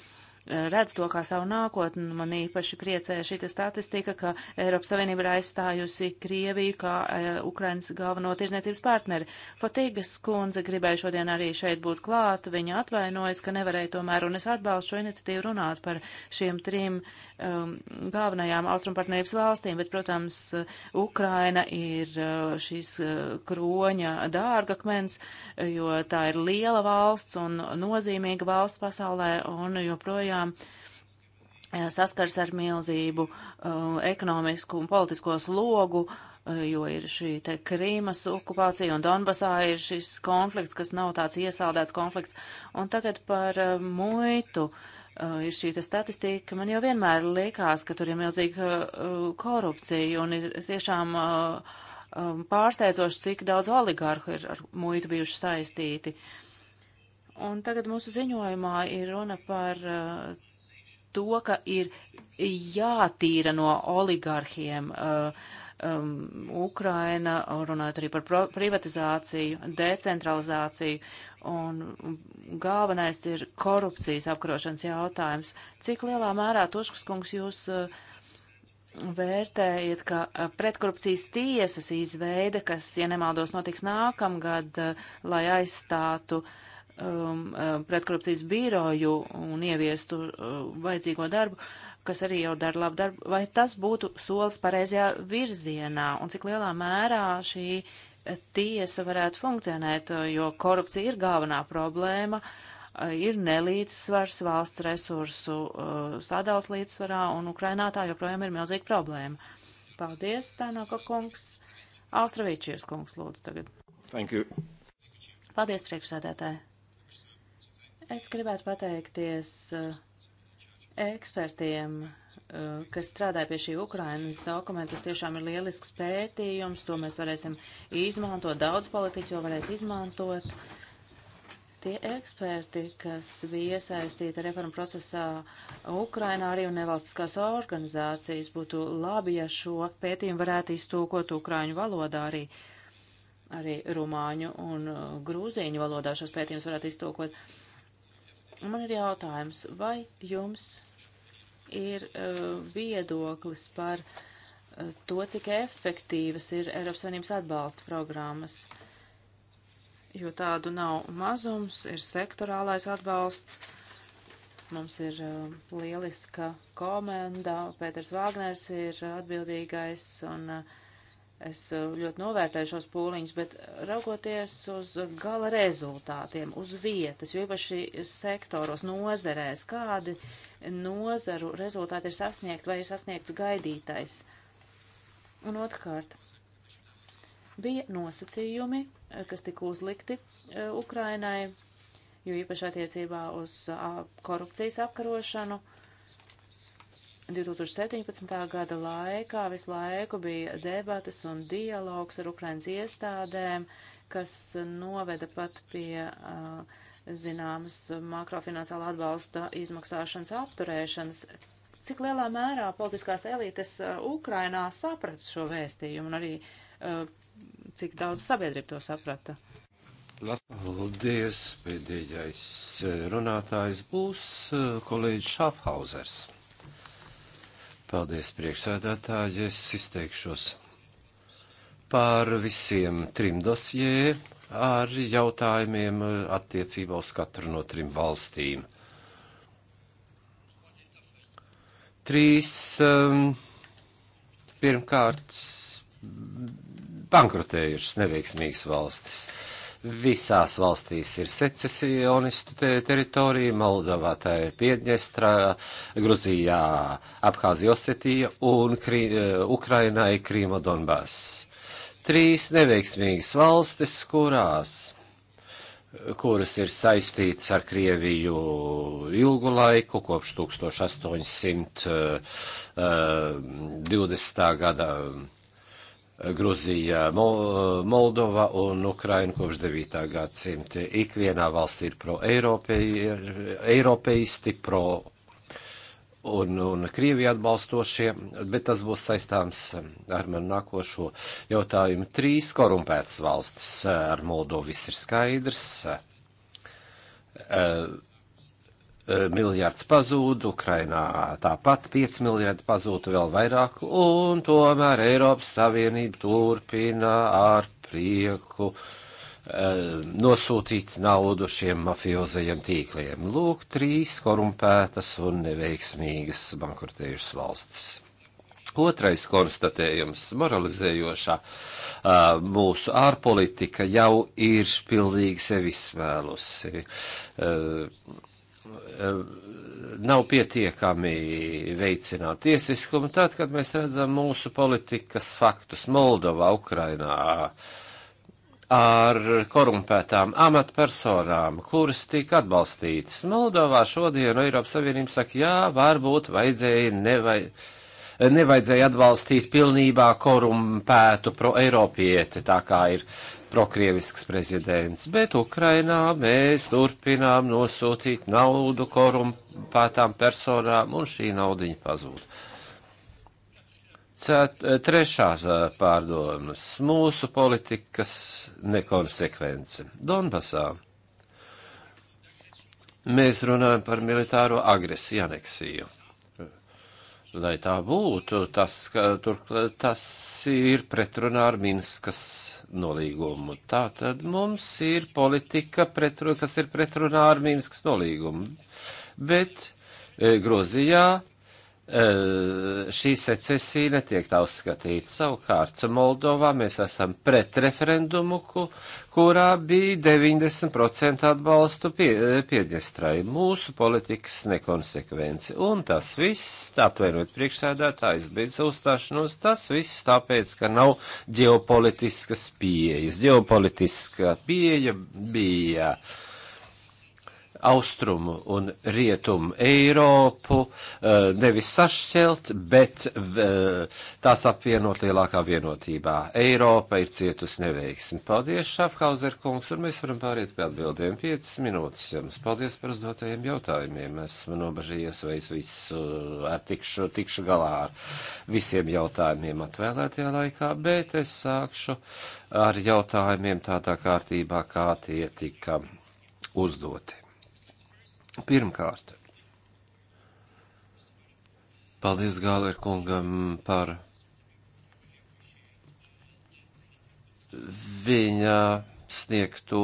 redz to kā savu nākotni. Man īpaši priecē šī statistika, ka Eiropas Savienība ir aizstājusi Krieviju kā e, Ukrainas galveno tirzniecības partneri. Fotīgas kundze gribēja šodien arī šeit būt klāt. Viņa atvainojas, ka nevarēja tomēr, un es atbalstu šo iniciatīvu runāt par šiem trim um, galvenajām austrumpartnerības valstīm, bet, protams, Ukraina ir e, šīs e, kroņa dārgakmens, jo tā ir liela valsts un nozīmīga valsts pasaulē, un joprojām joprojām eh, saskars ar milzību uh, ekonomisku un politisko slogu, uh, jo ir šī te Krīmas okupācija un Donbasā ir šis konflikts, kas nav tāds iesaldēts konflikts. Un tagad par uh, muitu. Ir šī statistika, man jau vienmēr likās, ka tur ir milzīga korupcija un ir tiešām pārsteidzoši, cik daudz oligārhu ir ar muitu bijuši saistīti. Uh, Un tagad mūsu ziņojumā ir runa par uh, to, ka ir jātīra no oligarhiem. Uh, um, Ukraina, runājot arī par privatizāciju, decentralizāciju, un galvenais ir korupcijas apkarošanas jautājums. Cik lielā mērā, Toškas kungs, jūs uh, vērtējat, ka uh, pretkorupcijas tiesas izveide, kas, ja nemaldos, notiks nākamgad, uh, lai aizstātu uh, Um, um, pretkorupcijas bīroju un ieviestu uh, vajadzīgo darbu, kas arī jau dara labu darbu, vai tas būtu solis pareizajā virzienā un cik lielā mērā šī tiesa varētu funkcionēt, uh, jo korupcija ir galvenā problēma, uh, ir nelīdzsvars valsts resursu uh, sadals līdzsvarā un Ukrainā tā joprojām ir milzīga problēma. Paldies, Tānoka kungs. Austravīčies kungs lūdzu tagad. Thank you. Paldies, priekšsēdētāji. Es gribētu pateikties eh, ekspertiem, eh, kas strādāja pie šī Ukrainas dokumenta. Tas tiešām ir lielisks pētījums, to mēs varēsim izmantot, daudz politiķu to varēs izmantot. Tie eksperti, kas bija iesaistīti reformu procesā Ukrainā, arī un nevalstiskās organizācijas, būtu labi, ja šo pētījumu varētu iztūkot Ukraiņu valodā arī, arī rumāņu un eh, grūzīņu valodā šos pētījumus varētu iztūkot. Uh, Man ir jautājums, vai jums ir uh, viedoklis par uh, to, cik efektīvas ir Eiropas Savienības atbalsta programmas? Jo tādu nav mazums, ir sektorālais atbalsts. Mums ir uh, lieliska komanda. Pēters Vāgners ir atbildīgais un uh, Es eh, ļoti novērtēju šos pūliņus, bet raugoties uz gala rezultātiem, uz vietas, jo īpaši sektoros, nozerēs, kādi nozaru rezultāti ir sasniegt vai ir sasniegts gaidītais. Un otrkārt, bija nosacījumi, eh, kas tika uzlikti eh, Ukrainai, jo īpaši attiecībā uz korupcijas apkarošanu 2017. gada laikā visu laiku bija debatas un dialogs ar Ukrainas iestādēm, kas noveda pat pie uh, zināmas makrofinansāla atbalsta izmaksāšanas apturēšanas. Cik lielā mērā politiskās elites uh, Ukrainā saprata šo vēstījumu un arī uh, cik daudz sabiedrība to saprata? Paldies, pēdējais runātājs būs kolēģis Šafhauzers. Paldies, priekšsēdētāji, es izteikšos par visiem trim dosjē ar jautājumiem attiecībā uz katru no trim valstīm. Trīs, um, pirmkārt, bankrotējušas neveiksmīgas valstis. Uh, Visās valstīs ir secesionistu te teritorija, Moldovā tā ir Piedņestrā, Gruzijā Abhāzija Osetija un Krī, eh, Ukrainā ir Krīma Donbass. Trīs neveiksmīgas valstis, kurās, kuras ir saistītas ar Krieviju ilgu laiku, kopš 1820. Eh, eh, gada Gruzija, Moldova un Ukraina kopš 9. gadsimta. Ikvienā valstī ir pro-eiropeisti, pro un, un Krieviju atbalstošie, bet tas būs saistāms ar manu nākošo jautājumu. Trīs korumpētas valstis ar Moldovu viss ir skaidrs. Eh, miljards pazūd, Ukrainā tāpat 5 miljardi pazūd vēl vairāk, un tomēr Eiropas Savienība turpina ar prieku eh, nosūtīt naudu šiem mafiozajiem tīkliem. Lūk, trīs korumpētas un neveiksmīgas bankrotējušas valstis. Otrais konstatējums - moralizējošā eh, mūsu ārpolitika jau ir pilnīgi sevi smēlusi. Eh, Eh, nav pietiekami veicināt tiesiskumu, tad, kad mēs redzam mūsu politikas faktus Moldovā, Ukrainā, ar korumpētām amatpersonām, kuras tika atbalstītas. Moldovā šodien Eiropas Savienība saka, jā, varbūt vajadzēja nevai. Nevajadzēja atbalstīt pilnībā korumpētu pro-eiropieti, tā kā ir uh, prokrievisks prezidents, bet Ukrainā mēs turpinām nosūtīt naudu korumpētām personām, un šī naudiņa pazūd. Cet, trešās pārdomas - mūsu politikas nekonsekvence Donbasā. Mēs runājam par militāro agresiju aneksiju lai tā būtu, tas, ka, tur, tas ir pretrunā ar Minskas nolīgumu. Tā tad mums ir politika, pretru, kas ir pretrunā ar Minskas nolīgumu. Bet e, Grozijā šī secesija netiek tā uzskatīta. Savukārt, Moldovā mēs esam pret referendumu, ku, kurā bija 90% atbalstu pie, pieģestrai mūsu politikas nekonsekvenci. Un tas viss, atvainojiet priekšsēdētājs, beidz uzstāšanos, tas viss tāpēc, ka nav ģeopolitiskas pieejas. Ģeopolitiska pieeja bija. Uh, austrumu un rietumu Eiropu eh, nevis sašķelt, bet eh, tās apvienot lielākā vienotībā. Eiropa ir cietusi neveiksmi. Paldies, Šafhauser kungs, un mēs varam pāriet pie atbildēm. 5 minūtes jums. Paldies par uzdotajiem jautājumiem. Esmu nobažījies, vai es visu ar eh, tikšu, tikšu galā ar visiem jautājumiem atvēlētajā laikā, bet es sākšu ar jautājumiem tādā kārtībā, kā tie tika uzdoti. Pirmkārt, paldies Gāler kungam par viņa sniegto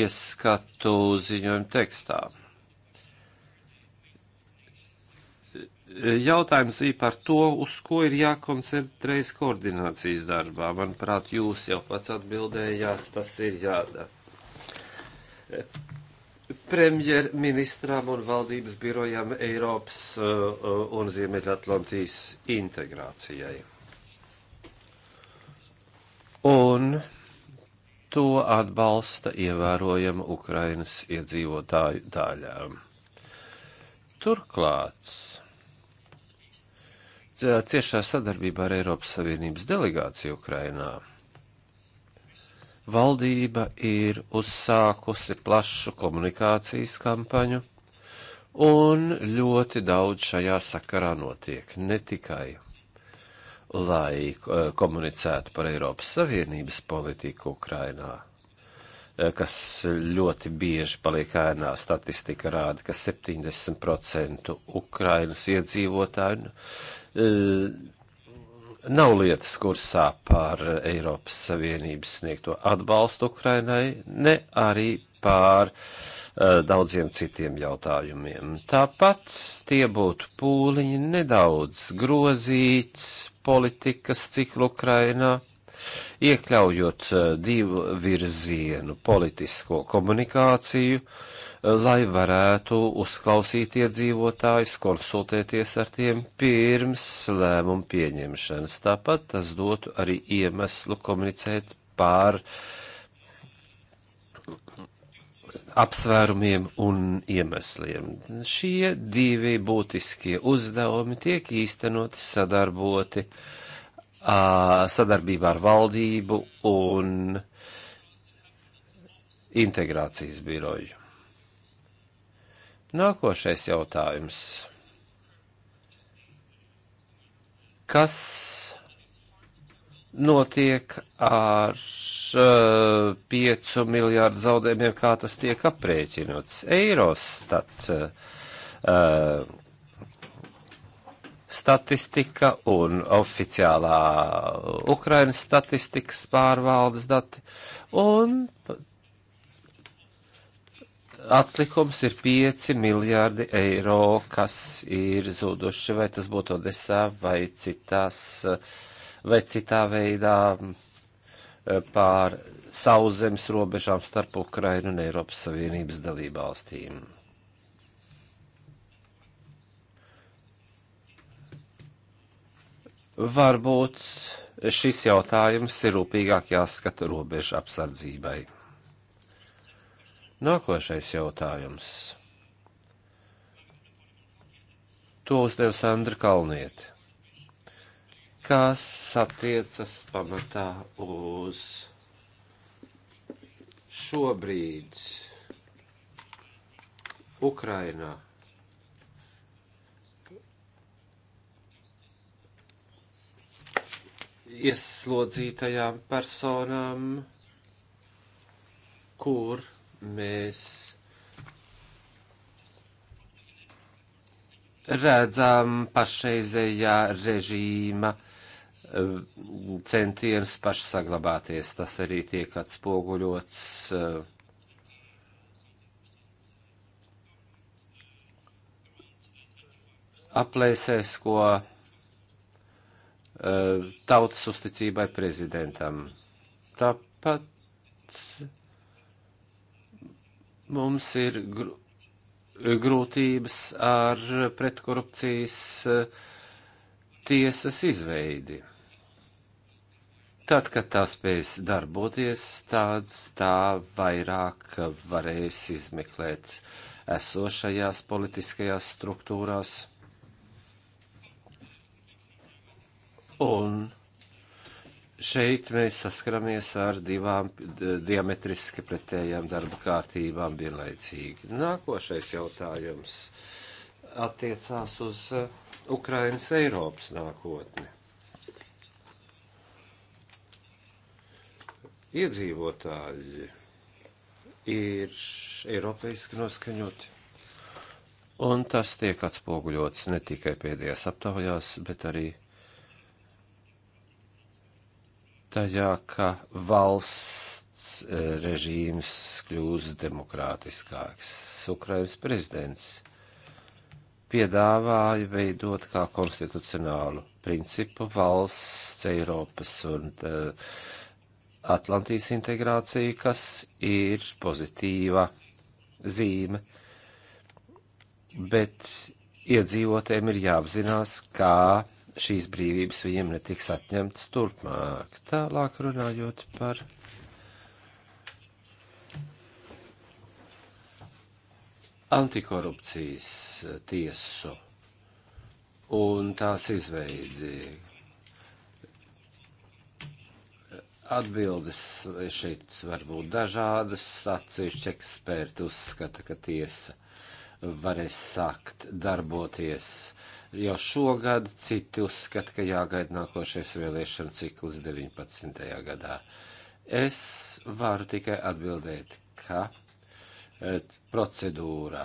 ieskatu ziņojumu tekstā. Jautājums bija par to, uz ko ir jākoncentrējas koordinācijas darbā. Manuprāt, jūs jau pats atbildējāt, tas ir jādara premjerministram un valdības birojam Eiropas uh, uh, un Ziemeļatlantijas integrācijai. Un to atbalsta ievērojama Ukrainas iedzīvotāju daļā. Turklāt ciešā sadarbībā ar Eiropas Savienības delegāciju Ukrainā Valdība ir uzsākusi plašu komunikācijas kampaņu, un ļoti daudz šajā sakarā notiek, ne tikai lai eh, komunicētu par Eiropas Savienības politiku Ukrainā, eh, kas ļoti bieži paliek ēnā. Statistika rāda, ka 70% Ukrainas iedzīvotāju eh, nav lietas kursā par Eiropas Savienības sniegto atbalstu Ukrainai, ne arī pār uh, eh, daudziem citiem jautājumiem. Tāpat tie būtu pūliņi nedaudz grozīts politikas ciklu Ukrainā, iekļaujot uh, divu virzienu politisko komunikāciju, uh, lai varētu uzklausīt iedzīvotājus, konsultēties ar tiem pirms lēmumu pieņemšanas. Tāpat tas dotu arī iemeslu komunicēt pār apsvērumiem un iemesliem. Šie divi būtiskie uzdevumi tiek īstenoti sadarboti, sadarbībā ar valdību un integrācijas biroju. Nākošais jautājums. Kas notiek ar uh, eh, 5 miljārdu zaudējumiem, kā tas tiek aprēķinots? Eirostat uh, statistika un oficiālā Ukrainas statistikas pārvaldes dati. Un atlikums ir 5 miljārdi eiro, kas ir zuduši, vai tas būtu Odesā vai citās, vai citā veidā pār sauszemes robežām starp Ukrainu un Eiropas Savienības dalībvalstīm. Varbūt šis jautājums ir rūpīgāk jāskata robežu apsardzībai. Nākošais jautājums. To uzdev Sandra Kalnieti. Kas attiecas pamatā uz šobrīd Ukrainā? Ieslodzītajām personām, kur mēs redzam pašreizējā režīma eh, centienus pašsaglabāties. Tas arī tiek atspoguļots eh, aplēsēs, ko eh, tautas uzticībai prezidentam. Tāpat Mums ir gr grūtības ar pretkorupcijas eh, tiesas izveidi. Tad, kad tā spēs darboties, tāds tā vairāk varēs izmeklēt esošajās politiskajās struktūrās. Un Šeit mēs saskaramies ar divām diametriski pretējām darba kārtībām vienlaicīgi. Nākošais jautājums attiecās uz eh, Ukrainas Eiropas nākotni. Iedzīvotāji ir eiropeiski noskaņoti, un tas tiek atspoguļots ne tikai pēdējās aptaujās, bet arī tajā, ka valsts eh, režīms kļūs demokrātiskāks. Ukrainas prezidents piedāvāja veidot kā konstitucionālu principu valsts Eiropas un uh, Atlantijas integrāciju, kas ir pozitīva zīme, bet iedzīvotēm ir jāapzinās, kā šīs brīvības viņiem netiks atņemtas turpmāk. Tālāk runājot par. Antikorupcijas tiesu un tās izveidi, atbildes šeit var būt dažādas. Atsevišķi eksperti uzskata, ka tiesa varēs sākt darboties jau šogad, citi uzskata, ka jāgaida nākošais vēlēšana cikls 19. gadā. Es varu tikai atbildēt, ka et, procedūra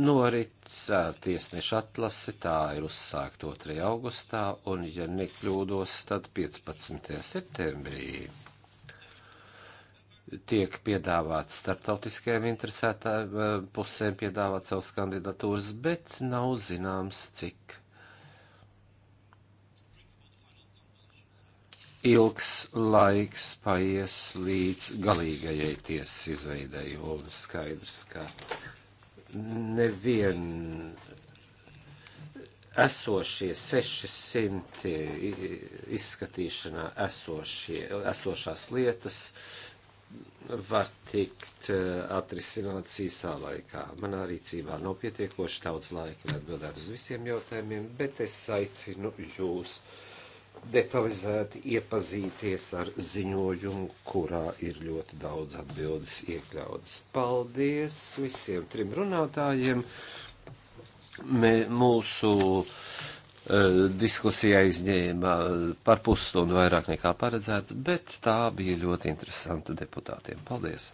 norit ar tiesnešu atlasi, tā ir uzsākta 2. augustā, un, ja nekļūdos, tad 15. septembrī tiek piedāvāts starptautiskajām interesētām eh, pusēm piedāvāt savas kandidatūras, bet nav zināms, cik ilgs laiks paies līdz galīgajai tiesas izveidēji, un skaidrs, ka nevien esošie 600 izskatīšanā esošie, esošās lietas, uh, var tikt eh, atrisināts īsā laikā. Manā rīcībā nav pietiekoši daudz laika, lai atbildētu uz visiem jautājumiem, bet es aicinu jūs detalizēti iepazīties ar ziņojumu, kurā ir ļoti daudz atbildes iekļautas. Paldies visiem trim runātājiem! Mē, mūsu uh, E, diskusijā izņēma par pusstundu vairāk nekā paredzēts, bet tā bija ļoti interesanta deputātiem. Paldies!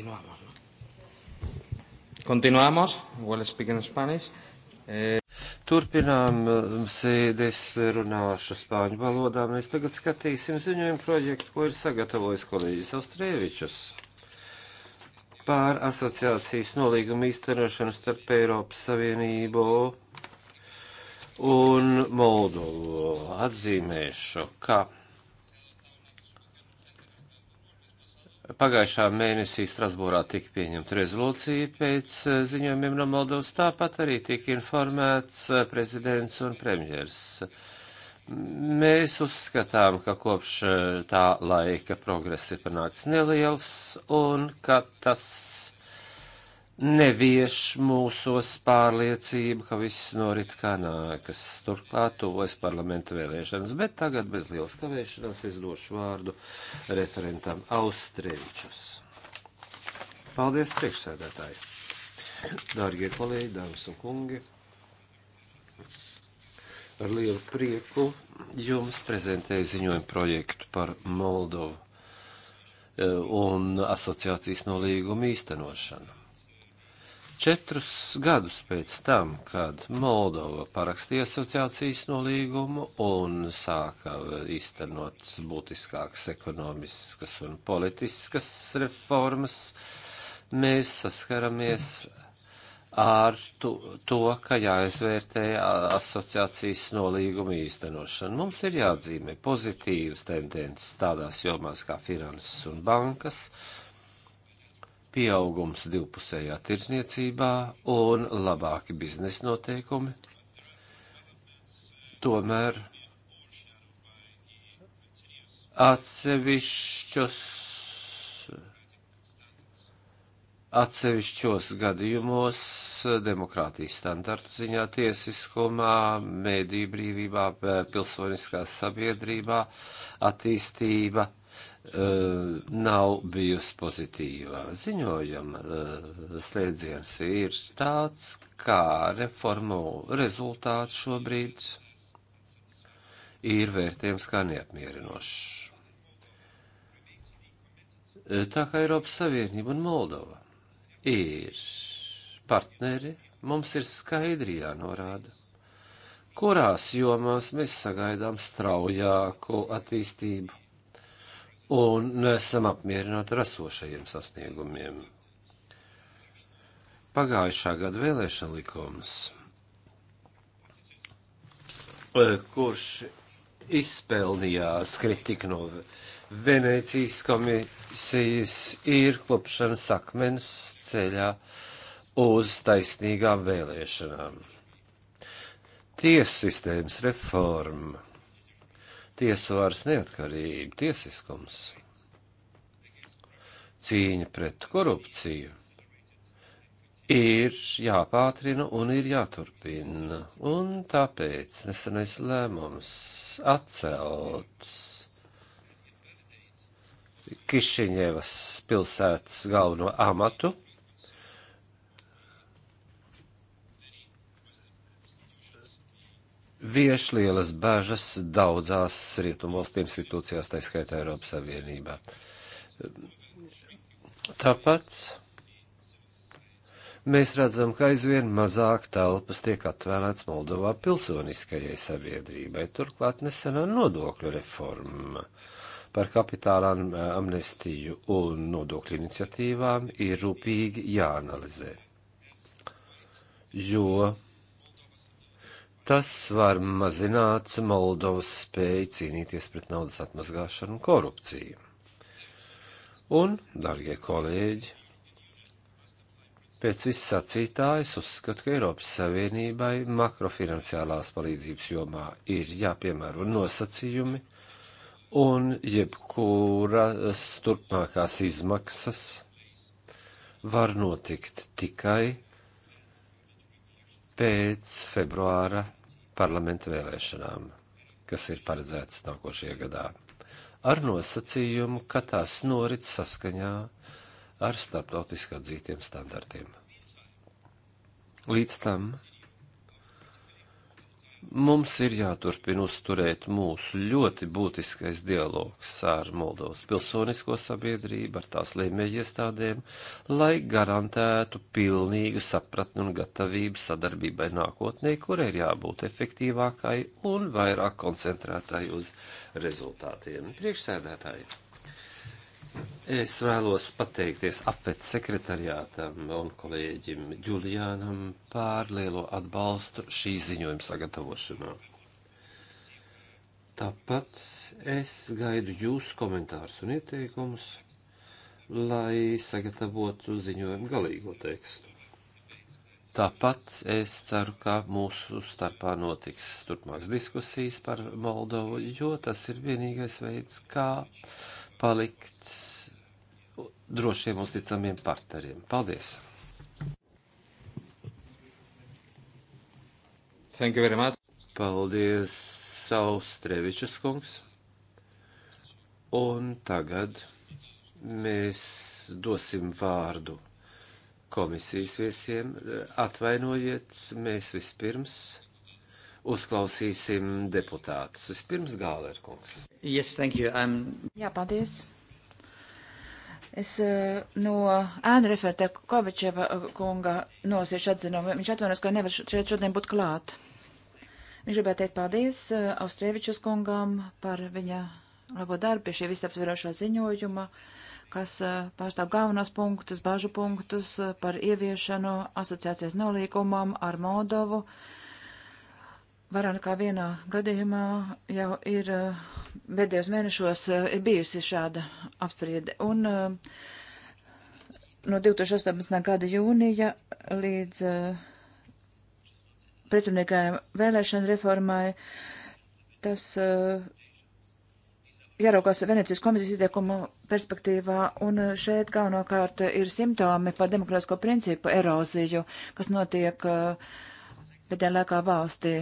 Continuamos, ¿no? Continuamos. Well, speaking in Spanish. Eh, Turpinām mm, sēdes runāšu spāņu valodā. Mēs tagad skatīsim ziņojumu projektu, ko ir sagatavojis kolēģis Austrēvičus pār asociācijas nolīgumu īstenošanu starp Eiropas Savienību un Moldovu. Atzīmēšu, ka Pagājušā mēnesī Strasbūrā tika pieņemta rezolūcija pēc eh, ziņojumiem no Moldovas, tāpat arī tika informēts eh, prezidents un premjers. Mēs uzskatām, ka kopš eh, tā laika progress ir panākts neliels un ka tas nevieš mūsos pārliecību, ka viss norit kā nākas. Turklāt tuvojas parlamenta vēlēšanas, bet tagad bez lielas kavēšanās es došu vārdu referentam Austrievičus. Paldies, priekšsēdētāji! Dārgie kolēģi, dāmas un kungi! Ar lielu prieku jums prezentēju ziņojumu projektu par Moldovu eh, un asociācijas nolīgumu īstenošanu Četrus gadus pēc tam, kad Moldova parakstīja asociācijas nolīgumu un sāka īstenot būtiskākas ekonomiskas un politiskas reformas, mēs saskaramies ar to, to ka jāizvērtē asociācijas nolīguma īstenošana. Mums ir jāatzīmē pozitīvas tendences tādās jomās kā finanses un bankas pieaugums divpusējā tirdzniecībā un labāki biznesa noteikumi. Tomēr atsevišķos, atsevišķos gadījumos demokrātijas standartu ziņā, tiesiskumā, mēdī brīvībā, pilsoniskā sabiedrībā, attīstība E, nav bijusi pozitīvā. Ziņojuma e, slēdziens ir tāds, kā reformu rezultāts šobrīd ir vērtējams kā neapmierinošs. E, tā kā Eiropas Savienība un Moldova ir partneri, mums ir skaidri jānorāda, kurās jomās mēs sagaidām straujāku attīstību un nesam apmierināti ar esošajiem sasniegumiem. Pagājušā gada vēlēšana likums, e, kurš izpelnījās kritika no Venecijas komisijas, ir klupšanas akmens ceļā uz taisnīgām vēlēšanām. Tiesu sistēmas reforma tiesvaras neatkarība, tiesiskums, cīņa pret korupciju ir jāpātrina un ir jāturpina. Un tāpēc nesenais lēmums atcelts Kišiņevas pilsētas galveno amatu vieš lielas bažas daudzās rietumvalstu institūcijās, tā skaitā Eiropas Savienībā. Tāpat mēs redzam, ka aizvien mazāk telpas tiek atvēlēts Moldovā pilsoniskajai sabiedrībai. Turklāt nesenā nodokļu reforma par kapitāla amnestiju un nodokļu iniciatīvām ir rūpīgi jāanalizē. Jo Tas var mazināt Moldovas spēju cīnīties pret naudas atmazgāšanu un korupciju. Un, darbie kolēģi, Pēc viss sacītājas uzskatu, ka Eiropas Savienībai makrofinanciālās palīdzības jomā ir jāpiemēro nosacījumi, un jebkuras turpmākās izmaksas var notikt tikai pēc februāra parlamenta vēlēšanām, kas ir paredzētas nākošajā gadā, ar nosacījumu, ka tās norit saskaņā ar starptautiskā dzītiem standartiem. Līdz tam Mums ir jāturpina uzturēt mūsu ļoti būtiskais dialogs ar Moldovas pilsonisko sabiedrību, ar tās lēmēju iestādēm, lai garantētu pilnīgu sapratni un gatavību sadarbībai nākotnē, kurai ir jābūt efektīvākai un vairāk koncentrētai uz rezultātiem. Priekšsēdētāji! Es vēlos pateikties apvēt sekretariātam un kolēģim Ģulijānam par lielo atbalstu šī ziņojuma sagatavošanā. Tāpat es gaidu jūsu komentārus un ieteikumus, lai sagatavotu ziņojumu galīgo tekstu. Tāpat es ceru, ka mūsu starpā notiks turpmākas diskusijas par Moldovu, jo tas ir vienīgais veids, kā. Ka palikt drošiem uzticamiem partneriem. Paldies! Thank you very much. Paldies, Saustrevičs kungs. Un tagad mēs dosim vārdu komisijas viesiem. Atvainojiet, mēs vispirms uzklausīsim deputātus. Vispirms Gālērkungs. Yes, thank you. Um... Jā, paldies. Es eh, no ēna referētē Kovačeva eh, kunga nosiešu atzinumu. Viņš atvainojas, ka nevar šeit šodien būt klāt. Viņš gribētu teikt paldies eh, Austrievičus kungam par viņa labo darbu pie šī visapsverošā ziņojuma, kas pārstāv galvenos punktus, bažu punktus par ieviešanu asociācijas nolīgumam ar Moldovu. Uh, Varā nekā vienā gadījumā jau ir eh, pēdējos mēnešos eh, ir bijusi šāda apspriede. Un eh, no 2018. gada jūnija līdz pretrunīgajai vēlēšana reformai tas jāraukās Venecijas komisijas ieteikumu perspektīvā, un šeit galvenokārt ir simptomi par demokrātisko principu eroziju, kas notiek pēdējā laikā valstī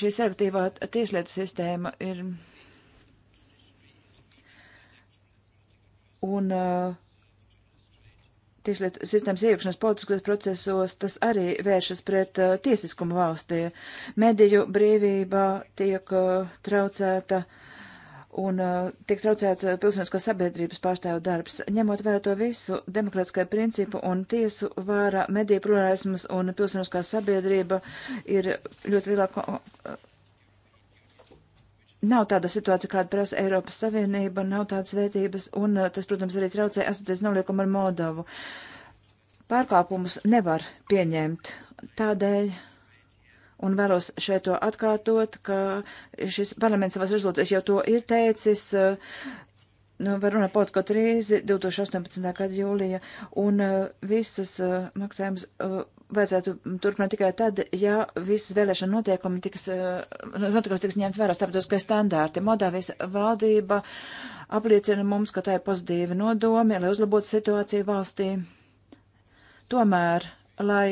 šī selektīvā tieslietu sistēma ir. Un uh, tieslietu sistēmas iekšanas politiskos procesos tas arī vēršas pret uh, tiesiskumu valstī. Mediju brīvība tiek uh, traucēta. Uh, un uh, tiek traucēts uh, pilsoniskās sabiedrības pārstāvu darbs. Ņemot vērā to visu, demokrātiskai principu un tiesu vārā mediju plurālismas un pilsoniskā sabiedrība ir ļoti lielā. Uh, nav tāda situācija, kāda prasa Eiropas Savienība, nav tādas vērtības, un uh, tas, protams, arī traucē asociēties noliekumu ar Moldovu. Pārkāpumus nevar pieņemt. Tādēļ Un vēlos šeit to atkārtot, ka šis parlaments savas rezolūcijas jau to ir teicis. Eh, nu, var runāt politisko krīzi 2018. gada jūlija, un uh, visas uh, eh, maksājumas uh, vajadzētu turpināt tikai tad, ja visas vēlēšana notiekumi tiks, uh, notikums tiks ņemt vērā starptautiskie standārti. Moldāvijas valdība apliecina mums, ka tā ir pozitīva nodomi, lai uzlabotu situāciju valstī. Tomēr, lai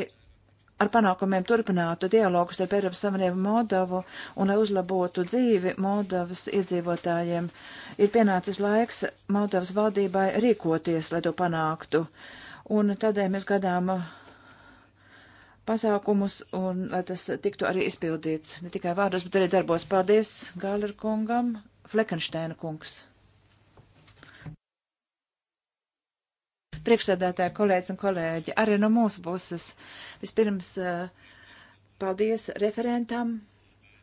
ar panākumiem turpinātu dialogus ar Eiropas Savienību Moldovu un lai uzlabotu dzīvi Moldovas iedzīvotājiem. Ir pienācis laiks Moldovas valdībai rīkoties, lai to panāktu. Un tādēļ mēs gadām pasākumus, un lai tas tiktu arī izpildīts. Ne tikai vārdos, bet arī darbos. Paldies Gāler kungam, Flekensteina kungs. priekšsēdētāji, kolēģis un kolēģi. Arī no mūsu puses vispirms eh, paldies referentam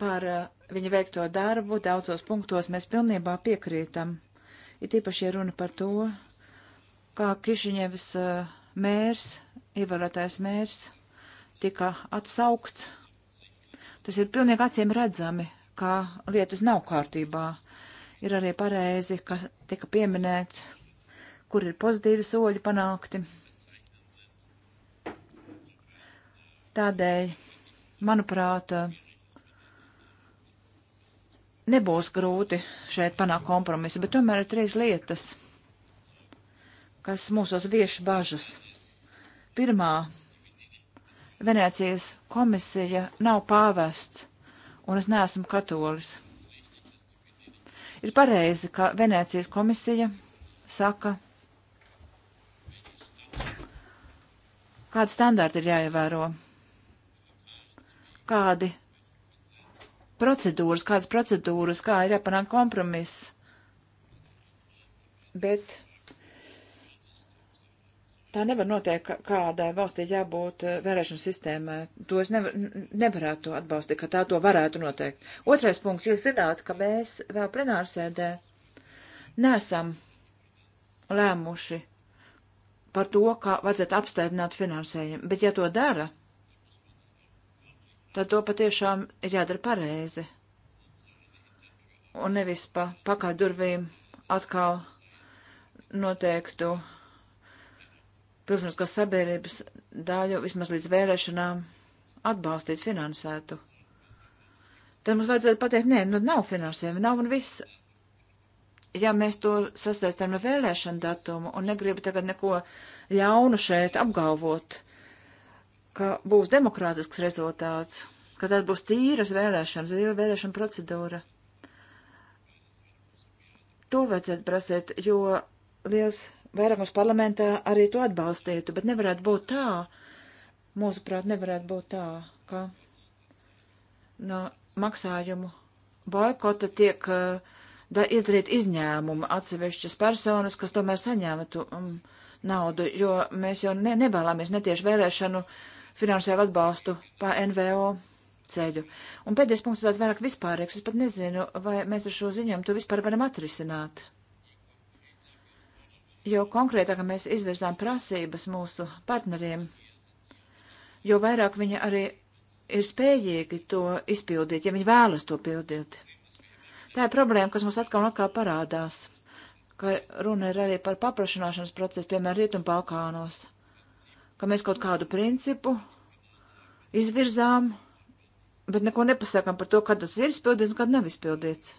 par eh, viņa veikto darbu. Daudzos punktos mēs pilnībā piekrītam. Ir tīpaši runa par to, kā Kišiņevs eh, mērs, ievēlētais mērs, tika atsaukts. Tas ir pilnīgi acīm redzami, kā lietas nav kārtībā. Ir arī pareizi, ka tika pieminēts kur ir pozitīvi soļi panākti. Tādēļ, manuprāt, nebūs grūti šeit panākt kompromisu, bet tomēr ir trīs lietas, kas mūsos vieš bažas. Pirmā, Venēcijas komisija nav pāvests, un es neesmu katolis. Ir pareizi, ka Venēcijas komisija saka, Kādi standarti ir jāievēro? Kādi procedūras, kādas procedūras, kā ir jāpanāk kompromiss? Bet tā nevar noteikt, kādai valstī jābūt eh, vērēšanu sistēmai. To es nevar, nevarētu atbalstīt, ka tā to varētu noteikt. Otrais punkts, jūs zināt, ka mēs vēl plenārsēdē nesam lēmuši par to, kā vajadzētu apstādināt finansējumu, bet ja to dara, tad to patiešām ir jādara pareizi. Un nevis pa pakaļ durvīm atkal noteiktu pilsoniskās sabiedrības daļu vismaz līdz vēlēšanām atbalstīt finansētu. Tad mums vajadzētu pateikt, nē, nu nav finansējuma, nav un viss ja mēs to sasaistām ar vēlēšanu datumu un negribu tagad neko ļaunu šeit apgalvot, ka būs demokrātisks rezultāts, ka tad būs tīras vēlēšanas, tīra vēlēšana procedūra. To vajadzētu prasīt, jo liels vairākums parlamentā arī to atbalstītu, bet nevarētu būt tā, mūsuprāt, nevarētu būt tā, ka no maksājumu boikota tiek uh, da, izdarīt izņēmumu atsevišķas personas, kas tomēr saņēma tu, um, naudu, jo mēs jau ne, nevēlamies netieši vēlēšanu finansiālu atbalstu pa NVO ceļu. Un pēdējais punkts tāds vairāk vispārīgs. Es pat nezinu, vai mēs ar šo ziņojumu to vispār varam atrisināt. Jo konkrētāk mēs izvirzām prasības mūsu partneriem, jo vairāk viņi arī ir spējīgi to izpildīt, ja viņi vēlas to pildīt. Tā ir problēma, kas mums atkal un atkal parādās, ka runa ir arī par paplašināšanas procesu, piemēram, Rietumbalkānos, ka mēs kaut kādu principu izvirzām, bet neko nepasakām par to, kad tas ir izpildīts un kad nav izpildīts.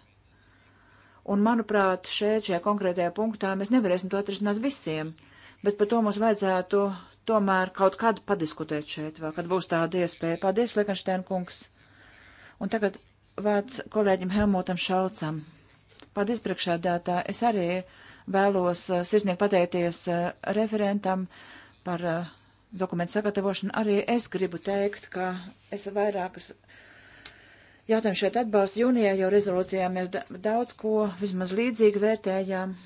Un, manuprāt, šeit, šajā konkrētajā punktā, mēs nevarēsim to atrisināt visiem, bet par to mums vajadzētu tomēr kaut kādu padiskutēt šeit, vēl, kad būs tāda iespēja. Paldies, Lekanštēn kungs! Un tagad vārds kolēģim Helmutam Šalcam. Paldies, priekšādātā. Es arī vēlos eh, sirsnīgi pateikties eh, referentam par eh, dokumentu sagatavošanu. Arī es gribu teikt, ka es vairākas jautājumu šeit atbalstu. Jūnijā jau rezolūcijā mēs daudz ko vismaz līdzīgi vērtējām,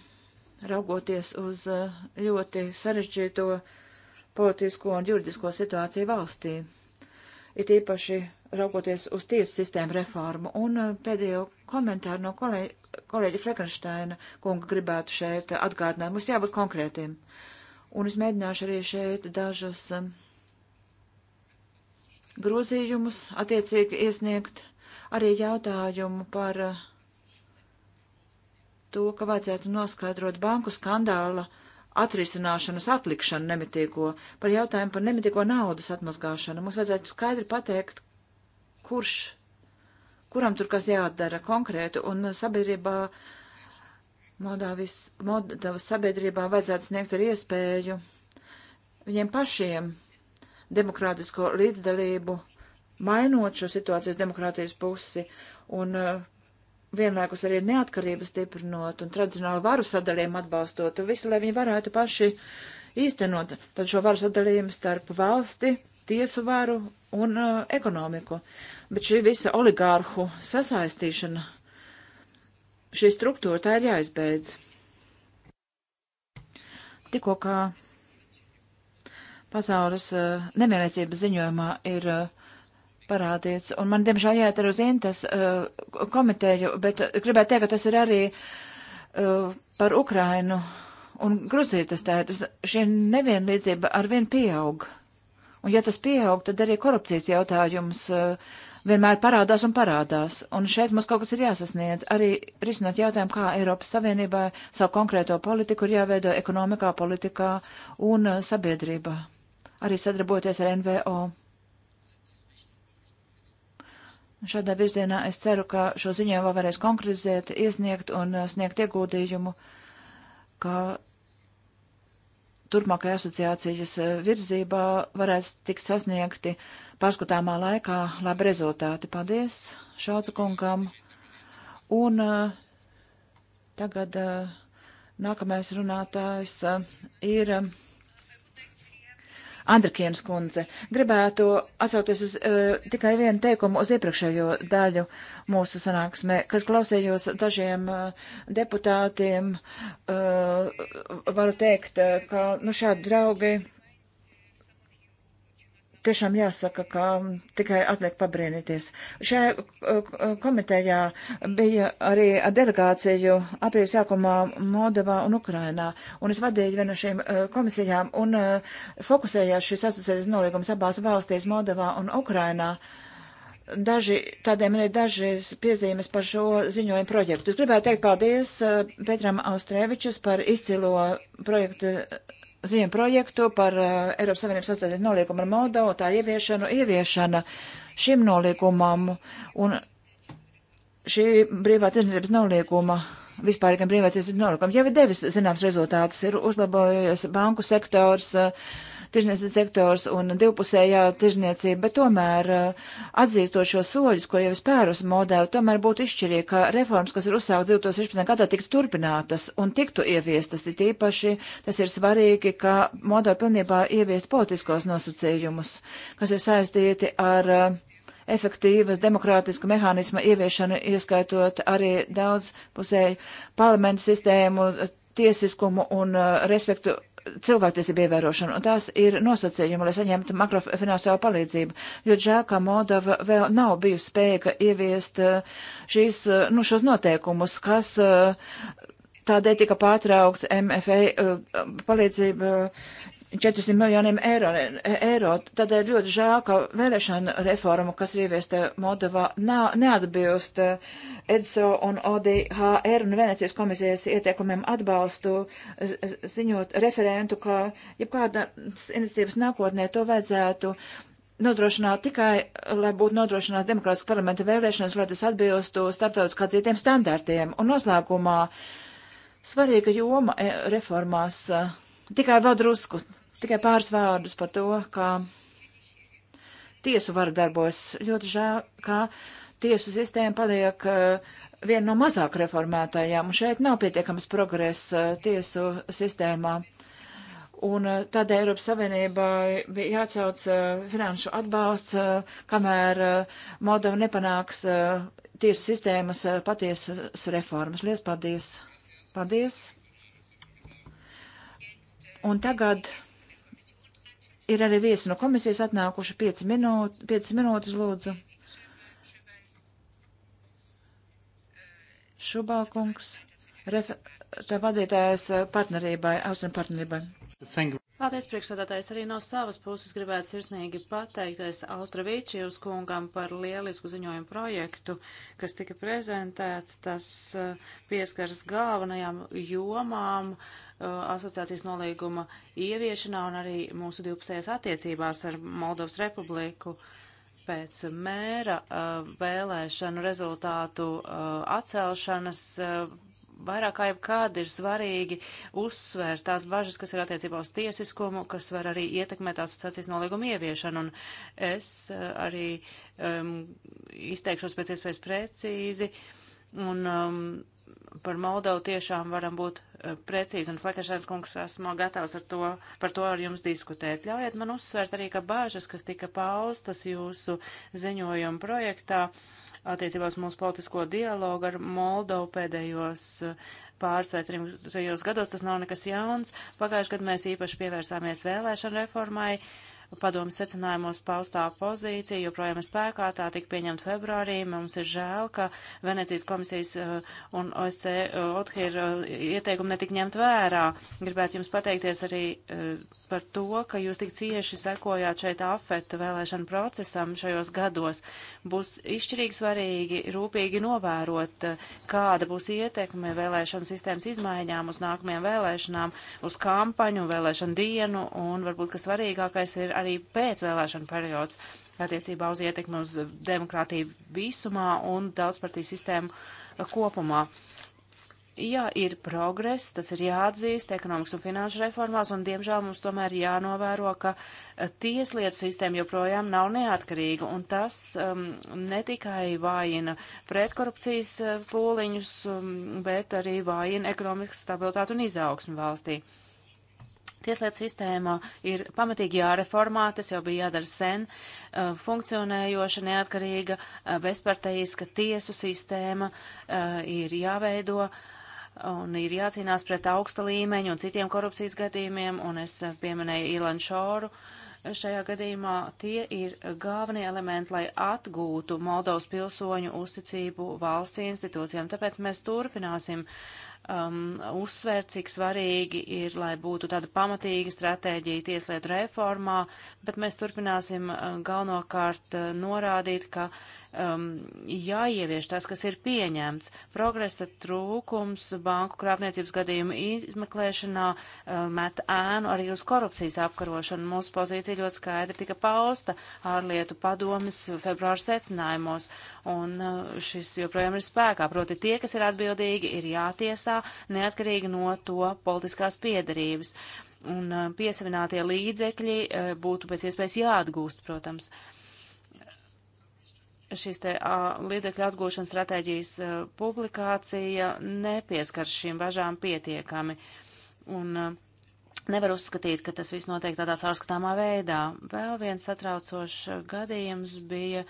raugoties uz ļoti sarežģīto politisko un juridisko situāciju valstī. It īpaši raugoties uz tiesu sistēmu reformu. Un uh, pēdējo komentāru no kolēģi, kolēģi Frekensteina kunga gribētu šeit atgādināt. Mums jābūt konkrētiem. Un es mēģināšu arī šeit dažus um, grozījumus attiecīgi iesniegt. Arī jautājumu par uh, to, ka vajadzētu noskaidrot banku skandāla atrisināšanas atlikšanu nemitīgo, par jautājumu par nemitīgo naudas atmazgāšanu. Mums vajadzētu skaidri pateikt, kurš, kuram tur kas jādara konkrēti, un sabiedrībā, Moldāvis, Moldāvis sabiedrībā vajadzētu sniegt ar iespēju viņiem pašiem demokrātisko līdzdalību, mainot šo situāciju uz demokrātijas pusi, un eh, vienlaikus arī neatkarību stiprinot un tradicionālu varu sadalījumu atbalstot, visu, lai viņi varētu paši īstenot tad šo varu sadalījumu starp valsti, tiesu varu un uh, ekonomiku bet šī visa oligārhu sasaistīšana, šī struktūra tā ir jāizbeidz. Tikko kā pasaules uh, eh, nevienlīdzības ziņojumā ir uh, parādīts, un man diemžēl jāiet arī uz Intas uh, komiteju, bet gribētu teikt, ka tas ir arī par Ukrainu un Gruziju tas tētas. Šī nevienlīdzība arvien pieaug. Un ja tas pieaug, tad arī korupcijas jautājums vienmēr parādās un parādās. Un šeit mums kaut kas ir jāsasniedz. Arī risināt jautājumu, kā Eiropas Savienībā savu konkrēto politiku ir jāveido ekonomikā, politikā un uh, sabiedrībā. Arī sadarboties ar NVO. Šādā virzienā es ceru, ka šo ziņojumu varēs konkretizēt, iesniegt un uh, sniegt ieguldījumu, ka turpmākajā asociācijas eh, virzībā varētu tikt sasniegti pārskatāmā laikā labi rezultāti. Paldies Šauca kungam. Un uh, tagad uh, nākamais runātājs uh, ir. Uh, Andrikienas kundze. Gribētu atsaukties uz uh, tikai vienu teikumu uz iepriekšējo daļu mūsu sanāksmē, kas klausējos dažiem uh, deputātiem. Uh, varu teikt, uh, ka nu, šādi draugi tiešām jāsaka, ka tikai atliek pabrēnīties. Šajā eh, eh, komitejā bija arī delegāciju aprīļa sākumā Moldovā un Ukrainā, un es vadīju vienu no šīm eh, komisijām un fokusējās šis asociētais nolīgums abās valstīs Moldovā un Ukrainā. Daži, tādēļ man ir dažas piezīmes par šo ziņojumu projektu. Es gribētu teikt paldies Petram Austrēvičus par izcilo projektu ziņu projektu par uh, Eiropas Savienības atstādīt noliekumu ar Moldovu, tā ieviešanu, ieviešana šim noliekumam un šī brīvā tirdzniecības noliekuma vispārīgam brīvā tirdzniecības noliekuma jau ir devis zināms rezultātus, ir uzlabojies banku sektors, uh, tirzniecības sektors un divpusējā tirzniecība, bet tomēr eh, atzīstot šo soļus, ko jau es pērus modēju, tomēr būtu izšķirīgi, ka reformas, kas ir uzsāktas 2016. gadā, tiktu turpinātas un tiktu ieviestas. Ir īpaši tas ir svarīgi, ka modeļi pilnībā ieviest politiskos nosacījumus, kas ir saistīti ar eh, efektīvas demokrātiska mehānisma ieviešanu, ieskaitot arī daudz pusēju parlamentu sistēmu, tiesiskumu un uh, respektu cilvēktiesību ievērošanu, un tās ir nosacījumi, lai saņemtu makrofinansālo palīdzību, jo žēl, ka Moldova vēl nav bijusi spēka ieviest eh, šīs, eh, nu, šos noteikumus, kas eh, tādēļ tika pārtraukts MFA palīdzība 400 miljoniem eiro, e, eiro. Tādēļ ļoti žēl, ka vēlēšana reforma, kas ieviesta Moldovā, neatbilst EDSO un ODHR un Venecijas komisijas ieteikumiem atbalstu, ziņot referentu, ka jebkāda iniciatīvas nākotnē to vajadzētu nodrošināt tikai, lai būtu nodrošināta demokrātiska parlamenta vēlēšanas, lai tas atbilstu starptautiskā citiem standartiem. Un noslēgumā svarīga joma e, reformās. E, tikai vēl drusku Tikai pāris vārdus par to, kā tiesu varu darbojas. Ļoti žēl, kā tiesu sistēma paliek uh, viena no mazāk reformētājām, un šeit nav pietiekams progress uh, tiesu sistēmā. Un uh, eh, tādēļ Eiropas Savienībai bija jāatcauc finanšu atbalsts, kamēr Moldova nepanāks tiesu sistēmas patiesas reformas. Lies, paldies! Paldies! Un tagad Ir arī viesi no komisijas atnākuši 5 minūtes, 5 minūtes lūdzu. Šubākungs, ref, tā vadītājs partnerībai, austrumu partnerībai. Paldies, priekšsādātājs. Arī no savas puses gribētu sirsnīgi pateikties Austravīčijus kungam par lielisku ziņojumu projektu, kas tika prezentēts. Tas eh, pieskaras galvenajām jomām. Uh, Uh, asociācijas nolīguma ieviešanā un arī mūsu divpusējās attiecībās ar Moldovas republiku. Pēc mēra uh, vēlēšanu rezultātu uh, atcelšanas vairāk kā jebkād ir svarīgi uzsvērt tās bažas, kas ir attiecībā uz tiesiskumu, kas var arī ietekmēt asociācijas nolīgumu ieviešanu. Un es arī um, izteikšos pēc iespējas precīzi. Un, um, par Moldovu tiešām varam būt eh, precīzi, un Flekaršēns kungs esmu gatavs ar to, par to ar jums diskutēt. Ļaujiet man uzsvērt arī, ka bāžas, kas tika paustas jūsu ziņojuma projektā, attiecībā uz mūsu politisko dialogu ar Moldovu pēdējos eh, pāris vai trijos gados, tas nav nekas jauns. Pagājuši gadu mēs īpaši pievērsāmies vēlēšanu reformai, uh, padomu secinājumos paustā pozīcija joprojām ir spēkā, tā tika pieņemta februārī. Mums ir žēl, ka Venecijas komisijas eh, un OSC eh, Othir eh, ieteikumi netika ņemt vērā. Gribētu jums pateikties arī par to, ka jūs tik cieši sekojāt šeit afeta vēlēšanu procesam šajos gados. Būs izšķirīgi svarīgi rūpīgi novērot, kāda būs ietekme vēlēšanu sistēmas izmaiņām uz nākamajām vēlēšanām, uz kampaņu, vēlēšanu dienu un varbūt, ka svarīgākais ir ir arī pēcvēlēšana periods attiecībā uz ietekmi uz demokrātiju visumā un daudzpartiju sistēmu kopumā. Jā, ir progress, tas ir jāatzīst ekonomikas un finanšu reformās, un diemžēl mums tomēr jānovēro, ka eh, tieslietu sistēma joprojām nav neatkarīga, un tas um, ne tikai vājina pretkorupcijas eh, pūliņus, um, bet arī vājina ekonomikas stabilitātu un izaugsmu valstī. Uh, Tieslietu sistēma ir pamatīgi jāreformā, tas jau bija jādara sen, uh, funkcionējoša, neatkarīga, uh, bezparteiska tiesu sistēma uh, ir jāveido un ir jācīnās pret augsta līmeņa un citiem korupcijas gadījumiem, un es pieminēju Ilan Šoru. Šajā gadījumā tie ir galvenie elementi, lai atgūtu Moldovas pilsoņu uzticību valsts institūcijām. Tāpēc mēs turpināsim uh, um, uzsvērt, cik svarīgi ir, lai būtu tāda pamatīga stratēģija tieslietu reformā, bet mēs turpināsim uh, galvenokārt uh, norādīt, ka um, jāievieš tas, kas ir pieņemts. Progresa trūkums banku krāpniecības gadījumu izmeklēšanā um, met ēnu arī uz korupcijas apkarošanu. Mūsu pozīcija ļoti skaidri tika pausta ārlietu padomis februāra secinājumos, un uh, šis joprojām ir spēkā. Proti tie, kas ir atbildīgi, ir jātiesā neatkarīgi no to politiskās piedarības. Un uh, piesavinātie līdzekļi uh, būtu pēc iespējas jāatgūst, protams. Uh, šīs te uh, līdzekļu atgūšanas stratēģijas uh, publikācija nepieskar šīm bažām pietiekami. Un uh, nevar uzskatīt, ka tas viss notiek tādā caurskatāmā veidā. Vēl viens satraucošs gadījums bija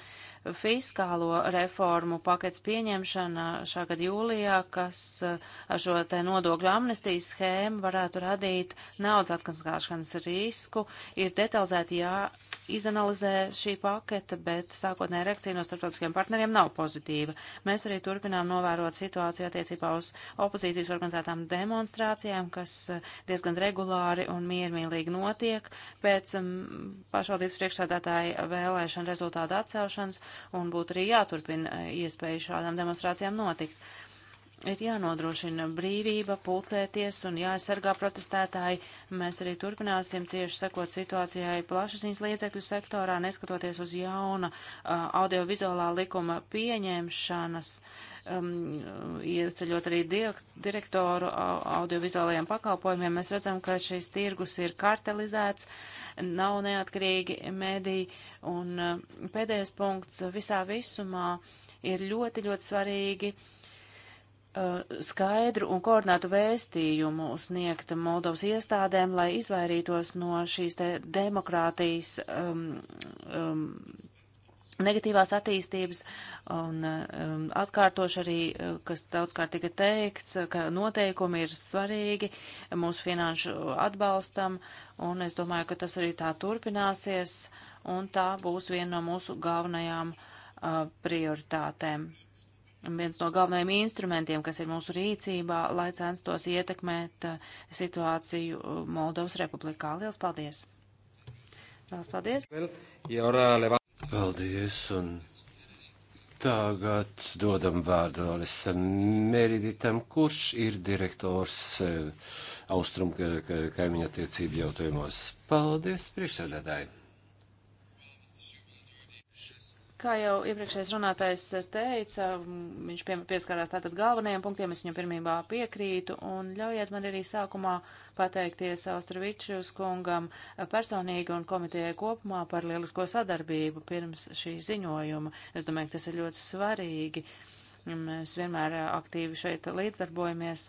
fiskālo reformu pakets pieņemšana šā gada jūlijā, kas ar šo te nodokļu amnestijas schēmu varētu radīt naudas atkaskāšanas risku. Ir detalizēti jā izanalizē šī paketa, bet sākotnē reakcija no starptautiskiem partneriem nav pozitīva. Mēs arī turpinām novērot situāciju attiecībā uz opozīcijas organizētām demonstrācijām, kas eh, diezgan regulāri un miermīlīgi notiek pēc mm, pašvaldības priekšsādātāja vēlēšana rezultātu atcelšanas, un būtu arī jāturpina eh, iespēju šādām demonstrācijām notikt ir jānodrošina brīvība pulcēties un jāaizsargā protestētāji. Mēs arī turpināsim cieši sekot situācijai plašasīs līdzekļu sektorā, neskatoties uz jauna uh, audiovizuālā likuma pieņemšanas, um, ieceļot arī direktoru audiovizuālajiem pakalpojumiem. Mēs redzam, ka šis tirgus ir kartelizēts, nav neatkarīgi mediji. Un uh, pēdējais punkts visā visumā ir ļoti, ļoti svarīgi. Uh, Uh, skaidru un koordinātu vēstījumu sniegt Moldovas iestādēm, lai izvairītos no šīs te demokrātijas um, um, negatīvās attīstības un um, atkārtoši arī, uh, kas daudzkārt tika teikts, ka noteikumi ir svarīgi mūsu finanšu atbalstam, un es domāju, ka tas arī tā turpināsies, un tā būs viena no mūsu galvenajām uh, prioritātēm viens no galvenajiem instrumentiem, kas ir mūsu rīcībā, lai censtos ietekmēt eh, situāciju eh, Moldovas republikā. Lielas paldies! Lielas paldies! Paldies! Un tagad dodam vārdu Alisam Meriditam, kurš ir direktors eh, Austrum kaimiņa attiecību jautājumos. Paldies, priekšsēdētāji! Kā jau iepriekšējais runātājs teica, viņš pieskārās tātad galvenajiem punktiem, es viņam pirmībā piekrītu, un ļaujiet man arī sākumā pateikties Austravičus kungam personīgi un komitejai kopumā par lielisko sadarbību pirms šī ziņojuma. Es domāju, ka tas ir ļoti svarīgi. Mēs vienmēr aktīvi šeit līdzdarbojamies,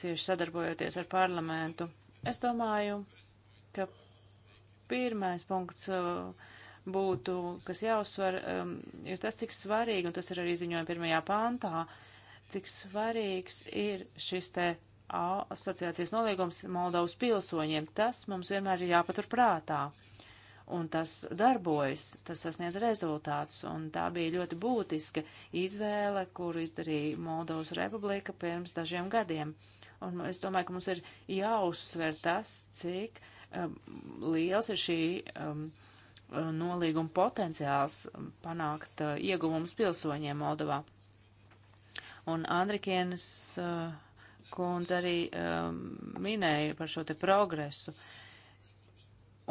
cieši sadarbojoties ar parlamentu. Es domāju, ka pirmais punkts. Uh, būtu, kas jāuzsver, um, ir tas, cik svarīgi, un tas ir arī ziņojumi pirmajā pāntā, cik svarīgs ir šis te asociācijas noliegums Moldovas pilsoņiem. Tas mums vienmēr ir jāpatur prātā. Un tas darbojas, tas sasniedz rezultātus, un tā bija ļoti būtiska izvēle, kuru izdarīja Moldovas republika pirms dažiem gadiem. Un es domāju, ka mums ir jāuzsver tas, cik um, liels ir šī um, Eh, nolīguma potenciāls panākt eh, ieguvumus pilsoņiem Moldovā. Un Andrikienas eh, kundze arī minēja par šo te progresu.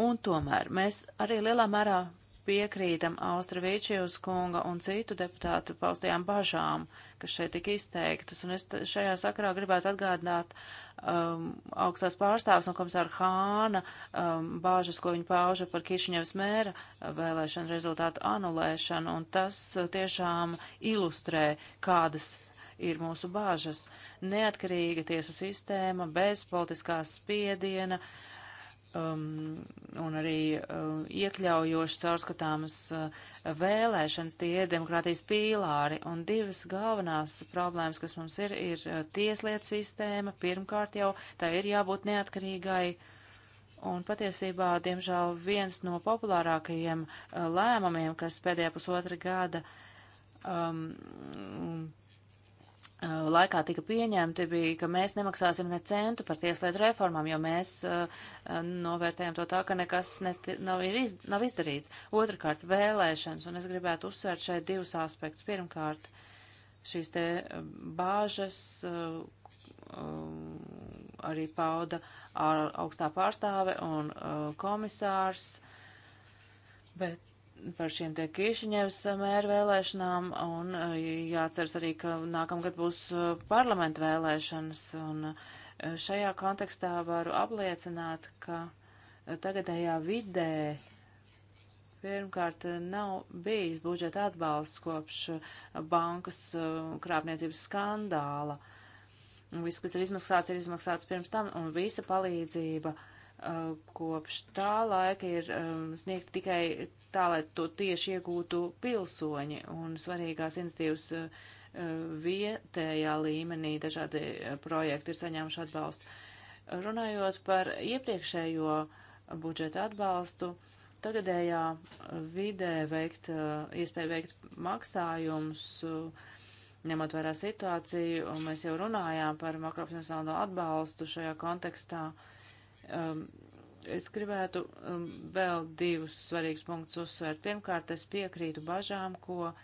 Un tomēr mēs arī lielā mērā piekrītam Austraviečijus kunga un citu deputātu paustajām bažām, kas šeit tika izteiktas. Un es šajā sakarā gribētu atgādināt um, augstās pārstāvs no komisāra Hāna um, bāžas, ko viņa pauža par Kišņevs mēra uh, vēlēšanu rezultātu anulēšanu. Un tas uh, tiešām ilustrē, kādas ir mūsu bāžas. Neatkarīga tiesu sistēma bez politiskā spiediena. Uh, um, un arī uh, iekļaujošas caurskatāmas uh, vēlēšanas, tie ir demokrātijas pīlāri. Un divas galvenās problēmas, kas mums ir, ir uh, tieslietu sistēma. Pirmkārt jau tā ir jābūt neatkarīgai. Un patiesībā, diemžēl, viens no populārākajiem uh, lēmumiem, kas pēdējā pusotra gada um, Eh, laikā tika pieņemti, bija, ka mēs nemaksāsim ne centu par tieslietu reformām, jo mēs uh, novērtējam to tā, ka nekas neti, nav, iz, nav izdarīts. Otrakārt, vēlēšanas, un es gribētu uzsvērt šeit divus aspektus. Pirmkārt, šīs te bāžas uh, arī pauda ar augstā pārstāve un uh, komisārs, bet par šīm te Kīšiņevs eh, mēra vēlēšanām, un eh, jāceras arī, ka nākamgad būs eh, parlamenta vēlēšanas, un šajā kontekstā varu apliecināt, ka tagadējā vidē pirmkārt nav bijis budžeta atbalsts kopš bankas krāpniecības skandāla. Viss, kas ir izmaksāts, ir izmaksāts pirms tam, un visa palīdzība uh, kopš tā laika ir um, sniegta tikai tā, lai to tieši iegūtu pilsoņi un svarīgās institīvas eh, vietējā līmenī dažādi eh, projekti ir saņēmuši atbalstu. Runājot par iepriekšējo budžeta atbalstu, tagadējā vidē veikt, eh, iespēja veikt maksājumus, ņemot vērā situāciju, un mēs jau runājām par makrofinansiālo atbalstu šajā kontekstā. Um, Es gribētu um, vēl divus svarīgus punktus uzsvērt. Pirmkārt, es piekrītu bažām, ko uh,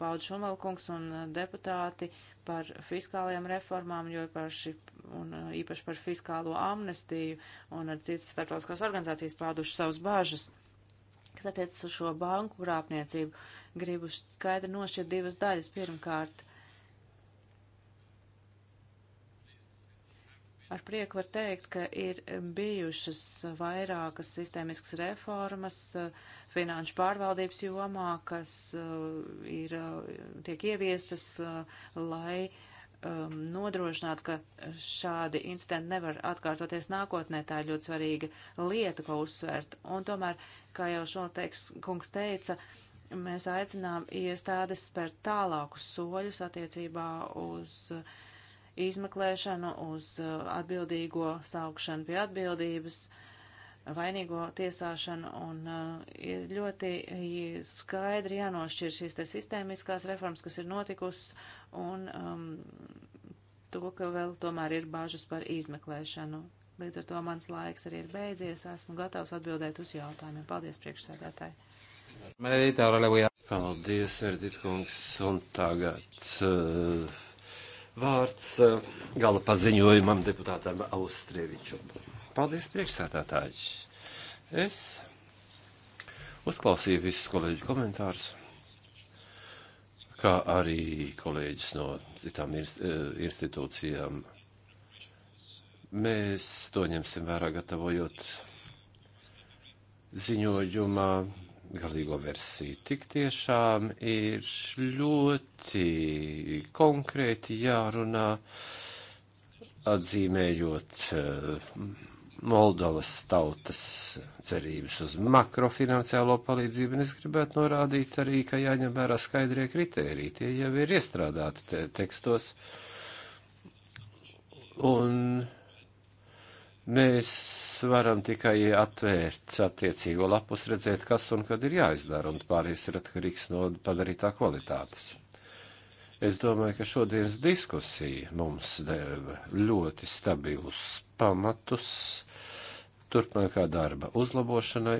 pauda Šumelkungs un uh, deputāti par fiskālajām reformām, jo īpaši, un, uh, īpaši par fiskālo amnestiju un ar citas starptautiskās organizācijas pauduši savus bāžas. Kas attiecas uz šo banku grāpniecību, gribu skaidri nošķirt divas daļas. Pirmkārt, Ar prieku var teikt, ka ir bijušas vairākas sistēmiskas reformas eh, finanšu pārvaldības jomā, kas eh, ir, eh, tiek ieviestas, lai ehm, nodrošinātu, ka šādi incidenti nevar atkārtoties nākotnē. Tā ir ļoti svarīga lieta, ko uzsvērt. Un tomēr, kā jau šonateiks kungs teica, mēs aicinām iestādes spērt tālākus soļus attiecībā uz uh, izmeklēšanu, uz uh, atbildīgo saukšanu pie atbildības, vainīgo tiesāšanu, un uh, ir ļoti skaidri jānošķir šīs te sistēmiskās reformas, kas ir notikusi, un um, to, ka vēl tomēr ir bāžas par izmeklēšanu. Līdz ar to mans laiks arī ir beidzies. Esmu gatavs atbildēt uz jautājumiem. Paldies, priekšsēdētāji. Paldies, Erditkungs. Un tagad uh, Vārds eh, gala paziņojumam deputātam Austrieviču. Paldies, priekšsētātājs. Es uzklausīju visus kolēģu komentārus kā arī kolēģis no citām eh, institūcijām. Mēs to ņemsim vērā, gatavojot ziņojumā galīgo versiju. Tik tiešām ir ļoti konkrēti jārunā, atzīmējot eh, Moldovas tautas cerības uz makrofinanciālo palīdzību, un es gribētu norādīt arī, ka jāņem vērā skaidrie kritēriji. Tie jau ir iestrādāti te tekstos. Un Mēs varam tikai atvērt attiecīgo lapus, redzēt, kas un kad ir jāizdara, un pārējais ir atkarīgs no padarītā kvalitātes. Es domāju, ka šodienas diskusija mums deva ļoti stabilus pamatus turpmākā darba uzlabošanai,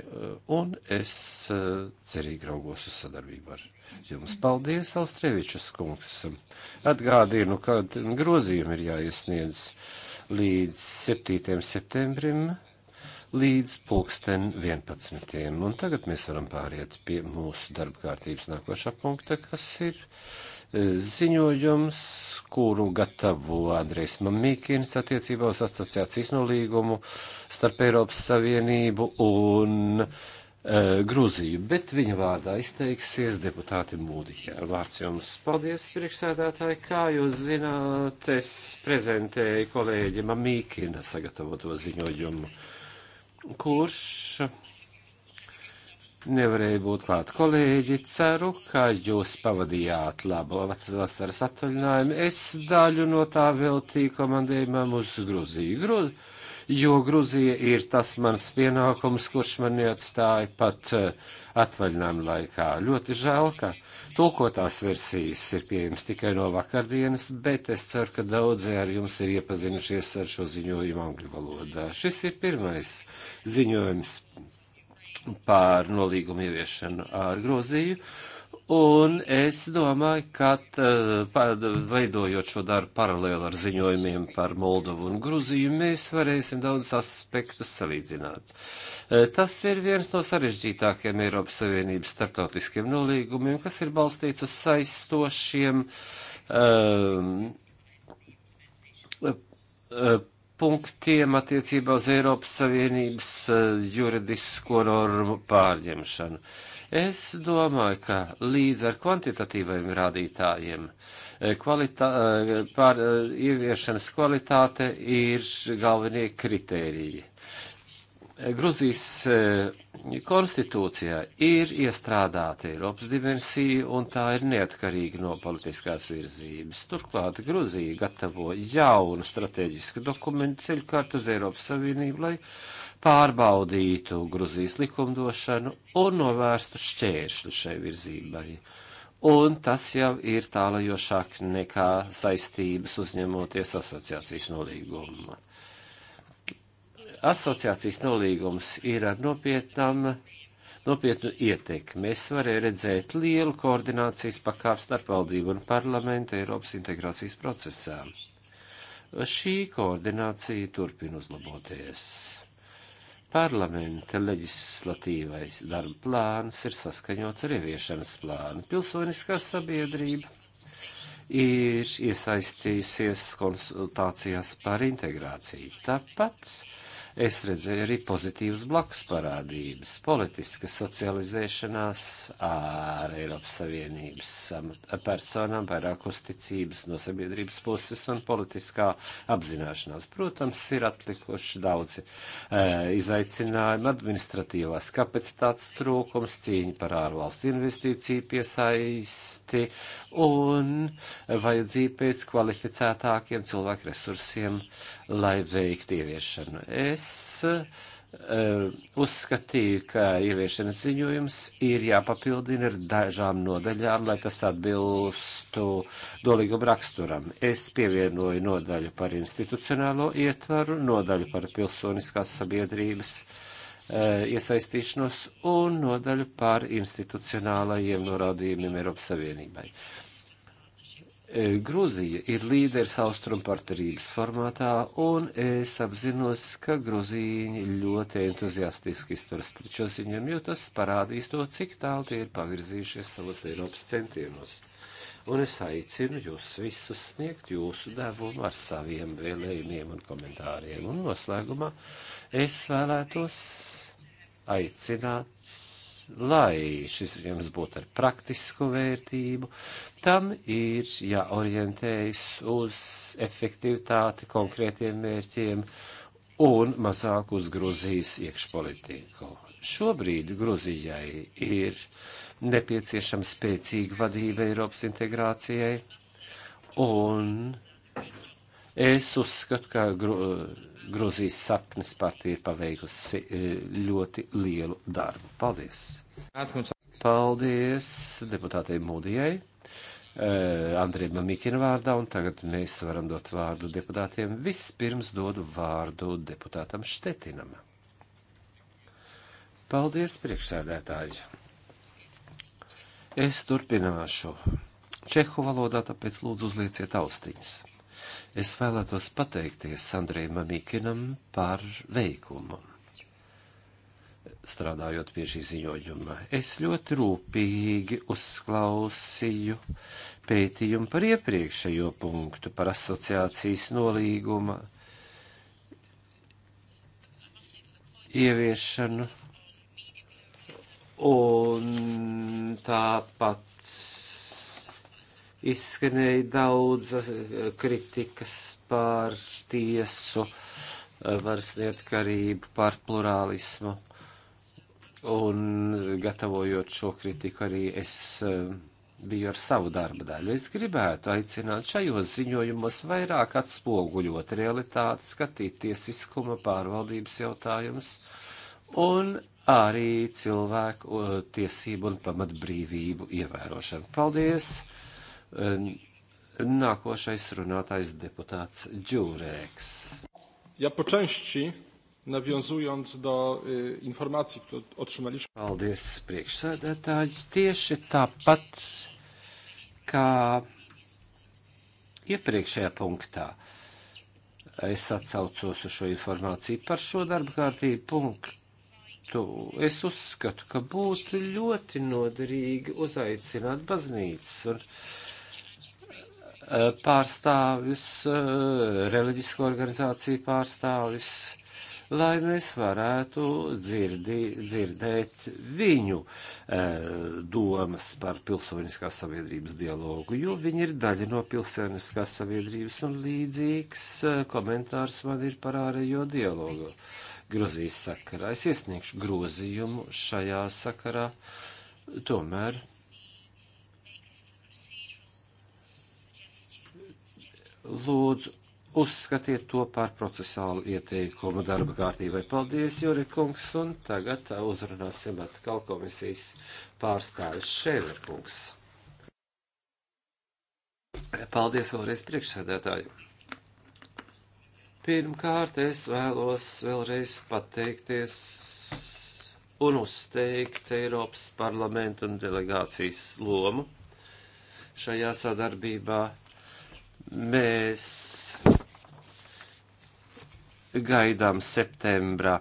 un es eh, cerīgi raugos uz sadarbību ar jums. Paldies, Austrievičs kungs! Atgādinu, ka grozījumi ir jāiesniedz līdz 7. septembrim līdz pulksten 11. Un tagad mēs varam pāriet pie mūsu darba kārtības nākošā punkta, kas ir e, ziņojums, kuru gatavo Andrejs Mamīkins attiecībā uz asociācijas nolīgumu starp Eiropas Savienību un uh, Eh, Grūziju, bet viņa vārdā izteiksies deputāti Mūdiķi. Vārds jums paldies, priekšsēdētāji. Kā jūs zināt, es prezentēju kolēģim Amīkina sagatavoto ziņojumu, kurš nevarēja būt klāt. Kolēģi, ceru, ka jūs pavadījāt labu vasaras atvaļinājumu. Es daļu no tā veltīju komandējumam uz Grūziju. Grūziju jo Gruzija ir tas mans pienākums, kurš man neatstāja pat eh, atvaļinājumu laikā. Ļoti žēl, ka tulkotās versijas ir pieejams tikai no vakardienas, bet es ceru, ka daudzi ar jums ir iepazinušies ar šo ziņojumu angļu valodā. Šis ir pirmais ziņojums pār nolīgumu ieviešanu ar Gruziju. Un es domāju, ka tā, uh, veidojot šo darbu paralēli ar ziņojumiem par Moldovu un Gruziju, mēs varēsim daudz aspektus salīdzināt. Uh, tas ir viens no sarežģītākiem Eiropas Savienības starptautiskiem nolīgumiem, kas ir balstīts uz saistošiem um, uh, punktiem attiecībā uz Eiropas Savienības eh, juridisko normu pārņemšanu. Es domāju, ka līdz ar kvantitatīviem rādītājiem eh, kvalitā, eh, pār, ieviešanas kvalitāte ir galvenie kritēriji. Gruzijas eh, konstitūcijā ir iestrādāta Eiropas dimensija, un tā ir neatkarīga no politiskās virzības. Turklāt Gruzija gatavo jaunu strateģisku dokumentu ceļkārtu uz Eiropas Savienību, lai pārbaudītu Gruzijas likumdošanu un novērstu šķēršļu šai virzībai. Un tas jau ir tālajošāk nekā saistības uzņemoties asociācijas nolīgumu asociācijas nolīgums ir ar nopietnām, nopietnu ietekmi. Es varēju redzēt lielu koordinācijas pakāpstu starp valdību un parlamentu Eiropas integrācijas procesā. Šī koordinācija turpina uzlaboties. Parlamenta leģislatīvais darba plāns ir saskaņots ar ieviešanas plānu. Pilsoniskā sabiedrība ir iesaistījusies konsultācijās par integrāciju. Tāpat Es redzēju arī pozitīvas blakus parādības, politiska socializēšanās ar Eiropas Savienības personām, vairāk uzticības no sabiedrības puses un politiskā apzināšanās. Protams, ir atlikuši daudzi e, izaicinājumi, administratīvās kapacitātes trūkums, cīņa par ārvalstu investīciju piesaisti un vajadzību pēc kvalificētākiem cilvēku resursiem, lai veiktu ieviešanu. Es eh, uzskatīju, ka ieviešanas ziņojums ir jāpapildina ar dažām nodaļām, lai tas atbilstu dolīgam raksturam. Es pievienoju nodaļu par institucionālo ietvaru, nodaļu par pilsoniskās sabiedrības uh, Eh, iesaistīšanos un nodaļu par institucionālajiem norādījumiem Eiropas Savienībai. Eh, Grūzija ir līderis austrumpartnerības formātā, un es apzinos, ka grūzīņi ļoti entuziastiski izturas pret šo ziņojumu, jo tas parādīs to, cik tālu tie ir pavirzījušies savos Eiropas centienos un es aicinu jūs visus sniegt jūsu devumu ar saviem vēlējumiem un komentāriem. Un noslēgumā es vēlētos aicināt, lai šis ziņojums būtu ar praktisku vērtību, tam ir jāorientējas uz efektivitāti konkrētiem mērķiem un mazāk uz Gruzijas iekšpolitiku. Šobrīd Gruzijai ir nepieciešama spēcīga vadība Eiropas integrācijai. Un es uzskatu, ka Grūzijas sapnes partija ir paveikusi e, ļoti lielu darbu. Paldies! Paldies deputātei Mūdijai! E, Andrejam Mamikina vārdā, un tagad mēs varam dot vārdu deputātiem. Vispirms dodu vārdu deputātam Štetinam. Paldies, priekšsēdētāji! Es turpināšu čehu valodā, tāpēc lūdzu uzlieciet austiņas. Es vēlētos pateikties Andrejam Mamikinam par veikumu strādājot pie šī ziņojuma. Es ļoti rūpīgi uzklausīju pētījumu par iepriekšējo punktu, par asociācijas nolīguma ieviešanu Un tāpat izskanēja daudz eh, kritikas par tiesu eh, varas neatkarību, par plurālismu. Un gatavojot šo kritiku arī es eh, biju ar savu darba daļu. Es gribētu aicināt šajos ziņojumos vairāk atspoguļot realitāti, skatīt tiesiskuma pārvaldības jautājumus un arī cilvēku uh, tiesību un pamatbrīvību ievērošanu. Paldies! Uh, nākošais runātājs deputāts Džūrēks. Ja po części, nawiązując do y, informacji, które otrzymaliśmy. Paldies, priekšsēdētājs. Tieši tāpat kā iepriekšējā punktā. Es atsaucos uz šo informāciju par šo darba kārtību punktu būtu, es uzskatu, ka būtu ļoti noderīgi uzaicināt baznīcas un eh, pārstāvis, eh, reliģisko organizāciju pārstāvis, lai mēs varētu dzirdi, dzirdēt viņu eh, domas par pilsoniskās sabiedrības dialogu, jo viņi ir daļa no pilsoniskās sabiedrības un līdzīgs komentārs man ir par ārējo dialogu. Uh, Gruzijas sakarā. Es iesniegšu grozījumu šajā sakarā. Tomēr lūdzu uzskatiet to par procesālu ieteikumu darba kārtībai. Paldies, Juri kungs, un tagad uzrunāsim atkal komisijas pārstāvis Šēver kungs. Paldies vēlreiz priekšsēdētāju. Pirmkārt, es vēlos vēlreiz pateikties un uzteikt Eiropas parlamentu un delegācijas lomu šajā sadarbībā. Mēs gaidām septembra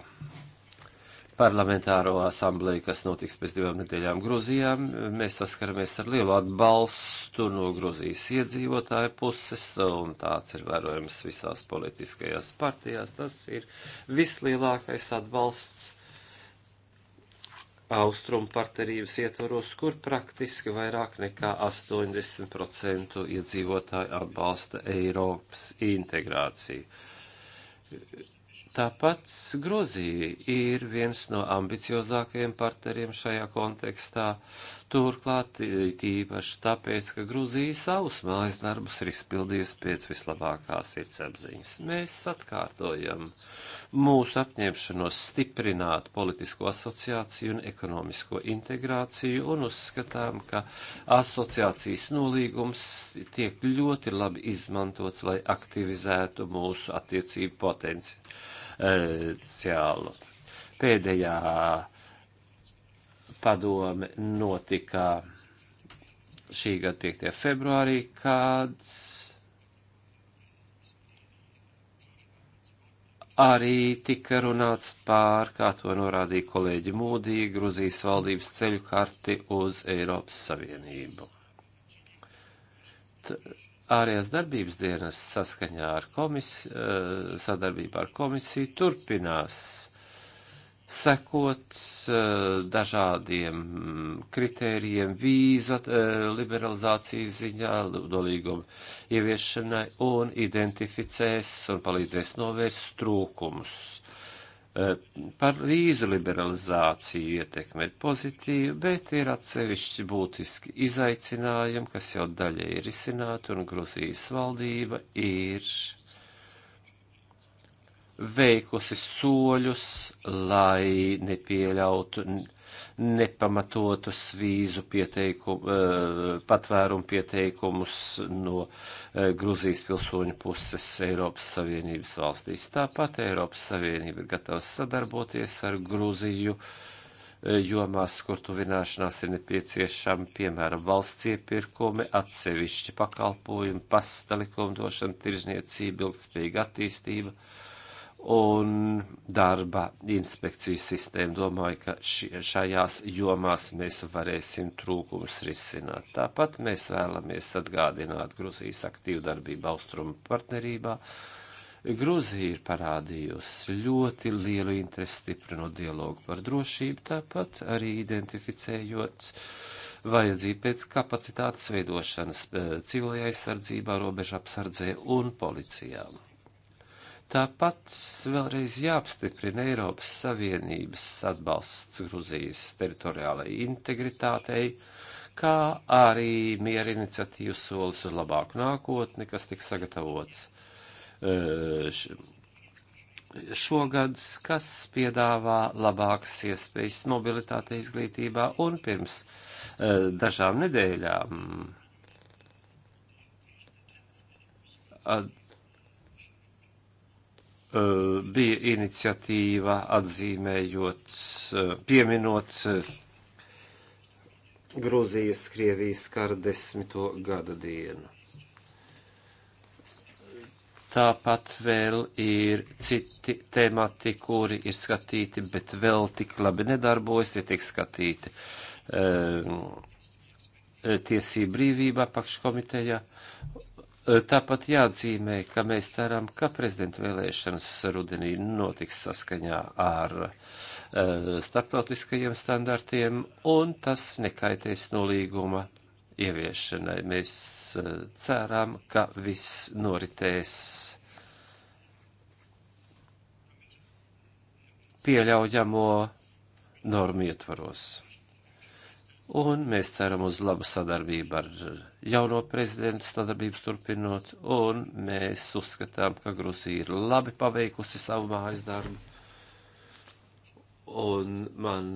parlamentāro asambleju, kas notiks pēc divām nedēļām Grūzijā. Mēs saskaramies ar lielu atbalstu no Grūzijas iedzīvotāju puses, un tāds ir vērojams visās politiskajās partijās. Tas ir vislielākais atbalsts austrumu partnerības ietvaros, kur praktiski vairāk nekā 80% iedzīvotāji atbalsta Eiropas integrāciju Tāpat Gruzija ir viens no ambiciozākajiem partneriem šajā kontekstā, turklāt tīpaši tāpēc, ka Gruzija savus mājas darbus ir izpildījusi pēc vislabākās sirdsapziņas. Mēs atkārtojam mūsu apņemšanos stiprināt politisko asociāciju un ekonomisko integrāciju un uzskatām, ka asociācijas nolīgums tiek ļoti labi izmantots, lai aktivizētu mūsu attiecību potenciālu potenciālu. Pēdējā padome notika šī gada 5. februārī, kad arī tika runāts pār, kā to norādīja kolēģi Mūdī, Gruzijas valdības ceļu karti uz Eiropas Savienību. T ārējās darbības dienas saskaņā ar komisiju, eh, sadarbībā ar komisiju turpinās sekot eh, dažādiem kritērijiem vīzu eh, liberalizācijas ziņā, dolīguma ieviešanai un identificēs un palīdzēs novērst trūkumus Eh, par vīzu liberalizāciju ietekme ir pozitīva, bet ir atsevišķi būtiski izaicinājumi, kas jau daļai ir izsināti, un Gruzijas valdība ir veikusi soļus, lai nepieļautu nepamatotus vīzu pieteikumu, eh, patvērumu pieteikumus no eh, Gruzijas pilsoņu puses Eiropas Savienības valstīs. Tāpat Eiropas Savienība ir gatava sadarboties ar Gruziju eh, jomās, kur tuvināšanās ir nepieciešama, piemēram, valsts iepirkumi, atsevišķi pakalpojumi, pasta likumdošana, tirzniecība, ilgspējīga attīstība un darba inspekciju sistēmu. Domāju, ka šajās jomās mēs varēsim trūkumus risināt. Tāpat mēs vēlamies atgādināt Gruzijas aktīvu darbību austrumu partnerībā. Gruzija ir parādījusi ļoti lielu interesi stiprinot dialogu par drošību, tāpat arī identificējot vajadzību pēc kapacitātes veidošanas eh, civilajā aizsardzībā, robeža apsardzē un policijām. Tāpat vēlreiz jāapstiprina Eiropas Savienības atbalsts Gruzijas teritoriālajai integritātei, kā arī miera iniciatīvas solis uz labāku nākotni, kas tiks sagatavots e, šogad, kas piedāvā labākas iespējas mobilitāte izglītībā un pirms e, dažām nedēļām bija iniciatīva atzīmējot, pieminot Grūzijas, Krievijas kara desmito gada dienu. Tāpat vēl ir citi temati, kuri ir skatīti, bet vēl tik labi nedarbojas, tie tiek skatīti um, tiesību brīvībā pakškomitejā Tāpat jāatzīmē, ka mēs ceram, ka prezidenta vēlēšanas rudenī notiks saskaņā ar uh, starptautiskajiem standartiem, un tas nekaitēs nolīguma ieviešanai. Mēs uh, ceram, ka viss noritēs pieļaujamo normu ietvaros un mēs ceram uz labu sadarbību ar jauno prezidentu sadarbības turpinot, un mēs uzskatām, ka Grūzija ir labi paveikusi savu mājas darbu, un man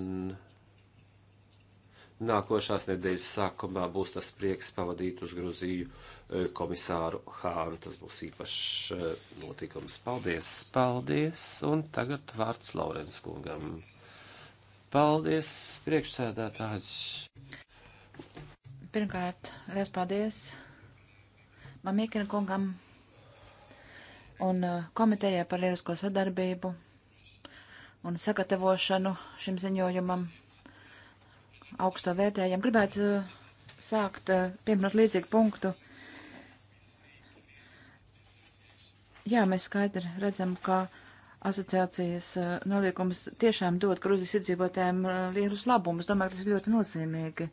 nākošās nedēļas sākumā būs tas prieks pavadīt uz Grūziju e, komisāru Hāru, tas būs īpašs e, notikums. Paldies, paldies, un tagad vārds Laurens kungam. Paldies, priekšsēdētājs. Pirmkārt, liels paldies Mamikina kungam un uh, komitejai par lielisko sadarbību un sagatavošanu šim ziņojumam augsto vērtējam. Gribētu uh, sākt uh, pieminot līdzīgu punktu. Jā, mēs skaidri redzam, ka. Kā asociācijas eh, noliekums tiešām dod Gruzijas iedzīvotājiem eh, lielus labumus. Domāju, ka tas ir ļoti nozīmīgi.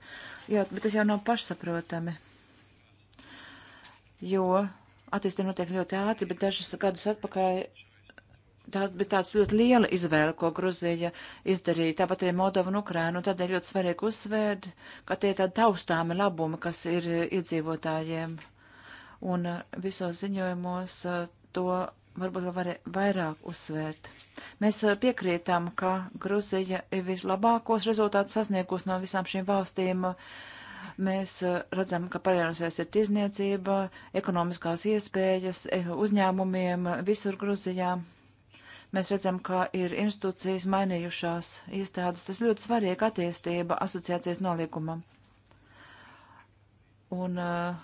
Jā, bet tas jau nav pašsaprotami, jo attīstība notiek ļoti ātri, bet dažus gadus atpakaļ tā bija tāds ļoti liela izvēle, ko Gruzija izdarīja, tāpat arī Moldova un Ukraina, un tādēļ ļoti svarīgi uzsvērt, ka tie ir tādi taustāmi labumi, kas ir iedzīvotājiem. Un eh, visos ziņojumos to varbūt var vairāk uzsvērt. Mēs eh, piekrītam, ka Gruzija ir vislabākos rezultātus sasniegus no visām šīm valstīm. Mēs eh, redzam, ka palielināsies ir tirzniecība, ekonomiskās iespējas eh, uzņēmumiem visur Gruzijā. Mēs redzam, ka ir institūcijas mainījušās iestādes. Tas ļoti svarīga attīstība asociācijas nolīgumam. Un uh,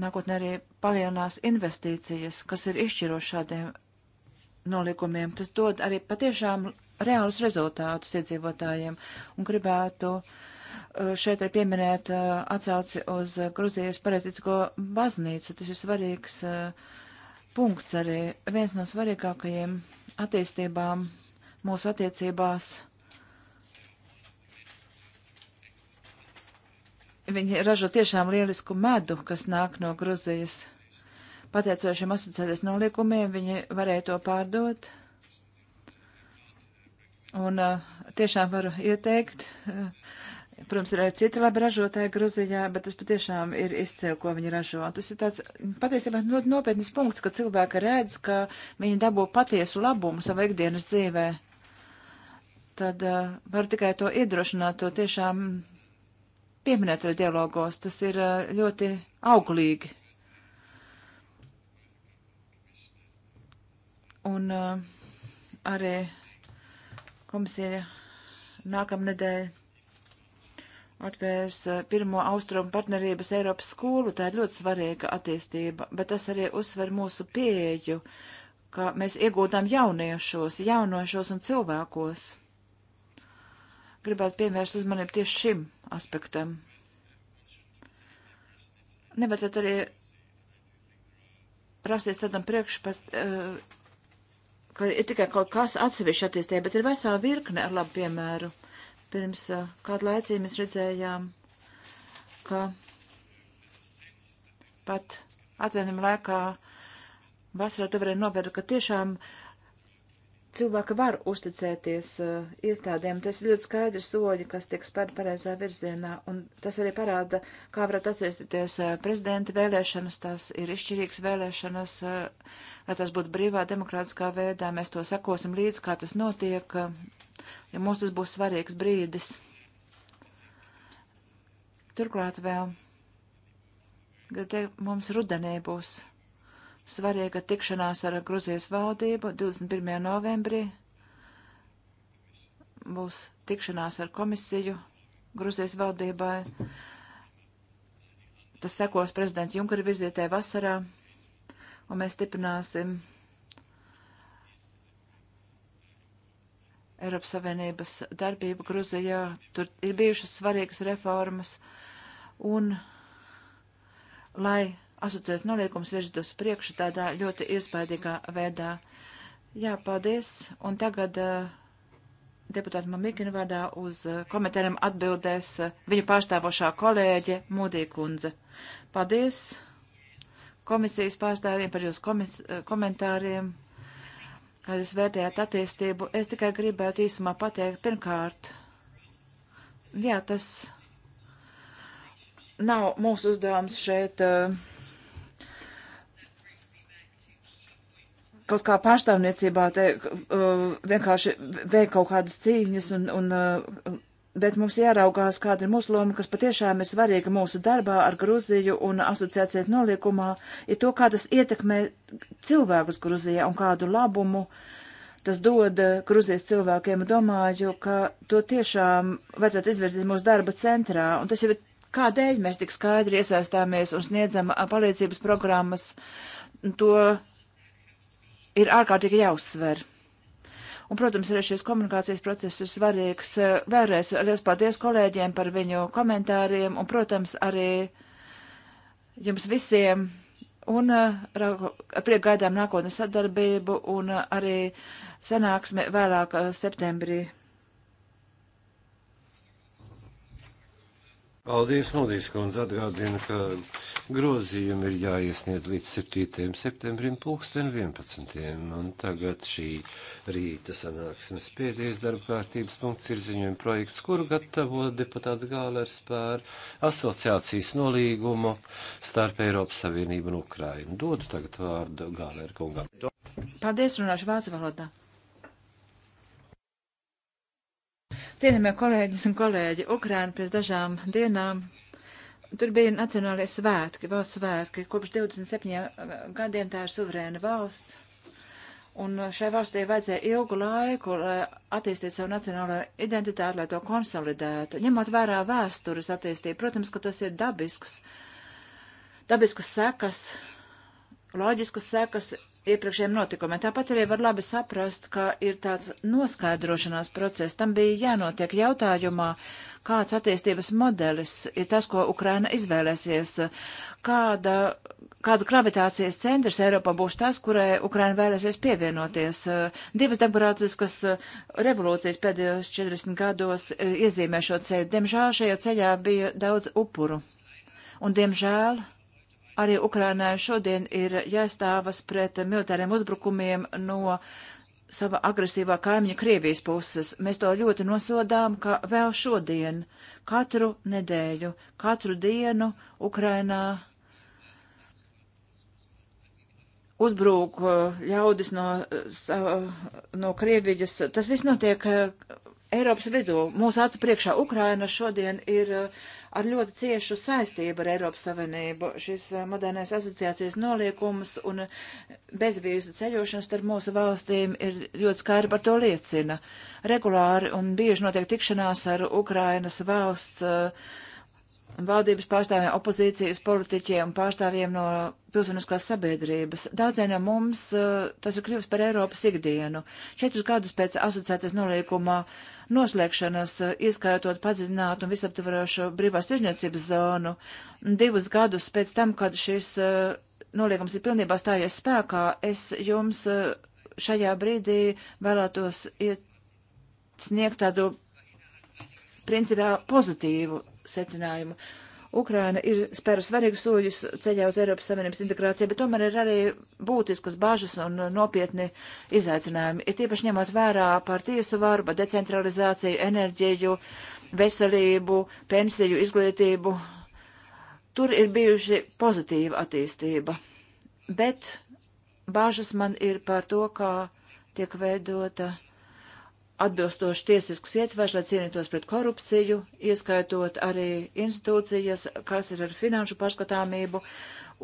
nākotnē arī palielinās investīcijas, kas ir izšķiroši šādiem nolikumiem. Tas dod arī patiešām reālus rezultātus iedzīvotājiem un gribētu eh, šeit arī pieminēt eh, atsauci uz Gruzijas pareizītisko baznīcu. Tas ir svarīgs eh, punkts arī viens no svarīgākajiem attīstībām mūsu attiecībās Viņi ražo tiešām lielisku medu, kas nāk no Gruzijas. Pateicoties šiem asociēties nolikumiem, viņi varēja to pārdot. Un uh, tiešām varu ieteikt. Uh, Protams, ir arī citi labi ražotāji Gruzijā, bet tas patiešām ir izcēl, ko viņi ražo. Tas ir tāds patiesībā ļoti nopietnis punkts, ka cilvēki redz, ka viņi dabū patiesu labumu savā ikdienas dzīvē. Tad uh, var tikai to iedrošināt, to tiešām pieminēt arī dialogos. Tas ir ļoti auglīgi. Un arī komisija nākamnedēļ atvērs pirmo austrumu partnerības Eiropas skolu. Tā ir ļoti svarīga attīstība, bet tas arī uzsver mūsu pieeju, ka mēs iegūdām jauniešos, jaunošos un cilvēkos. Gribētu pievērst uzmanību tieši šim aspektam. Nevajadzētu arī rasties tādam priekšpat, eh, ka ir tikai kaut kas atsevišķi attīstīja, bet ir vesela virkne ar labu piemēru. Pirms eh, kādu laicī mēs redzējām, ka pat atvienam laikā vasarā tu varēja novērot, ka tiešām uh, cilvēki var uzticēties uh, iestādēm. Tas ir ļoti skaidri soļi, kas tiek spērti pareizā virzienā, un tas arī parāda, kā varētu atcerēties uh, prezidenta vēlēšanas. Tās ir izšķirīgas vēlēšanas, uh, lai tās būtu brīvā, demokrātiskā veidā. Mēs to sekosim līdz, kā tas notiek, uh, ja mums tas būs svarīgs brīdis. Turklāt vēl, gribu teikt, mums rudenī būs svarīga tikšanās ar Gruzijas valdību 21. novembrī. Būs tikšanās ar komisiju Gruzijas valdībai. Tas sekos prezidenta Junkara vizītē vasarā, un mēs stiprināsim Eiropas Savienības darbību Gruzijā. Tur ir bijušas svarīgas reformas, un lai asociēts noliekums virzīt uz priekšu tādā ļoti iespaidīgā veidā. Jā, paldies. Un tagad uh, eh, deputāta Mamikina vārdā uz eh, komentāriem atbildēs eh, viņa pārstāvošā kolēģe Mūdī kundze. Paldies komisijas pārstāvjiem par jūsu komis, komentāriem, kā jūs vērtējāt attīstību. Es tikai gribētu īsumā pateikt, pirmkārt, jā, tas nav mūsu uzdevums šeit. Uh, pat kā pārstāvniecībā te uh, vienkārši veik kaut kādas cīņas, un, un, uh, bet mums jāraugās, kāda ir mūsu loma, kas patiešām ir svarīga mūsu darbā ar Gruziju un asociācijas noliekumā, ir to, kā tas ietekmē cilvēkus Gruzijā un kādu labumu tas dod uh, Gruzijas cilvēkiem. Domāju, ka to tiešām vajadzētu izvirzīt mūsu darba centrā, un tas jau ir kādēļ mēs tik skaidri iesaistāmies un sniedzam uh, palīdzības programmas. To ir ārkārtīgi jāuzsver. Un, protams, arī šis komunikācijas process ir svarīgs. Vēlreiz liels paldies kolēģiem par viņu komentāriem un, protams, arī jums visiem. Un eh, prieku gaidām nākotnes sadarbību un eh, arī sanāksmi vēlāk eh, septembrī. Paldies, Nodīs kundze, atgādina, ka grozījumi ir jāiesniedz līdz 7. septembrim pulksten 11. Un tagad šī rīta sanāksmes pēdējais darba kārtības punkts ir ziņojuma projekts, kuru gatavo deputāts Gālers pār asociācijas nolīgumu starp Eiropas Savienību un Ukrainu. Dodu tagad vārdu Gāleru kungam. Paldies, runāšu vācu valodā. Cienījamie kolēģis un kolēģi, Ukraina pēc dažām dienām. Tur bija nacionālie svētki, valsts svētki. Kopš 27 eh, gadiem tā ir suverēna valsts. Un eh, šai valstī vajadzēja ilgu laiku, lai attīstītu savu nacionālo identitāti, lai to konsolidētu. Ņemot vērā vēstures attīstību, protams, ka tas ir dabisks, dabiskas sekas, loģiskas sekas iepriekšējiem notikumiem. Tāpat arī var labi saprast, ka ir tāds noskaidrošanās process. Tam bija jānotiek jautājumā, kāds attīstības modelis ir tas, ko Ukraina izvēlēsies, kāda, kāds gravitācijas centrs Eiropā būs tas, kurai Ukraina vēlēsies pievienoties. Divas demokrātiskas revolūcijas pēdējos 40 gados e, iezīmē šo ceļu. Diemžēl šajā ceļā bija daudz upuru. Un, diemžēl, Arī Ukrainai šodien ir jāstāvas pret militāriem uzbrukumiem no sava agresīvā kaimiņa Krievijas puses. Mēs to ļoti nosodām, ka vēl šodien, katru nedēļu, katru dienu Ukrainā uzbrūk uh, ļaudis no, uh, no Krievijas. Tas viss notiek uh, Eiropas vidū. Mūsu acu priekšā Ukraina šodien ir uh, ar ļoti ciešu saistību ar Eiropas Savienību. Šis eh, modernais asociācijas noliekums un eh, bezvīzu ceļošanas starp mūsu valstīm ir ļoti skaidri par to liecina. Regulāri un bieži notiek tikšanās ar Ukrainas valsts uh, valdības pārstāvjiem, opozīcijas politiķiem un pārstāvjiem no pilsoniskās sabiedrības. Daudziem no mums eh, tas ir kļuvis par Eiropas ikdienu. Četrus gadus pēc asociācijas nolīguma noslēgšanas, eh, ieskaitot padziļinātu un visaptvarošu brīvās tirniecības zonu, divus gadus pēc tam, kad šis eh, nolīgums ir pilnībā stājies spēkā, es jums šajā brīdī vēlētos iet sniegt tādu principā pozitīvu secinājumu. Ukraina ir spēra svarīgus soļus ceļā uz Eiropas Savienības integrāciju, bet tomēr ir arī būtiskas bažas un nopietni izaicinājumi. Ir tiepaši ņemot vērā par tiesu varu, par decentralizāciju, enerģiju, veselību, pensiju, izglītību. Tur ir bijuši pozitīva attīstība, bet bažas man ir par to, kā tiek veidota atbilstoši tiesisks ietvers, lai cīnītos pret korupciju, ieskaitot arī institūcijas, kas ir ar finanšu pārskatāmību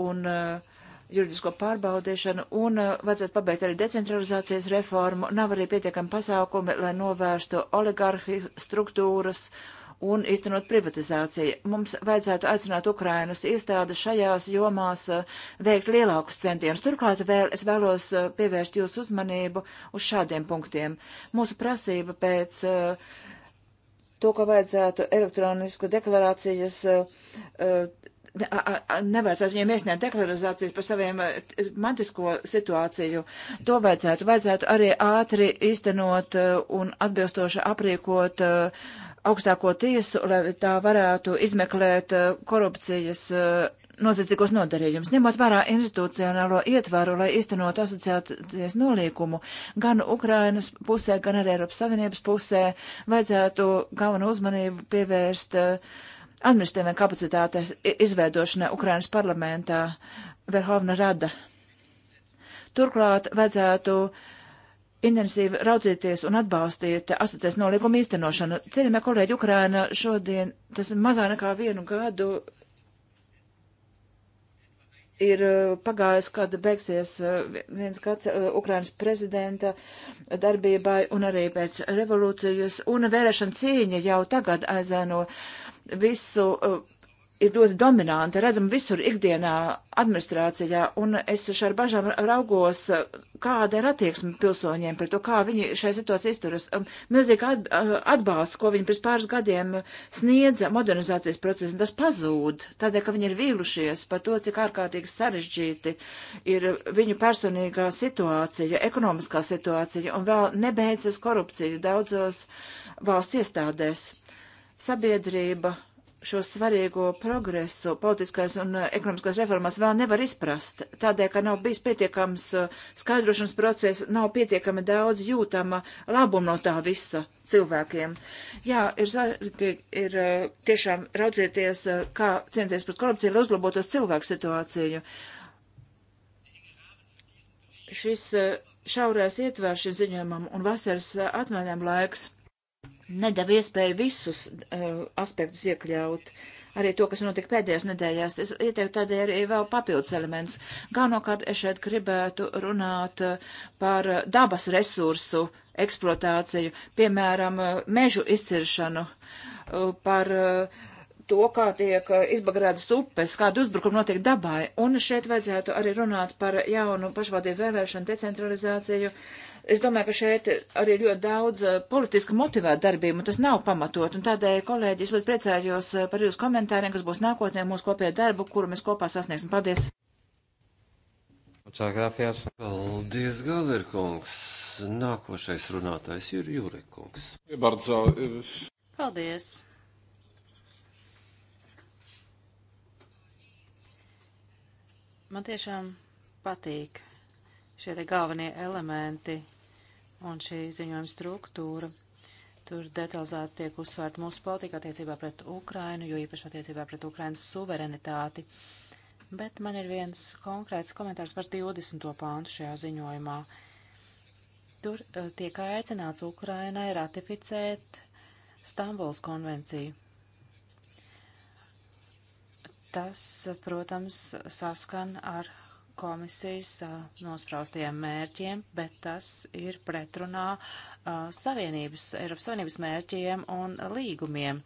un uh, juridisko pārbaudīšanu, un uh, vajadzētu pabeigt arī decentralizācijas reformu. Nav arī pietiekami pasākumi, lai novērstu oligarhi struktūras uh, un īstenot privatizāciju. Mums vajadzētu aicināt Ukrainas iestādes šajās jomās eh, veikt lielākus centienus. Turklāt vēl es vēlos eh, pievērst jūsu uzmanību uz šādiem punktiem. Mūsu prasība pēc eh, to, ka vajadzētu elektronisku deklarācijas nevajadzētu viņiem iesniegt deklarazācijas par saviem mantisko situāciju. To vajadzētu, vajadzētu arī ātri iztenot un atbilstoši aprīkot uh, augstāko tiesu, lai tā varētu izmeklēt eh, korupcijas eh, noziedzīgos nodarījumus, ņemot vērā institucionālo ietvaru, lai iztenot asociācijas nolīkumu gan Ukrainas pusē, gan arī Eiropas Savienības pusē, vajadzētu galvenu uzmanību pievērst eh, administrēvien kapacitātes izveidošanai Ukrainas parlamentā Verhovna Rada. Turklāt vajadzētu uh, intensīvi raudzieties un atbalstiet asociēs nolīgumu īstenošanu. Cienījamie kolēģi, Ukraina šodien, tas ir mazāk nekā vienu gadu, ir uh, pagājis, kad beigsies uh, viens gads uh, Ukrainas prezidenta darbībai un arī pēc revolūcijas un vēlēšana cīņa jau tagad aizēno visu ir ļoti dominanta, redzam visur ikdienā administrācijā, un es ar bažām raugos, kāda ir attieksme pilsoņiem par to, kā viņi šai situācijai izturas. Um, Milzīga uh, atbalsts, ko viņi pirms pāris gadiem sniedza modernizācijas procesam, tas pazūd, tādēļ, ka viņi ir vīlušies par to, cik ārkārtīgi sarežģīti ir viņu personīgā situācija, ekonomiskā situācija, un vēl nebeidzas korupcija daudzos valsts iestādēs. Sabiedrība šo svarīgo progresu politiskās un eh, ekonomiskās reformās vēl nevar izprast, tādēļ, ka nav bijis pietiekams eh, skaidrošanas process, nav pietiekami daudz jūtama labuma no tā visa cilvēkiem. Jā, ir svarīgi, ir eh, tiešām raudzieties, kā cienties pret korupciju, lai uzlabotos cilvēku situāciju. Šis šaurēs ietvērs šim ziņojumam un vasaras atvaļinājuma laiks nedēva iespēju visus uh, aspektus iekļaut. Arī to, kas notika pēdējās nedēļās, es ieteiktu tādēļ arī vēl papildus elements. Galvenokārt es šeit gribētu runāt uh, par uh, dabas resursu eksploatāciju, piemēram, uh, mežu izciršanu, par uh, to, kā tiek izbagrētas upes, kāda uzbrukuma notiek dabai. Un šeit vajadzētu arī runāt par jaunu pašvaldību vēlēšanu decentralizāciju, Es domāju, ka šeit arī ļoti daudz eh, politiski motivētu darbību, un tas nav pamatot. Un tādēļ, kolēģi, es ļoti priecājos eh, par jūsu komentāriem, kas būs nākotnē mūsu kopējā darbu, kuru mēs kopā sasniegsim. Paldies! Paldies, Galer kungs! Nākošais runātājs ir Jūre kungs. Eh, Paldies! Man tiešām patīk šie te galvenie elementi un šī ziņojuma struktūra. Tur detalizēti tiek uzsvērt mūsu politika attiecībā pret Ukrainu, jo īpaši attiecībā pret Ukrainas suverenitāti. Bet man ir viens konkrēts komentārs par 20. pāntu šajā ziņojumā. Tur eh, tiek aicināts Ukrainai ratificēt Stambuls konvenciju. Tas, protams, saskan ar komisijas nospraustajiem mērķiem, bet tas ir pretrunā Savienības, Eiropas Savienības mērķiem un līgumiem.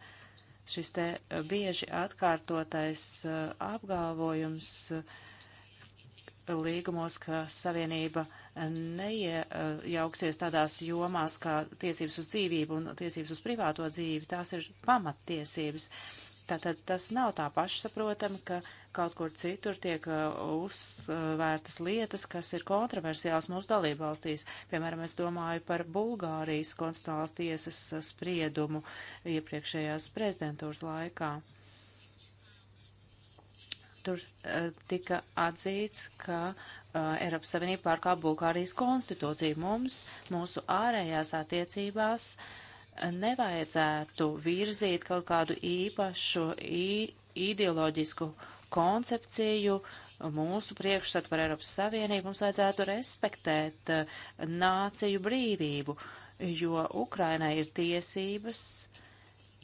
Šis te bieži atkārtotais apgalvojums līgumos, ka Savienība neiejauksies tādās jomās kā tiesības uz dzīvību un tiesības uz privāto dzīvi. Tās ir pamattiesības. Tātad tas nav tā pašsaprotami, ka kaut kur citur tiek uh, uzvērtas lietas, kas ir kontroversiāls mūsu dalībvalstīs. Piemēram, es domāju par Bulgārijas konstitucionālās tiesas spriedumu iepriekšējās prezidentūras laikā. Tur uh, tika atzīts, ka uh, Eiropas Savienība pārkāp Bulgārijas konstitūciju mums, mūsu ārējās attiecībās. Uh, nevajadzētu virzīt kaut kādu īpašu ideoloģisku koncepciju mūsu priekšstatu par Eiropas Savienību. Mums vajadzētu respektēt eh, nāciju brīvību, jo Ukrainai ir tiesības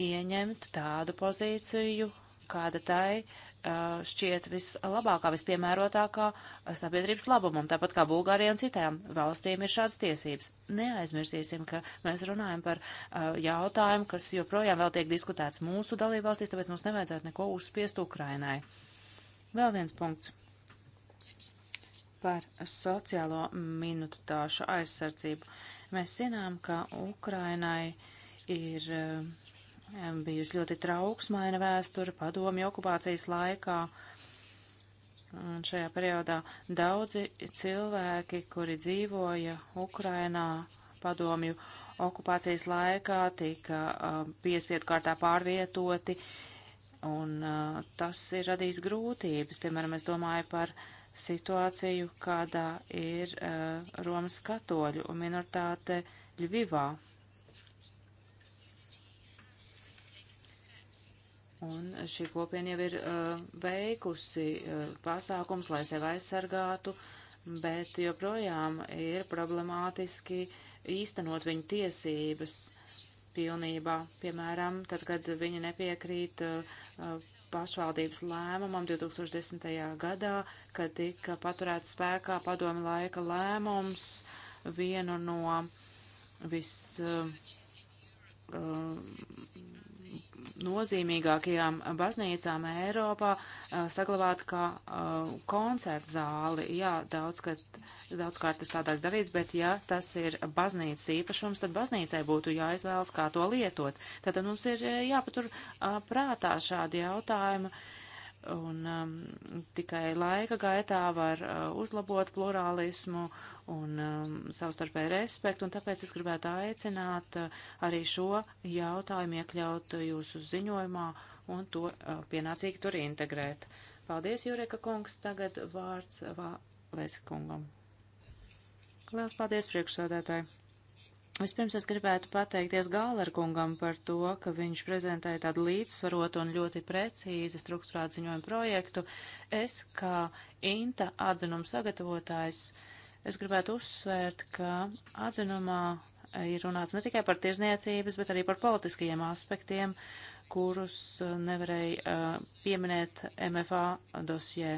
ieņemt tādu pozīciju, kāda tai ir Eh, šķiet vislabākā, vispiemērotākā eh, sabiedrības labumam, tāpat kā Bulgārija un citām valstīm ir šādas tiesības. Neaizmirsīsim, ka mēs runājam par uh, jautājumu, kas joprojām vēl tiek diskutēts mūsu dalībvalstīs, tāpēc mums nevajadzētu neko uzspiest Ukrainai. Vēl viens punkts par sociālo minutāšu aizsardzību. Mēs zinām, ka Ukrainai ir uh, bijusi ļoti trauksmaina vēsture padomju okupācijas laikā. Un šajā periodā daudzi cilvēki, kuri dzīvoja Ukrainā padomju okupācijas laikā, tika uh, piespiedu kārtā pārvietoti, un uh, tas ir radījis grūtības. Piemēram, es domāju par situāciju, kādā ir uh, Romas katoļu un minoritāte Ļvivā. Un šī kopiena jau ir uh, veikusi uh, pasākums, lai sevi aizsargātu, bet joprojām ir problemātiski īstenot viņu tiesības pilnībā. Piemēram, tad, kad viņi nepiekrīt uh, uh pašvaldības lēmumam 2010. gadā, kad tika paturēts spēkā padomi laika lēmums vienu no vis. Uh, uh, nozīmīgākajām baznīcām Eiropā eh, saglabāt kā eh, koncertu zāli. Jā, daudzkārt daudz tas tādāk darīts, bet ja tas ir baznīcas īpašums, tad baznīcai būtu jāizvēlas, kā to lietot. Tātad mums ir eh, jāpatur prātā šādi jautājumi. Uh, un um, tikai laika gaitā var uh, uzlabot plurālismu un um, savstarpēju respektu, un tāpēc es gribētu aicināt uh, arī šo jautājumu iekļaut jūsu ziņojumā un to uh, pienācīgi tur integrēt. Paldies, Jureka kungs, tagad vārds Vāles kungam. Lielas paldies priekšsādētāji! Vispirms es gribētu pateikties Gālerkungam par to, ka viņš prezentēja tādu līdzsvarotu un ļoti precīzi struktūrētu ziņojumu projektu. Es, kā INTA atzinuma sagatavotājs, es gribētu uzsvērt, ka atzinumā ir runāts ne tikai par tirzniecības, bet arī par politiskajiem aspektiem kurus eh, nevarēja eh, pieminēt MFA dosjē.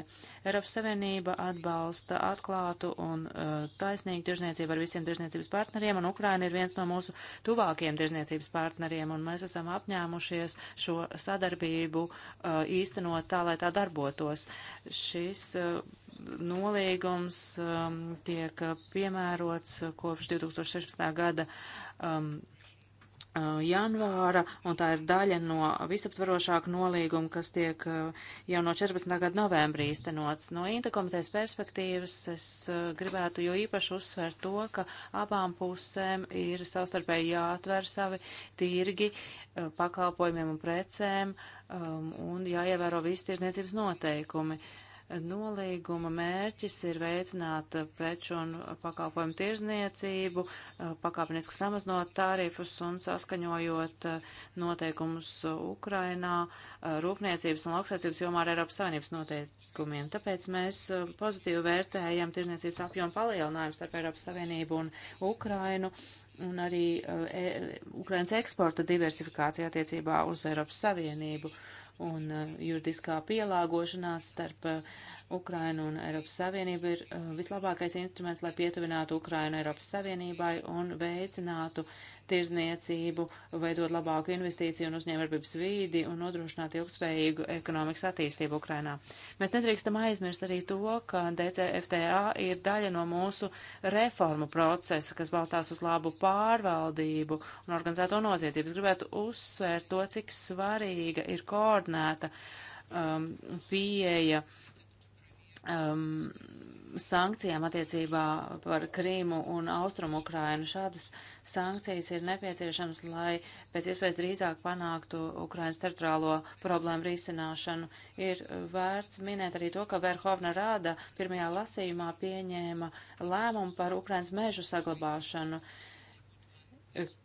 Eiropas Savienība atbalsta atklātu un eh, taisnīgu tirzniecību ar visiem tirzniecības partneriem, un Ukraina ir viens no mūsu tuvākajiem tirzniecības partneriem, un mēs esam apņēmušies šo sadarbību īstenot tā, lai tā darbotos. Šis nolīgums tiek piemērots kopš 2016. gada um, Uh, janvāra, un tā ir daļa no visaptvarošāka nolīguma, kas tiek uh, jau no 14. gada novembrī īstenots. No interkomitejas perspektīvas es uh, gribētu jo īpaši uzsvērt to, ka abām pusēm ir savstarpēji jāatver savi tirgi pakalpojumiem un precēm, um, un jāievēro visi tirzniecības noteikumi. Uh, Nolīguma mērķis ir veicināt preču un pakalpojumu tirzniecību, eh, pakāpeniski samaznot tarifus un saskaņojot eh, noteikumus Ukrainā, eh, rūpniecības un lauksaicības jomā ar Eiropas Savienības noteikumiem. Tāpēc mēs pozitīvi vērtējam tirzniecības apjomu palielinājumu starp Eiropas Savienību un Ukrainu un arī e, Ukrainas eksporta diversifikācija attiecībā uz Eiropas Savienību. Uh, un eh, juridiskā pielāgošanās starp eh, Ukraina un Eiropas Savienība ir uh, vislabākais instruments, lai pietuvinātu Ukrainu Eiropas Savienībai un veicinātu tirzniecību, veidot labāku investīciju un uzņēmarbības vīdi un nodrošināt ilgspējīgu ekonomikas attīstību Ukrainā. Mēs nedrīkstam aizmirst arī to, ka DCFTA ir daļa no mūsu reformu procesa, kas balstās uz labu pārvaldību un organizēto noziedzību. Es gribētu uzsvērt to, cik svarīga ir koordinēta um, pieeja uh, um, sankcijām attiecībā par Krīmu un Austrumu Ukrainu. Šādas sankcijas ir nepieciešams, lai pēc iespējas drīzāk panāktu Ukrainas teritoriālo problēmu risināšanu. Ir vērts minēt arī to, ka Verhovna Rāda pirmajā lasījumā pieņēma lēmumu par Ukrainas mežu saglabāšanu,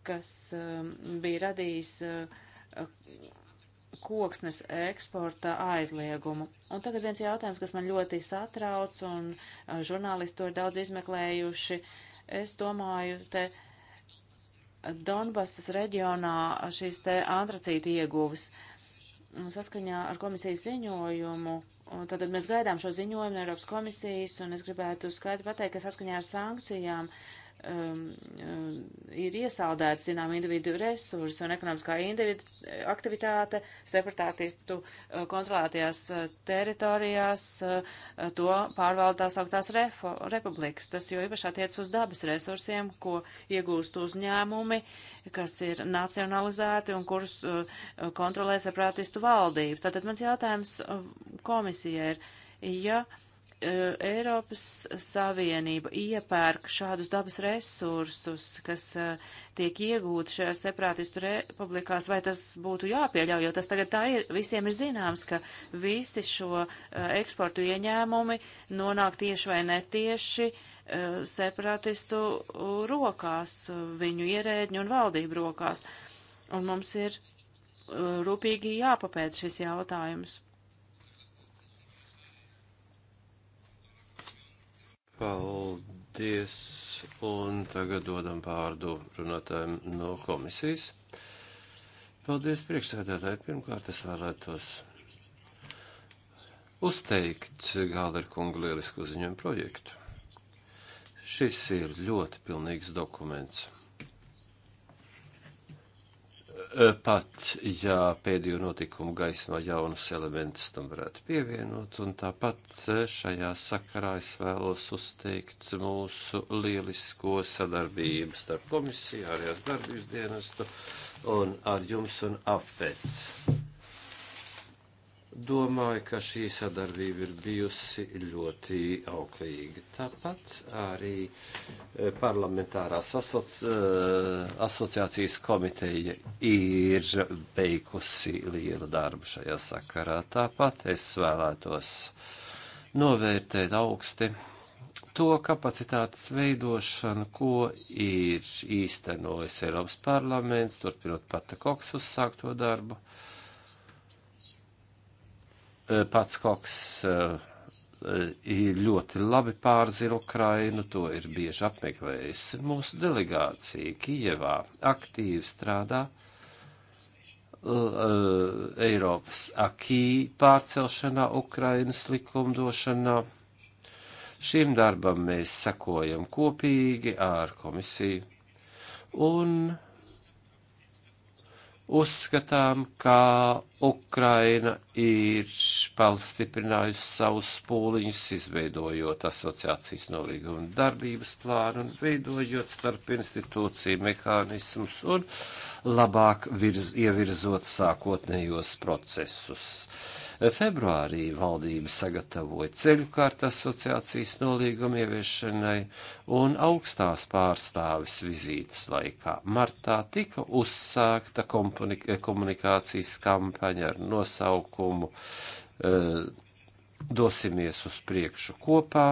kas um, bija radījis. Uh, koksnes eksporta aizliegumu. Un tagad viens jautājums, kas man ļoti satrauc, un uh, žurnālisti to ir daudz izmeklējuši. Es domāju, te uh, Donbasas reģionā uh, šīs te antracīta ieguvis. Saskaņā ar komisijas ziņojumu, tad mēs gaidām šo ziņojumu no Eiropas komisijas, un es gribētu skaidri pateikt, ka saskaņā ar sankcijām uh, Um, um, ir iesaldēts, zinām, individu resursi un ekonomiskā individu aktivitāte separatistu uh, kontrolētajās uh, teritorijās, uh, to pārvalda tās augtās refo, republikas. Tas jau īpaši attiec uz dabas resursiem, ko iegūst uzņēmumi, kas ir nacionalizēti un kurus kontrolē separatistu valdības. Tātad mans jautājums komisijai ir, ja E, Eiropas Savienība iepērk šādus dabas resursus, kas uh, tiek iegūti šajās separātistu republikās, vai tas būtu jāpieļauj, jo tas tagad tā ir, visiem ir zināms, ka visi šo uh, eksportu ieņēmumi nonāk tieši vai netieši uh, separātistu rokās, viņu ierēģņu un valdību rokās. Un mums ir rūpīgi jāpapēc šis jautājums. Paldies, un tagad dodam pārdu runātājiem no komisijas. Paldies, priekšsēdētāji. Pirmkārt, es vēlētos uzteikt Gāleru kungu lielisku ziņojumu projektu. Šis ir ļoti pilnīgs dokuments. Eh, pat, ja pēdējo notikumu gaismā jaunus elementus tam varētu pievienot, un tāpat eh, šajā sakarā es vēlos uzteikt mūsu lielisko sadarbību starp komisiju, ārējās darbības dienestu un ar jums un apēc. Domāju, ka šī sadarbība ir bijusi ļoti auglīga. Tāpat arī eh, parlamentārās asoci eh, asociācijas komiteja ir beigusi lielu darbu šajā sakarā. Tāpat es vēlētos novērtēt augsti to kapacitātes veidošanu, ko ir īstenojis Eiropas parlaments, turpinot pat Koks uzsākto darbu. Uh, Eh, pats Koks eh, ir ļoti labi pārzina Ukrainu, to ir bieži apmeklējis. Mūsu delegācija Kijevā aktīvi strādā eh, Eiropas akī pārcelšanā, Ukrainas likumdošanā. Šim darbam mēs sekojam kopīgi ar komisiju un uzskatām, ka Ukraina ir palstiprinājusi savus pūliņus, izveidojot asociācijas nolīgumu darbības plānu un veidojot starp institūciju mehānismus un labāk virz, ievirzot sākotnējos procesus. Februārī valdība sagatavoja ceļu kārtu asociācijas nolīgumu ieviešanai, un augstās pārstāvis vizītes laikā martā tika uzsākta komunika komunikācijas kampaņa ar nosaukumu eh, Dosimies uz priekšu kopā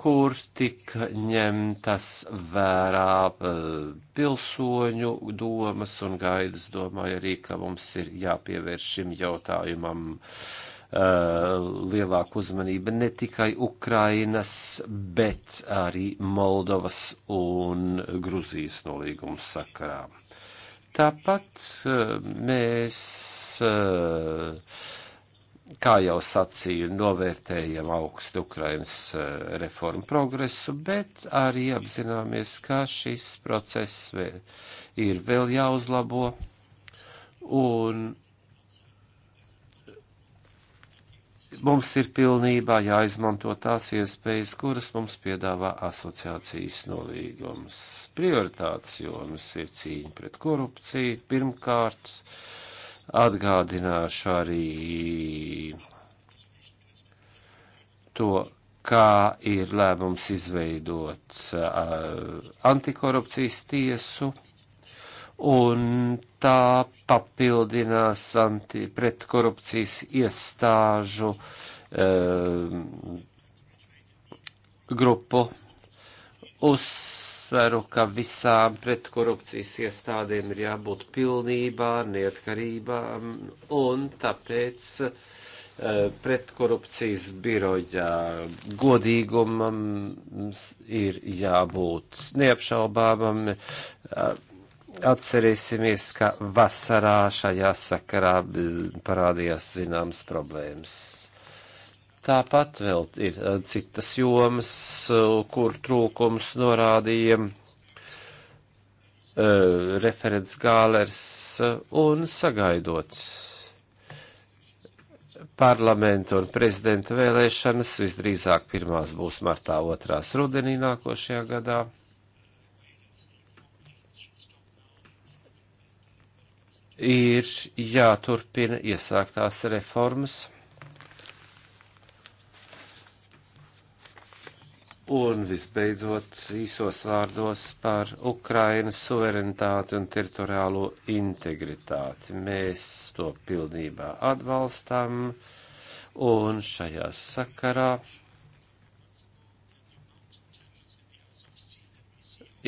kur tika ņemtas vērā eh, pilsoņu domas un gaidas. Domāju arī, ka mums ir jāpievērš šim jautājumam eh, lielāku uzmanību ne tikai Ukrainas, bet arī Moldovas un Gruzijas nolīgumu sakarā. Tāpat eh, mēs uh, kā jau sacīju, novērtējam augstu Ukrainas eh, reformu progresu, bet arī apzināmies, ka šis process vēl ir vēl jāuzlabo un mums ir pilnībā jāizmanto tās iespējas, kuras mums piedāvā asociācijas nolīgums. Prioritātes jomas ir cīņa pret korupciju pirmkārt Atgādināšu arī to, kā ir lēmums izveidot uh, eh, antikorupcijas tiesu, un tā papildinās anti, pretkorupcijas iestāžu uh, grupu uz uzsveru, ka visām pretkorupcijas iestādēm ir jābūt pilnībā, neatkarībām, un tāpēc eh, pretkorupcijas biroja godīgumam ir jābūt neapšaubāmam. Eh, atcerēsimies, ka vasarā šajā sakarā eh, parādījās zināmas problēmas. Tāpat vēl ir eh, citas jomas, eh, kur trūkums norādīja eh, referents Gālers un sagaidot parlamenta un prezidenta vēlēšanas, visdrīzāk pirmās būs martā, otrās rudenī nākošajā gadā. Ir jāturpina iesāktās reformas. Un visbeidzot, īsos vārdos par Ukrainas suverenitāti un teritoriālo integritāti. Mēs to pilnībā atbalstam, un šajā sakarā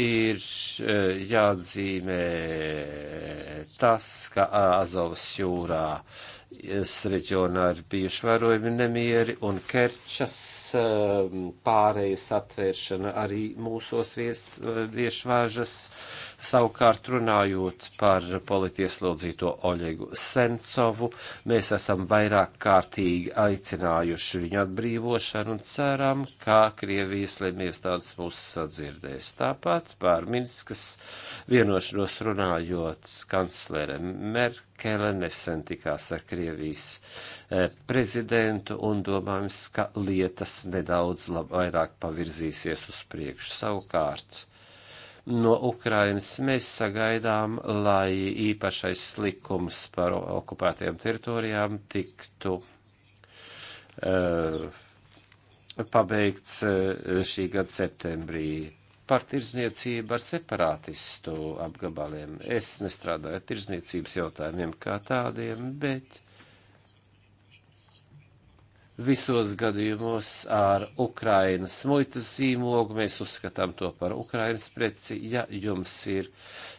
ir e, jāatzīmē tas, ka Azovas jūrā e, reģionā ir bijuši vērojami nemieri un Kerčas e, pārējas atvēršana arī mūsos vies, viešvāžas Savukārt, runājot par politieslodzīto Oļegu Sencovu, mēs esam vairāk kārtīgi aicinājuši viņu atbrīvošanu un ceram, kā Krievijas lemiestādes mūs sadzirdēs. Tāpat par Minskas vienošanos runājot kanclere Merkel. Merkele nesen tikās ar Krievijas eh, prezidentu un domājams, ka lietas nedaudz lab, vairāk pavirzīsies uz priekšu. Savukārt no Ukrainas mēs sagaidām, lai īpašais likums par okupētajām teritorijām tiktu uh, pabeigts uh, šī gada septembrī par tirzniecību ar separātistu apgabaliem. Es nestrādāju ar tirzniecības jautājumiem kā tādiem, bet visos gadījumos ar Ukrainas muitas zīmogu. Mēs uzskatām to par Ukrainas preci. Ja jums ir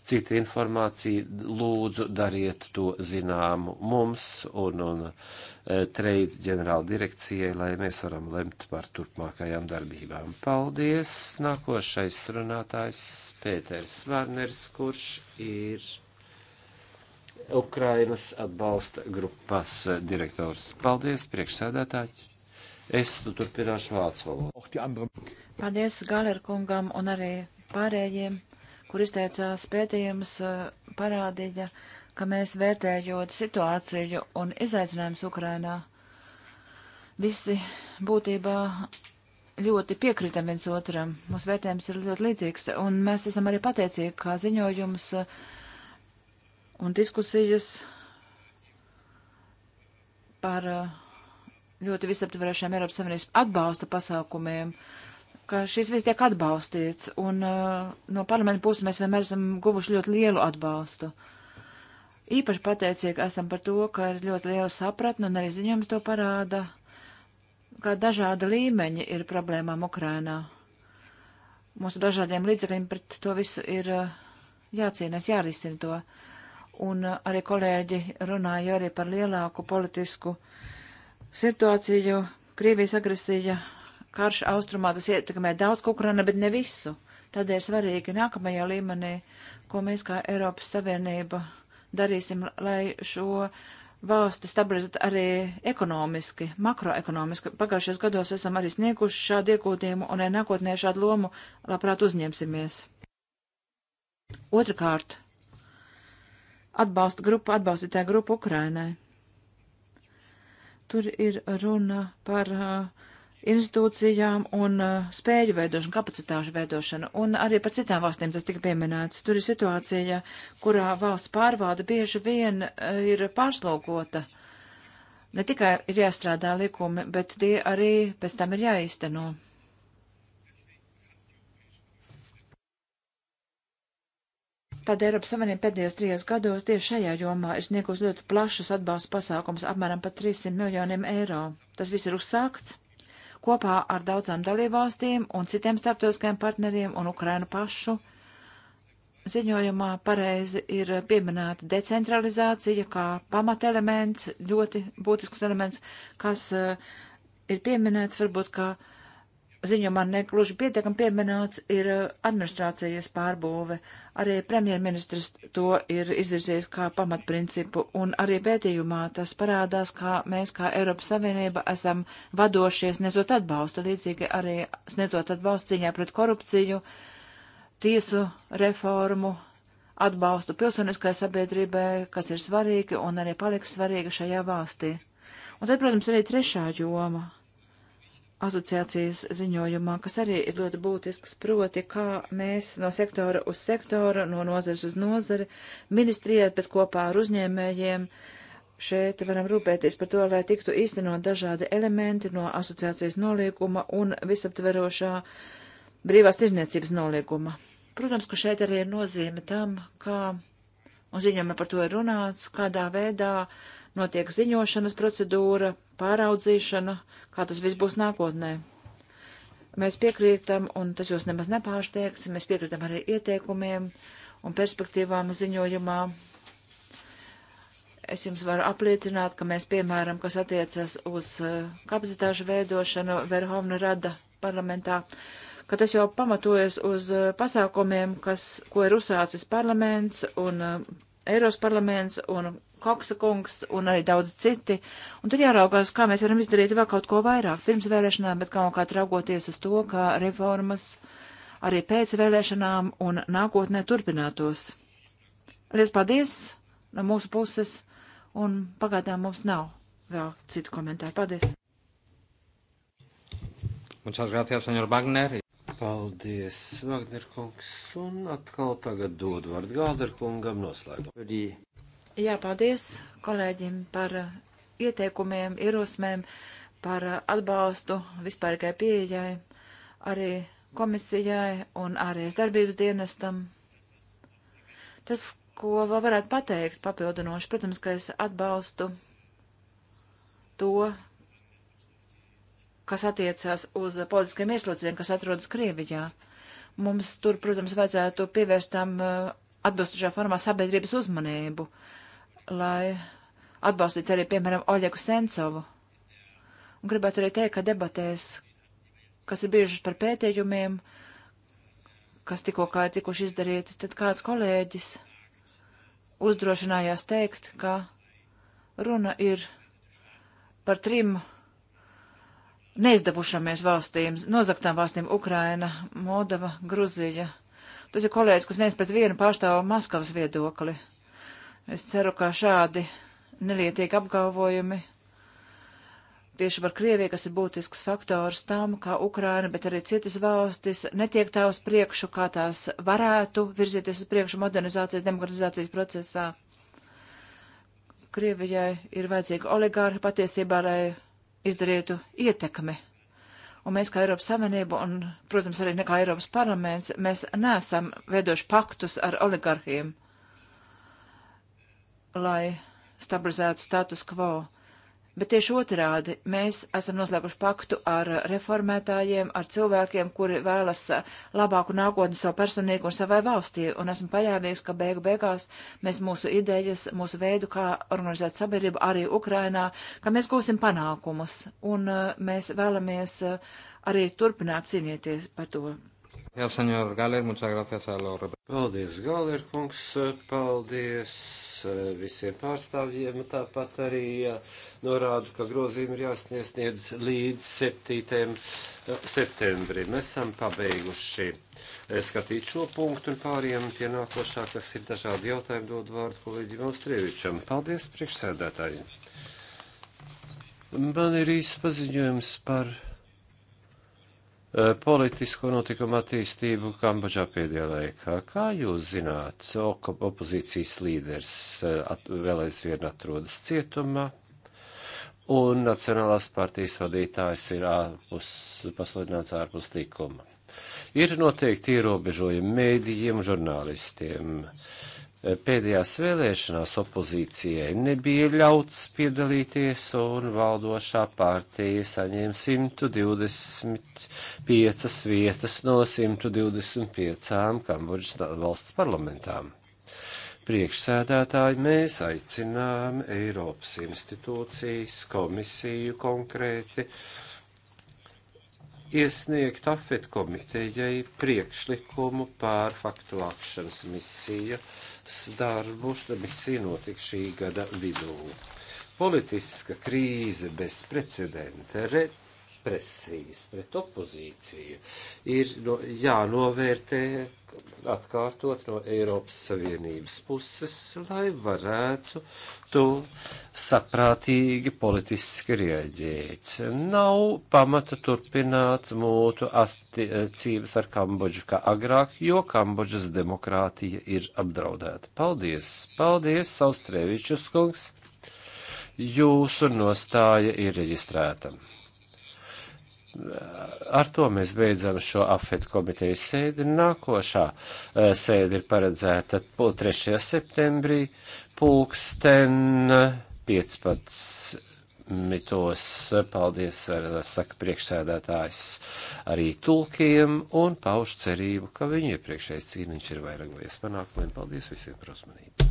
cita informācija, lūdzu dariet to zināmu mums un, un e, trade ģenerāla direkcijai, lai mēs varam lemt par turpmākajām darbībām. Paldies! Nākošais runātājs Pēters Varners, kurš ir Ukrainas atbalsta grupas direktors. Paldies, priekšsēdētāji! Es tu nu turpināšu vācu valodu. Paldies Galerkungam un arī pārējiem, kur izteicās pētījums eh, parādīja, ka mēs vērtējot situāciju un izaicinājums Ukrainā, visi būtībā ļoti piekritam viens otram. Mūsu vērtējums ir ļoti līdzīgs, un mēs esam arī pateicīgi, kā ziņojums uh, un diskusijas par uh, ļoti visaptverošiem Eiropas Savienības atbalsta pasākumiem, ka šis viss tiek atbalstīts, un uh, no parlamenta puses mēs vienmēr esam guvuši ļoti lielu atbalstu. Īpaši pateicīgi esam par to, ka ir ļoti liela sapratne, un arī ziņojums to parāda, kā dažāda līmeņa ir problēmām Ukrainā. Mūsu dažādiem līdzekļiem pret to visu ir uh, jācīnās, jārisina to. Uh, un uh, arī kolēģi runāja arī par lielāku politisku situāciju. Krievijas agresija, karš austrumā, tas ietekmē daudz kukurana, bet ne visu. Tādēļ svarīgi nākamajā līmenī, ko mēs kā Eiropas Savienība darīsim, lai šo valsti stabilizēt arī ekonomiski, makroekonomiski. Pagājušajos gados esam arī snieguši šādu iegūtījumu un arī nākotnē šādu lomu labprāt uzņemsimies. Otrakārt, atbalsta grupa, atbalstītāja grupa Ukrainai. Tur ir runa par uh, institūcijām un uh, spēju veidošanu, kapacitāšu veidošanu, un arī par citām valstīm tas tika pieminēts. Tur ir situācija, kurā valsts pārvalde bieži vien uh, ir pārslogota. Ne tikai ir jāstrādā likumi, bet tie arī pēc tam ir jāizteno. No Tad Eiropas Savienība pēdējos trijos gados tieši šajā jomā ir sniegus ļoti plašus atbalsta pasākums, apmēram pat 300 miljoniem eiro. Tas viss ir uzsākts kopā ar daudzām dalībvalstīm un citiem starptautiskajiem partneriem un Ukrainu pašu. Ziņojumā pareizi ir pieminēta decentralizācija kā pamatelements, ļoti būtisks elements, kas uh, ir pieminēts varbūt kā. Ka ziņojumā negluži pietiekam pieminēts ir eh, administrācijas pārbūve. Arī premjerministrs to ir izvirzījis kā pamatprincipu, un arī pētījumā tas parādās, kā mēs kā Eiropas Savienība esam vadošie sniedzot atbalstu, līdzīgi arī sniedzot atbalstu cīņā pret korupciju, tiesu reformu, atbalstu pilsoniskai sabiedrībai, kas ir svarīgi un arī paliks svarīgi šajā valstī. Un tad, protams, arī trešā joma asociācijas ziņojumā, kas arī ir ļoti būtisks, proti, kā mēs no sektora uz sektoru, no nozares uz nozari, ministrijai, bet kopā ar uzņēmējiem šeit varam rūpēties par to, lai tiktu īstenot dažādi elementi no asociācijas nolīguma un visaptverošā brīvās tirzniecības nolīguma. Protams, ka šeit arī ir nozīme tam, kā, un ziņojumā par to ir runāts, kādā veidā uh, notiek ziņošanas procedūra, pāraudzīšana, kā tas viss būs nākotnē. Mēs piekrītam, un tas jūs nemaz nepārsteigts, mēs piekrītam arī ieteikumiem un perspektīvām ziņojumā. Es jums varu apliecināt, ka mēs, piemēram, kas attiecas uz uh, kapacitāšu veidošanu Verhovna rada parlamentā, ka tas jau pamatojas uz uh, pasākumiem, kas, ko ir uzsācis parlaments un uh, Eiros parlaments un Koksa kungs un arī daudz citi. Un tad jāraugās, kā mēs varam izdarīt vēl kaut ko vairāk pirms vēlēšanām, bet kaut kā traugoties uz to, kā reformas arī pēc vēlēšanām un nākotnē turpinātos. Liels paldies no mūsu puses, un pagaidām mums nav vēl citu komentāru. Paldies! Muchas gracias, señor Wagner. Paldies, Wagner kungs, un atkal tagad dod vārdu Gāder kungam noslēgumu. Jā, paldies kolēģim par ieteikumiem, ierosmēm, par atbalstu vispārīgai pieejai, arī komisijai un ārējas darbības dienestam. Tas, ko vēl varētu pateikt papildinoši, protams, ka es atbalstu to, kas attiecās uz politiskiem ieslodzījumiem, kas atrodas Krievijā. Mums tur, protams, vajadzētu pievērst tam uh, atbilstošā formā sabiedrības uzmanību. Uh, lai atbalstītu arī, piemēram, Oļegu Sencovu. Un gribētu arī teikt, ka debatēs, kas ir bijušas par pētījumiem, kas tikko kā ir tikuši izdarīti, tad kāds kolēģis uzdrošinājās teikt, ka runa ir par trim neizdevušamies valstīm, nozaktām valstīm - Ukraina, Moldova, Gruzija. Tas ir kolēģis, kas viens pret vienu pārstāv Maskavas viedokli. Es ceru, ka šādi nelietiek apgalvojumi tieši par Krieviju, kas ir būtisks faktors tam, kā Ukraina, bet arī citas valstis netiek tā uz priekšu, kā tās varētu virzīties uz priekšu modernizācijas, demokratizācijas procesā. Krievijai ir vajadzīga oligārha patiesībā, lai izdarītu ietekmi. Un mēs, kā Eiropas Savienība, un, protams, arī nekā Eiropas parlaments, mēs neesam vedoši paktus ar oligarhiem lai stabilizētu status quo. Bet tieši otrādi, mēs esam noslēguši paktu ar reformētājiem, ar cilvēkiem, kuri vēlas labāku nākotni savu personīgu un savai valstī, un esmu paļāvies, ka beigu beigās mēs mūsu idejas, mūsu veidu, kā organizēt sabiedrību arī Ukrainā, ka mēs gūsim panākumus, un eh, mēs vēlamies eh, arī turpināt cīnīties par to. Jā, senjor Galer, muchas gracias a los Paldies, Galer kungs, paldies eh, visiem pārstāvjiem. Tāpat arī eh, norādu, ka grozījumi ir jāsniedz līdz 7. Eh, septembrim. Esam pabeiguši skatīt šo punktu un pāriem pie nākošā, kas ir dažādi jautājumi, dod vārdu kolēģim Austrievičam. Paldies, priekšsēdētāji. Man ir īsts paziņojums par Eh, politisko notikumu attīstību Kambodžā pēdējā laikā. Kā jūs zināt, opozīcijas līderis eh, at, vēl aizvien atrodas cietumā, un Nacionālās partijas vadītājs ir ārpus, pasludināts ārpus tikuma. Ir noteikti ierobežojumi mēdījiem, žurnālistiem. Uh, Eh, pēdējās vēlēšanās opozīcijai nebija ļauts piedalīties, un valdošā partija saņēma 125 vietas no 125 Kambodžas valsts parlamentām. Priekšsēdētāji mēs aicinām Eiropas institūcijas, komisiju konkrēti iesniegt afet komitejai priekšlikumu pār faktu vākšanas misiju darbu štabisī notika šī gada vidū. Politiska krīze bez precedenta represijas pret opozīciju ir no, jānovērtē atkārtot no Eiropas Savienības puses, lai varētu to saprātīgi politiski rieģēt. Nav pamata turpināt mūtu asticības ar Kambodžu kā agrāk, jo Kambodžas demokrātija ir apdraudēta. Paldies! Paldies, Austrēvičus kungs! Jūsu nostāja ir reģistrēta ar to mēs beidzam šo afetu komitejas sēdi. Nākošā e, sēde ir paredzēta 3. septembrī pulksten 15. Mitos, paldies, ar, saka priekšsēdētājs, arī tulkiem un pauž cerību, ka viņu iepriekšējais cīniņš ir vairāk vai es panākumiem. Paldies visiem par uzmanību!